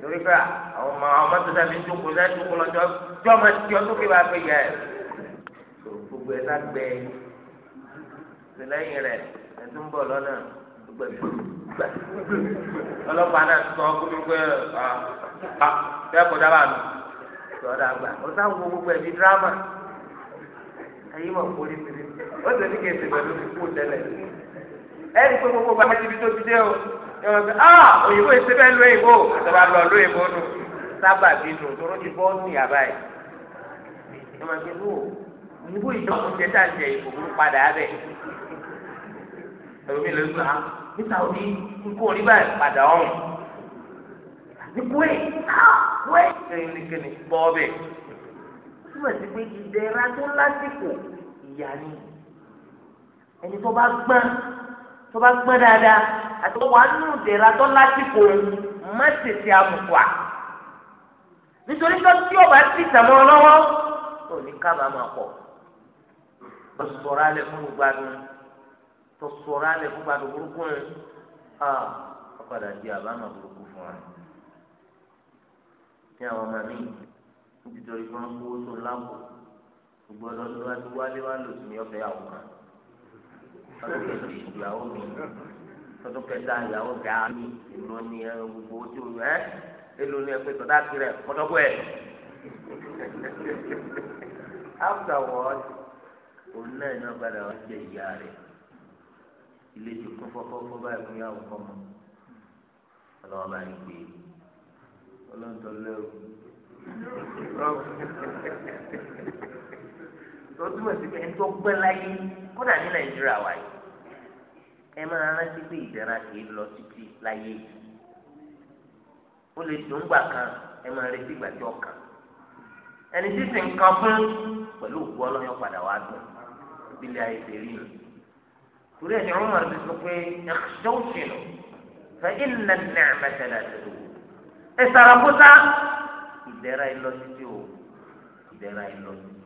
torí pé àwọn ọmọ àwọn mọ́tò sábẹ́ ń jókòó sábẹ́ jókòó lọ́jọ́ tí ọmọ ti ọdún kí wàá gbé yẹ ẹ̀ gbogbo ẹ̀ lágbẹ́ lẹ́yìn rẹ̀ ẹ̀tún bọ̀ lọ́nà ọlọ́pàá náà sọ gbogbo ẹ̀ bẹ́ẹ̀ kó dábàá nù sọ̀rọ̀ àgbà ó sáwọn gbogbo ẹ̀ dírámà ayé mọ̀ pólí pèsè ó sì ní kí èsì pẹ̀lú kíkú tẹ́lẹ̀ ẹni pé gbogbo bá ti fi tó ti dé o yọ ọ sọ ah òyìnbó èsì bẹ́ẹ̀ ló èyìnbó àtọ́ba lọ ló èyìnbó nù sábà bí nù tó lójú bọ́ ní àbá yìí ẹ máa gbé wò òyìnbó ìjọ oúnjẹ tá à ń jẹ ìbò burú padà á bẹ̀ ẹ̀rọ mi lè gbà ah, níta òní ikú òní báyìí padà ọ̀hún ní kúwèé kúwèé kẹ́yìn ní kẹ́yìn bọ́ọ̀ bẹ́ẹ̀ pé ìdẹ̀ra tó lásìkò ìyá ni ẹni tó bá gbọ́n tó bá gbọ́n dáadáa àti wàá nù dèrà tó lásìkò má tètè àbùkù à nítorí tó tí ọba ti tàmọ́ lọ́wọ́ tó ní kábàámà pọ̀ tó sọ̀rọ̀ alẹ́ fún gbádùn tó sọ̀rọ̀ alẹ́ fún gbádùn burúkú rẹ̀ ọ̀padà di àbámà burúkú fún wa ní àwọn ọmọ mi nítorí pé wọ́n kó tó lápò gbọ́dọ̀ tó wá wálé lòsùn ní ọ̀fẹ́ àwọn ọdún kejì ìyàwó mi ọdún kẹta ìyàwó mi àmì ìlú ni ẹ gbogbo tí o ẹ èlò ni ẹ pé tọ́lá ti rẹ pọtọ́kọ ẹ. afterward òun náà ní ọgbàdà wa jẹ ìyá rẹ ilé tó kún fọfọfọ báyìí fún yàwó kọmọ ọlọ́wọ́ bá yín gbé ọlọ́ntọ́ lẹ́rù tó túmọ̀ sí pé ẹni tó pẹ́ láyé kódà ní nàìjíríà wà yìí ẹ máa rántí pé ìdẹ̀ra kìí lọ títí láyé ó lè dùn gbà kan ẹ máa retí ìgbà tí ọkàn ẹni tí sì ń kan fún pẹ̀lú òkú ọlọ́yọ́ padà wá dùn bílẹ̀ ayé ti rí nù torí ẹni Umar ti sọ pé ẹ̀ṣọ́ṣìnà fẹ́ ìlànà nàìmẹ́tẹ̀ làtẹ̀lẹ̀ wò ẹ̀ sàràkúta ìdẹ̀ra ìlọ títí o ìdẹ̀ra ìlọ títí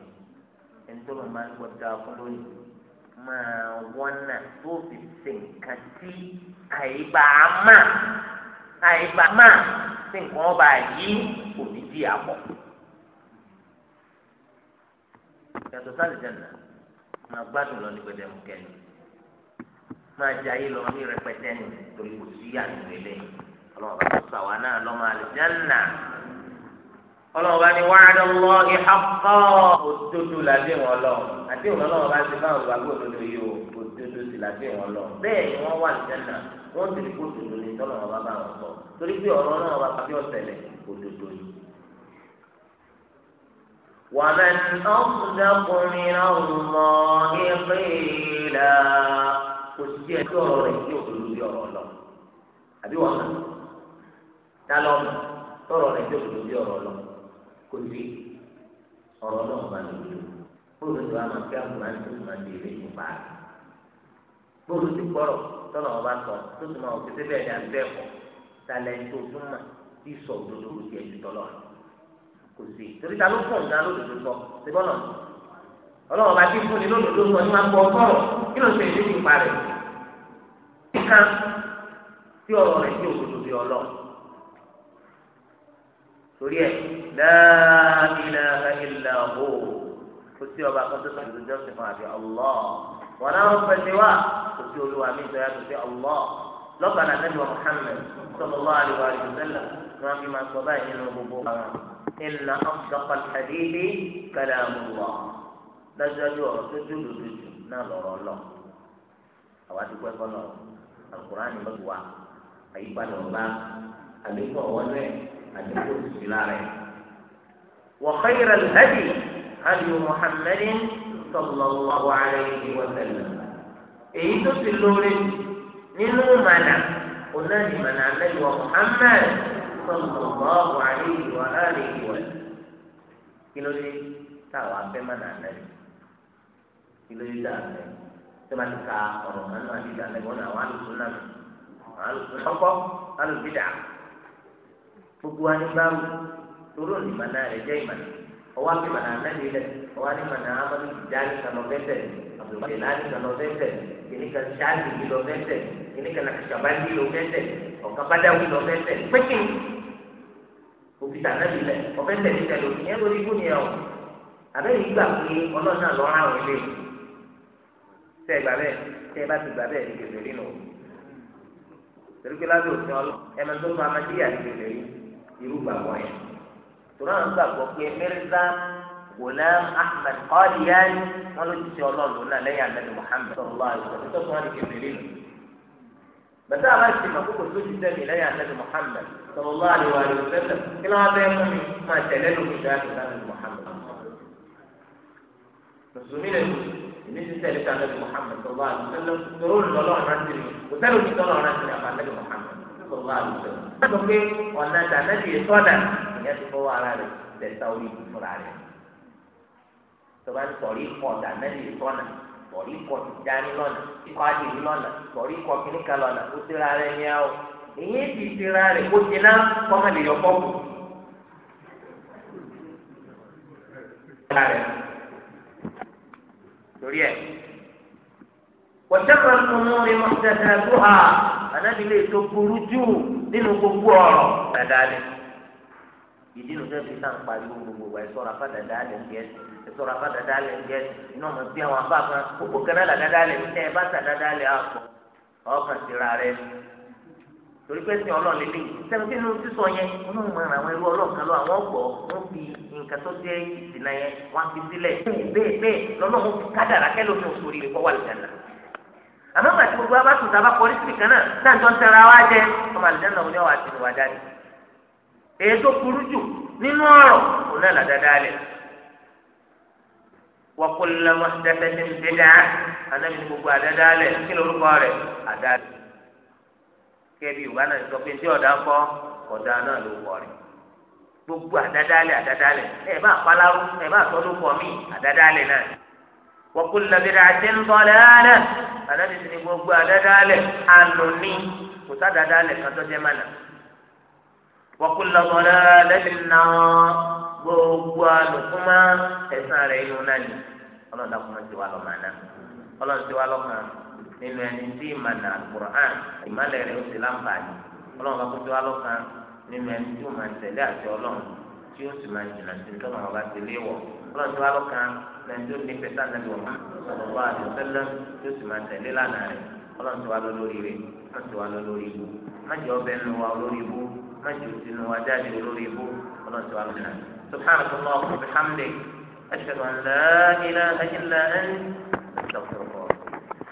ẹni tó lọ máa ń gbọ́ da ọkùnrin lónìí máa wọ́nà tó fi ṣe nǹkan tí àyíbá mà àyíbá mà tí nǹkan ọba yìí kò ní di àpọ̀. yàtọ̀ sáàlì jẹ̀nà máa gbádùn lọ ní gbẹdẹmú kẹ́ni máa jẹ ayé lọ ní rẹpẹtẹ ni torí kò sí àyè lélẹ̀ ọlọ́run bá tó sàwọn náà lọ́mọ àlùjẹ́ nà ọlọ́run bá ní wàhálà lọ ìhàkọ́ òdodo làdé wọn lọ àti òun ọlọ́run bá ti báwọn gbàgbọ́ òdodo yìí o òdodo sì làdé wọn lọ bẹ́ẹ̀ ni wọ́n wà nìjẹ́nà wọ́n ti kó òdodo ní tọ́lọ̀ wọn bá bá wọn sọ torí pé ọ̀rọ̀ náà wà bí ọ̀sẹ̀lẹ̀ òdodo yìí. ومن أصدق من الله قيلا kòsìkì ẹjọ́ ọ̀rọ̀ rẹ̀ yóò fi lórí ọ̀rọ̀ lọ àbí wọn tá lọ kó lé ọ̀rọ̀ náà máa lè lò bóòlù tó a máa fẹ́ àkùnrin tó máa lè lè yìn bá a bóòlù ti gbọ́rọ̀ tọ́nà ọba sọ tó tún máa òkété bẹ́ẹ̀ ni à ń bẹ́ẹ̀ kọ́ talẹ̀ tó tún mà tí sọ òdodo kò tiẹ̀ ju kò sí torí ta ló fún ọ̀gá lódodo sọ ṣé bọ́lọ̀ ọlọ́wọ́ bá ti fún ni lódodo sọ ni wọ́n á gbọ́ kí ló ń ṣe ìdí ìparẹ̀ kíkan tí ọ̀rọ̀ rẹ̀ tí òdodo bí ọlọ́ọ̀ torí ẹ láàbìlà ilà hó kò sí ọba kan tó sọ ìlú jọ́sìn fún àbí ọlọ́ wọn náà ń pèsè wá kò sí olúwa mi ìjọba tó sí ọlọ́ lọ́kàn náà nẹ́bí wa Muhammad sọlọ lọ́wọ́ àlùwà àlùwà sẹ́lẹ̀ ni wọ́n fi máa sọ báyìí nínú gbogbo àwọn ìlànà ọ̀dọ́kọ̀ àdéhìí kálá mùwà dájúdájú ọ̀rọ̀ tó dúró lójú náà lọ́rọ̀ lọ àwa ti pẹ́ kọ́ àkùrá ni àdúgbò sí lára ẹ̀. وخير الهدي هدي محمد صلى الله عليه وسلم èyí tó ti lóore nínú mànà onáni mànà àlẹ́wọ̀ Muhammad sallallahu alayhi wa alihi wa kí ló dé táwọn afẹ́ mànà àlẹ́wọ̀ kí ló dé dà àlẹ́ tó bá ti ka ọ̀rọ̀ mànà àlẹ́wọ̀ náà wà lóṣù náà àlùsùn náà kọ́ àlùbídà gbogbo wa ní báwo toró ní ìmọ̀nà rẹ̀ jẹ́ ìmọ̀nà ọwọ́ àti ìmọ̀nà anáyé rẹ̀ ọwọ́ àti ìmọ̀nà amadu ìdáni kan lọ́fẹ́sẹ̀ àbùkẹ́ láti kan lọ́fẹ́sẹ̀ kìnìkà sáàlì yìí lọ́fẹ́sẹ̀ kìnìkà nàkàṣàbá yìí lọ́fẹ́sẹ̀ ọ̀kan bádáwì lọ́fẹ́sẹ̀ pékin òfìsà anáyé rẹ̀ ọ̀fẹ́sẹ̀ níta ló ní ẹgbẹ́ onígun ni ọ̀ àbẹ́yìn gbà pé ọlọ́nà lọ́ra àwọn ilé tẹ́ gbà bẹ́ẹ̀ tẹ́ bá ti gbà bẹ́ẹ̀ ní kẹfẹ́ nínú torí pé lábẹ́ òfin ọlọ́ ẹ̀mẹ́tọ́ irú irúgbà wọ̀nyí tura ń gbàgbọ́ pé mẹ́rìndà wòlẹ́ ahmed qadiani wọn ló ti ṣe ọlọ́run náà lẹ́yìn alẹ́ ní muhammed sallallahu alayhi wa sallam tó fún wa ní kébìrì lò bàtà àbá ti mọ kókò tó ti sẹ́mi lẹ́yìn alẹ́ ní muhammed sallallahu alayhi wa sallam kí ló wá bẹ́ẹ̀ mú mi máa tẹ̀lé ló fi ìdá àti ní muhammed mùsùlùmí lè mú ìní ti tẹ̀lé anabi muhammed sallallahu alayhi wa sallam tó ló rántí mi kò sẹ́ni òkú tọ́lọ́run rántí mi àbá anabi muhammed. sọ̀rọ̀ máa lù sọ̀rọ̀. wọ́n sọ pé ọ̀nà tànàbí sọ́dà ìyẹn ti fọwọ́ ara rẹ̀ tẹ̀sà orí fúnra rẹ̀. tọ́ba ní sọ̀rí kọ̀ tànàbí sọ́nà sọ̀rí kọ̀ tìjáni lọ́nà ikọ̀ àdìrí lọ́nà sọ̀rí kọ̀ kìnnìkan lọ́nà ó ti ra rẹ̀ ní ọ́ èyí ti ti ra rẹ̀ ó ti ná kọ́mọ lè yọ kọ́kù. torí ẹ̀ wọ́n tẹ́kọ̀ọ́ ànábì lè tó burú jù nínú gbogbo ọ̀rọ̀ dàdálẹ̀ ìdí nu sẹ́fì sáà ń pariwo gbogbo wa ẹ̀sọ́ra fà dàdálẹ̀ ń gẹ̀ẹ́sì ẹ̀sọ́ra fà dàdálẹ̀ ń gẹ̀ẹ́sì iná ọmọ bí àwọn afá kan gbogbo kẹ́nà dàdálẹ̀ ń tẹ́ ẹ bá tà dàdálẹ̀ àpọ̀ ọkàn ti ra rẹ torí pé sin ọlọ́run lè léyìí sẹ́mi tí inú sísọ yẹn ọlọ́run máa ra àwọn ẹrú ọlọ́run kan lọ àwọn ọ̀pọ̀ wọ́n fi nǹkan tó jẹ́ ìsìn náà yẹn wọ́n á fi sílẹ̀ bẹ́ẹ̀ bẹ́ẹ̀ lọ́lọ́run fi kádàrá kẹ́lómi òṣòrí rẹ̀ kọ́ wà lẹ́yìn náà àmọ́ màá ti gbogbo abáṣu tàbá kọrí sí kan náà náà tó ń tẹ̀ra wá jẹ ọmọ àlùjáde náà wọn yóò wá sí ìwà dáadé èyí tó burú jù nínú ọ̀rọ̀ kò náà làdáadáa lẹ̀ wa kullu muhdathatin bid'ah anábì ní gbogbo àdáadáa lẹ̀ kí lórúkọ rẹ̀ àdáadáa kẹ́bi ìwà náà sọ pé ní ọ̀dà kọ́ ọ̀dà náà ló kọ́ rẹ̀ gbogbo àdáadáa lẹ̀ àdáadáa lẹ̀ ẹ̀ bá àpálárú وكل بدعة ضلالة أنا بسني بوغو أدادالة أنوني وتدادالة كتجمانا وكل ضلالة النار بوغو لكما إسنار عيوناني الله لكم سوى لمانا الله سوى لمانا nínú ẹni tí ìmàna alukur'an ìmàlẹ̀ rẹ̀ ó ti láǹfààní ọlọ́run bá kótó alọ́kan nínú ẹni tí ó máa tẹ̀lé àti ọlọ́run tí ó sì máa jìnnà sí ní tọ́lọ́run bá ti léwọ̀ ọlọ́run tó alọ́kan lẹ́yìn tó ní pẹ̀sán nàbí wọn sọ̀rọ̀ bá àdùn sẹ́lẹ̀ tó sì máa tẹ̀lé lánàá rẹ̀ ọlọ́run ti wá lọ lórí rẹ̀ má ti wá lọ lórí ibú má jẹ́ ọbẹ̀ nu wa lórí ibú má jẹ́ òsì nu wa jáde lórí ibú ọlọ́run ti wá lọ lórí سبحانك اللهم وبحمدك أشهد أن لا إله إلا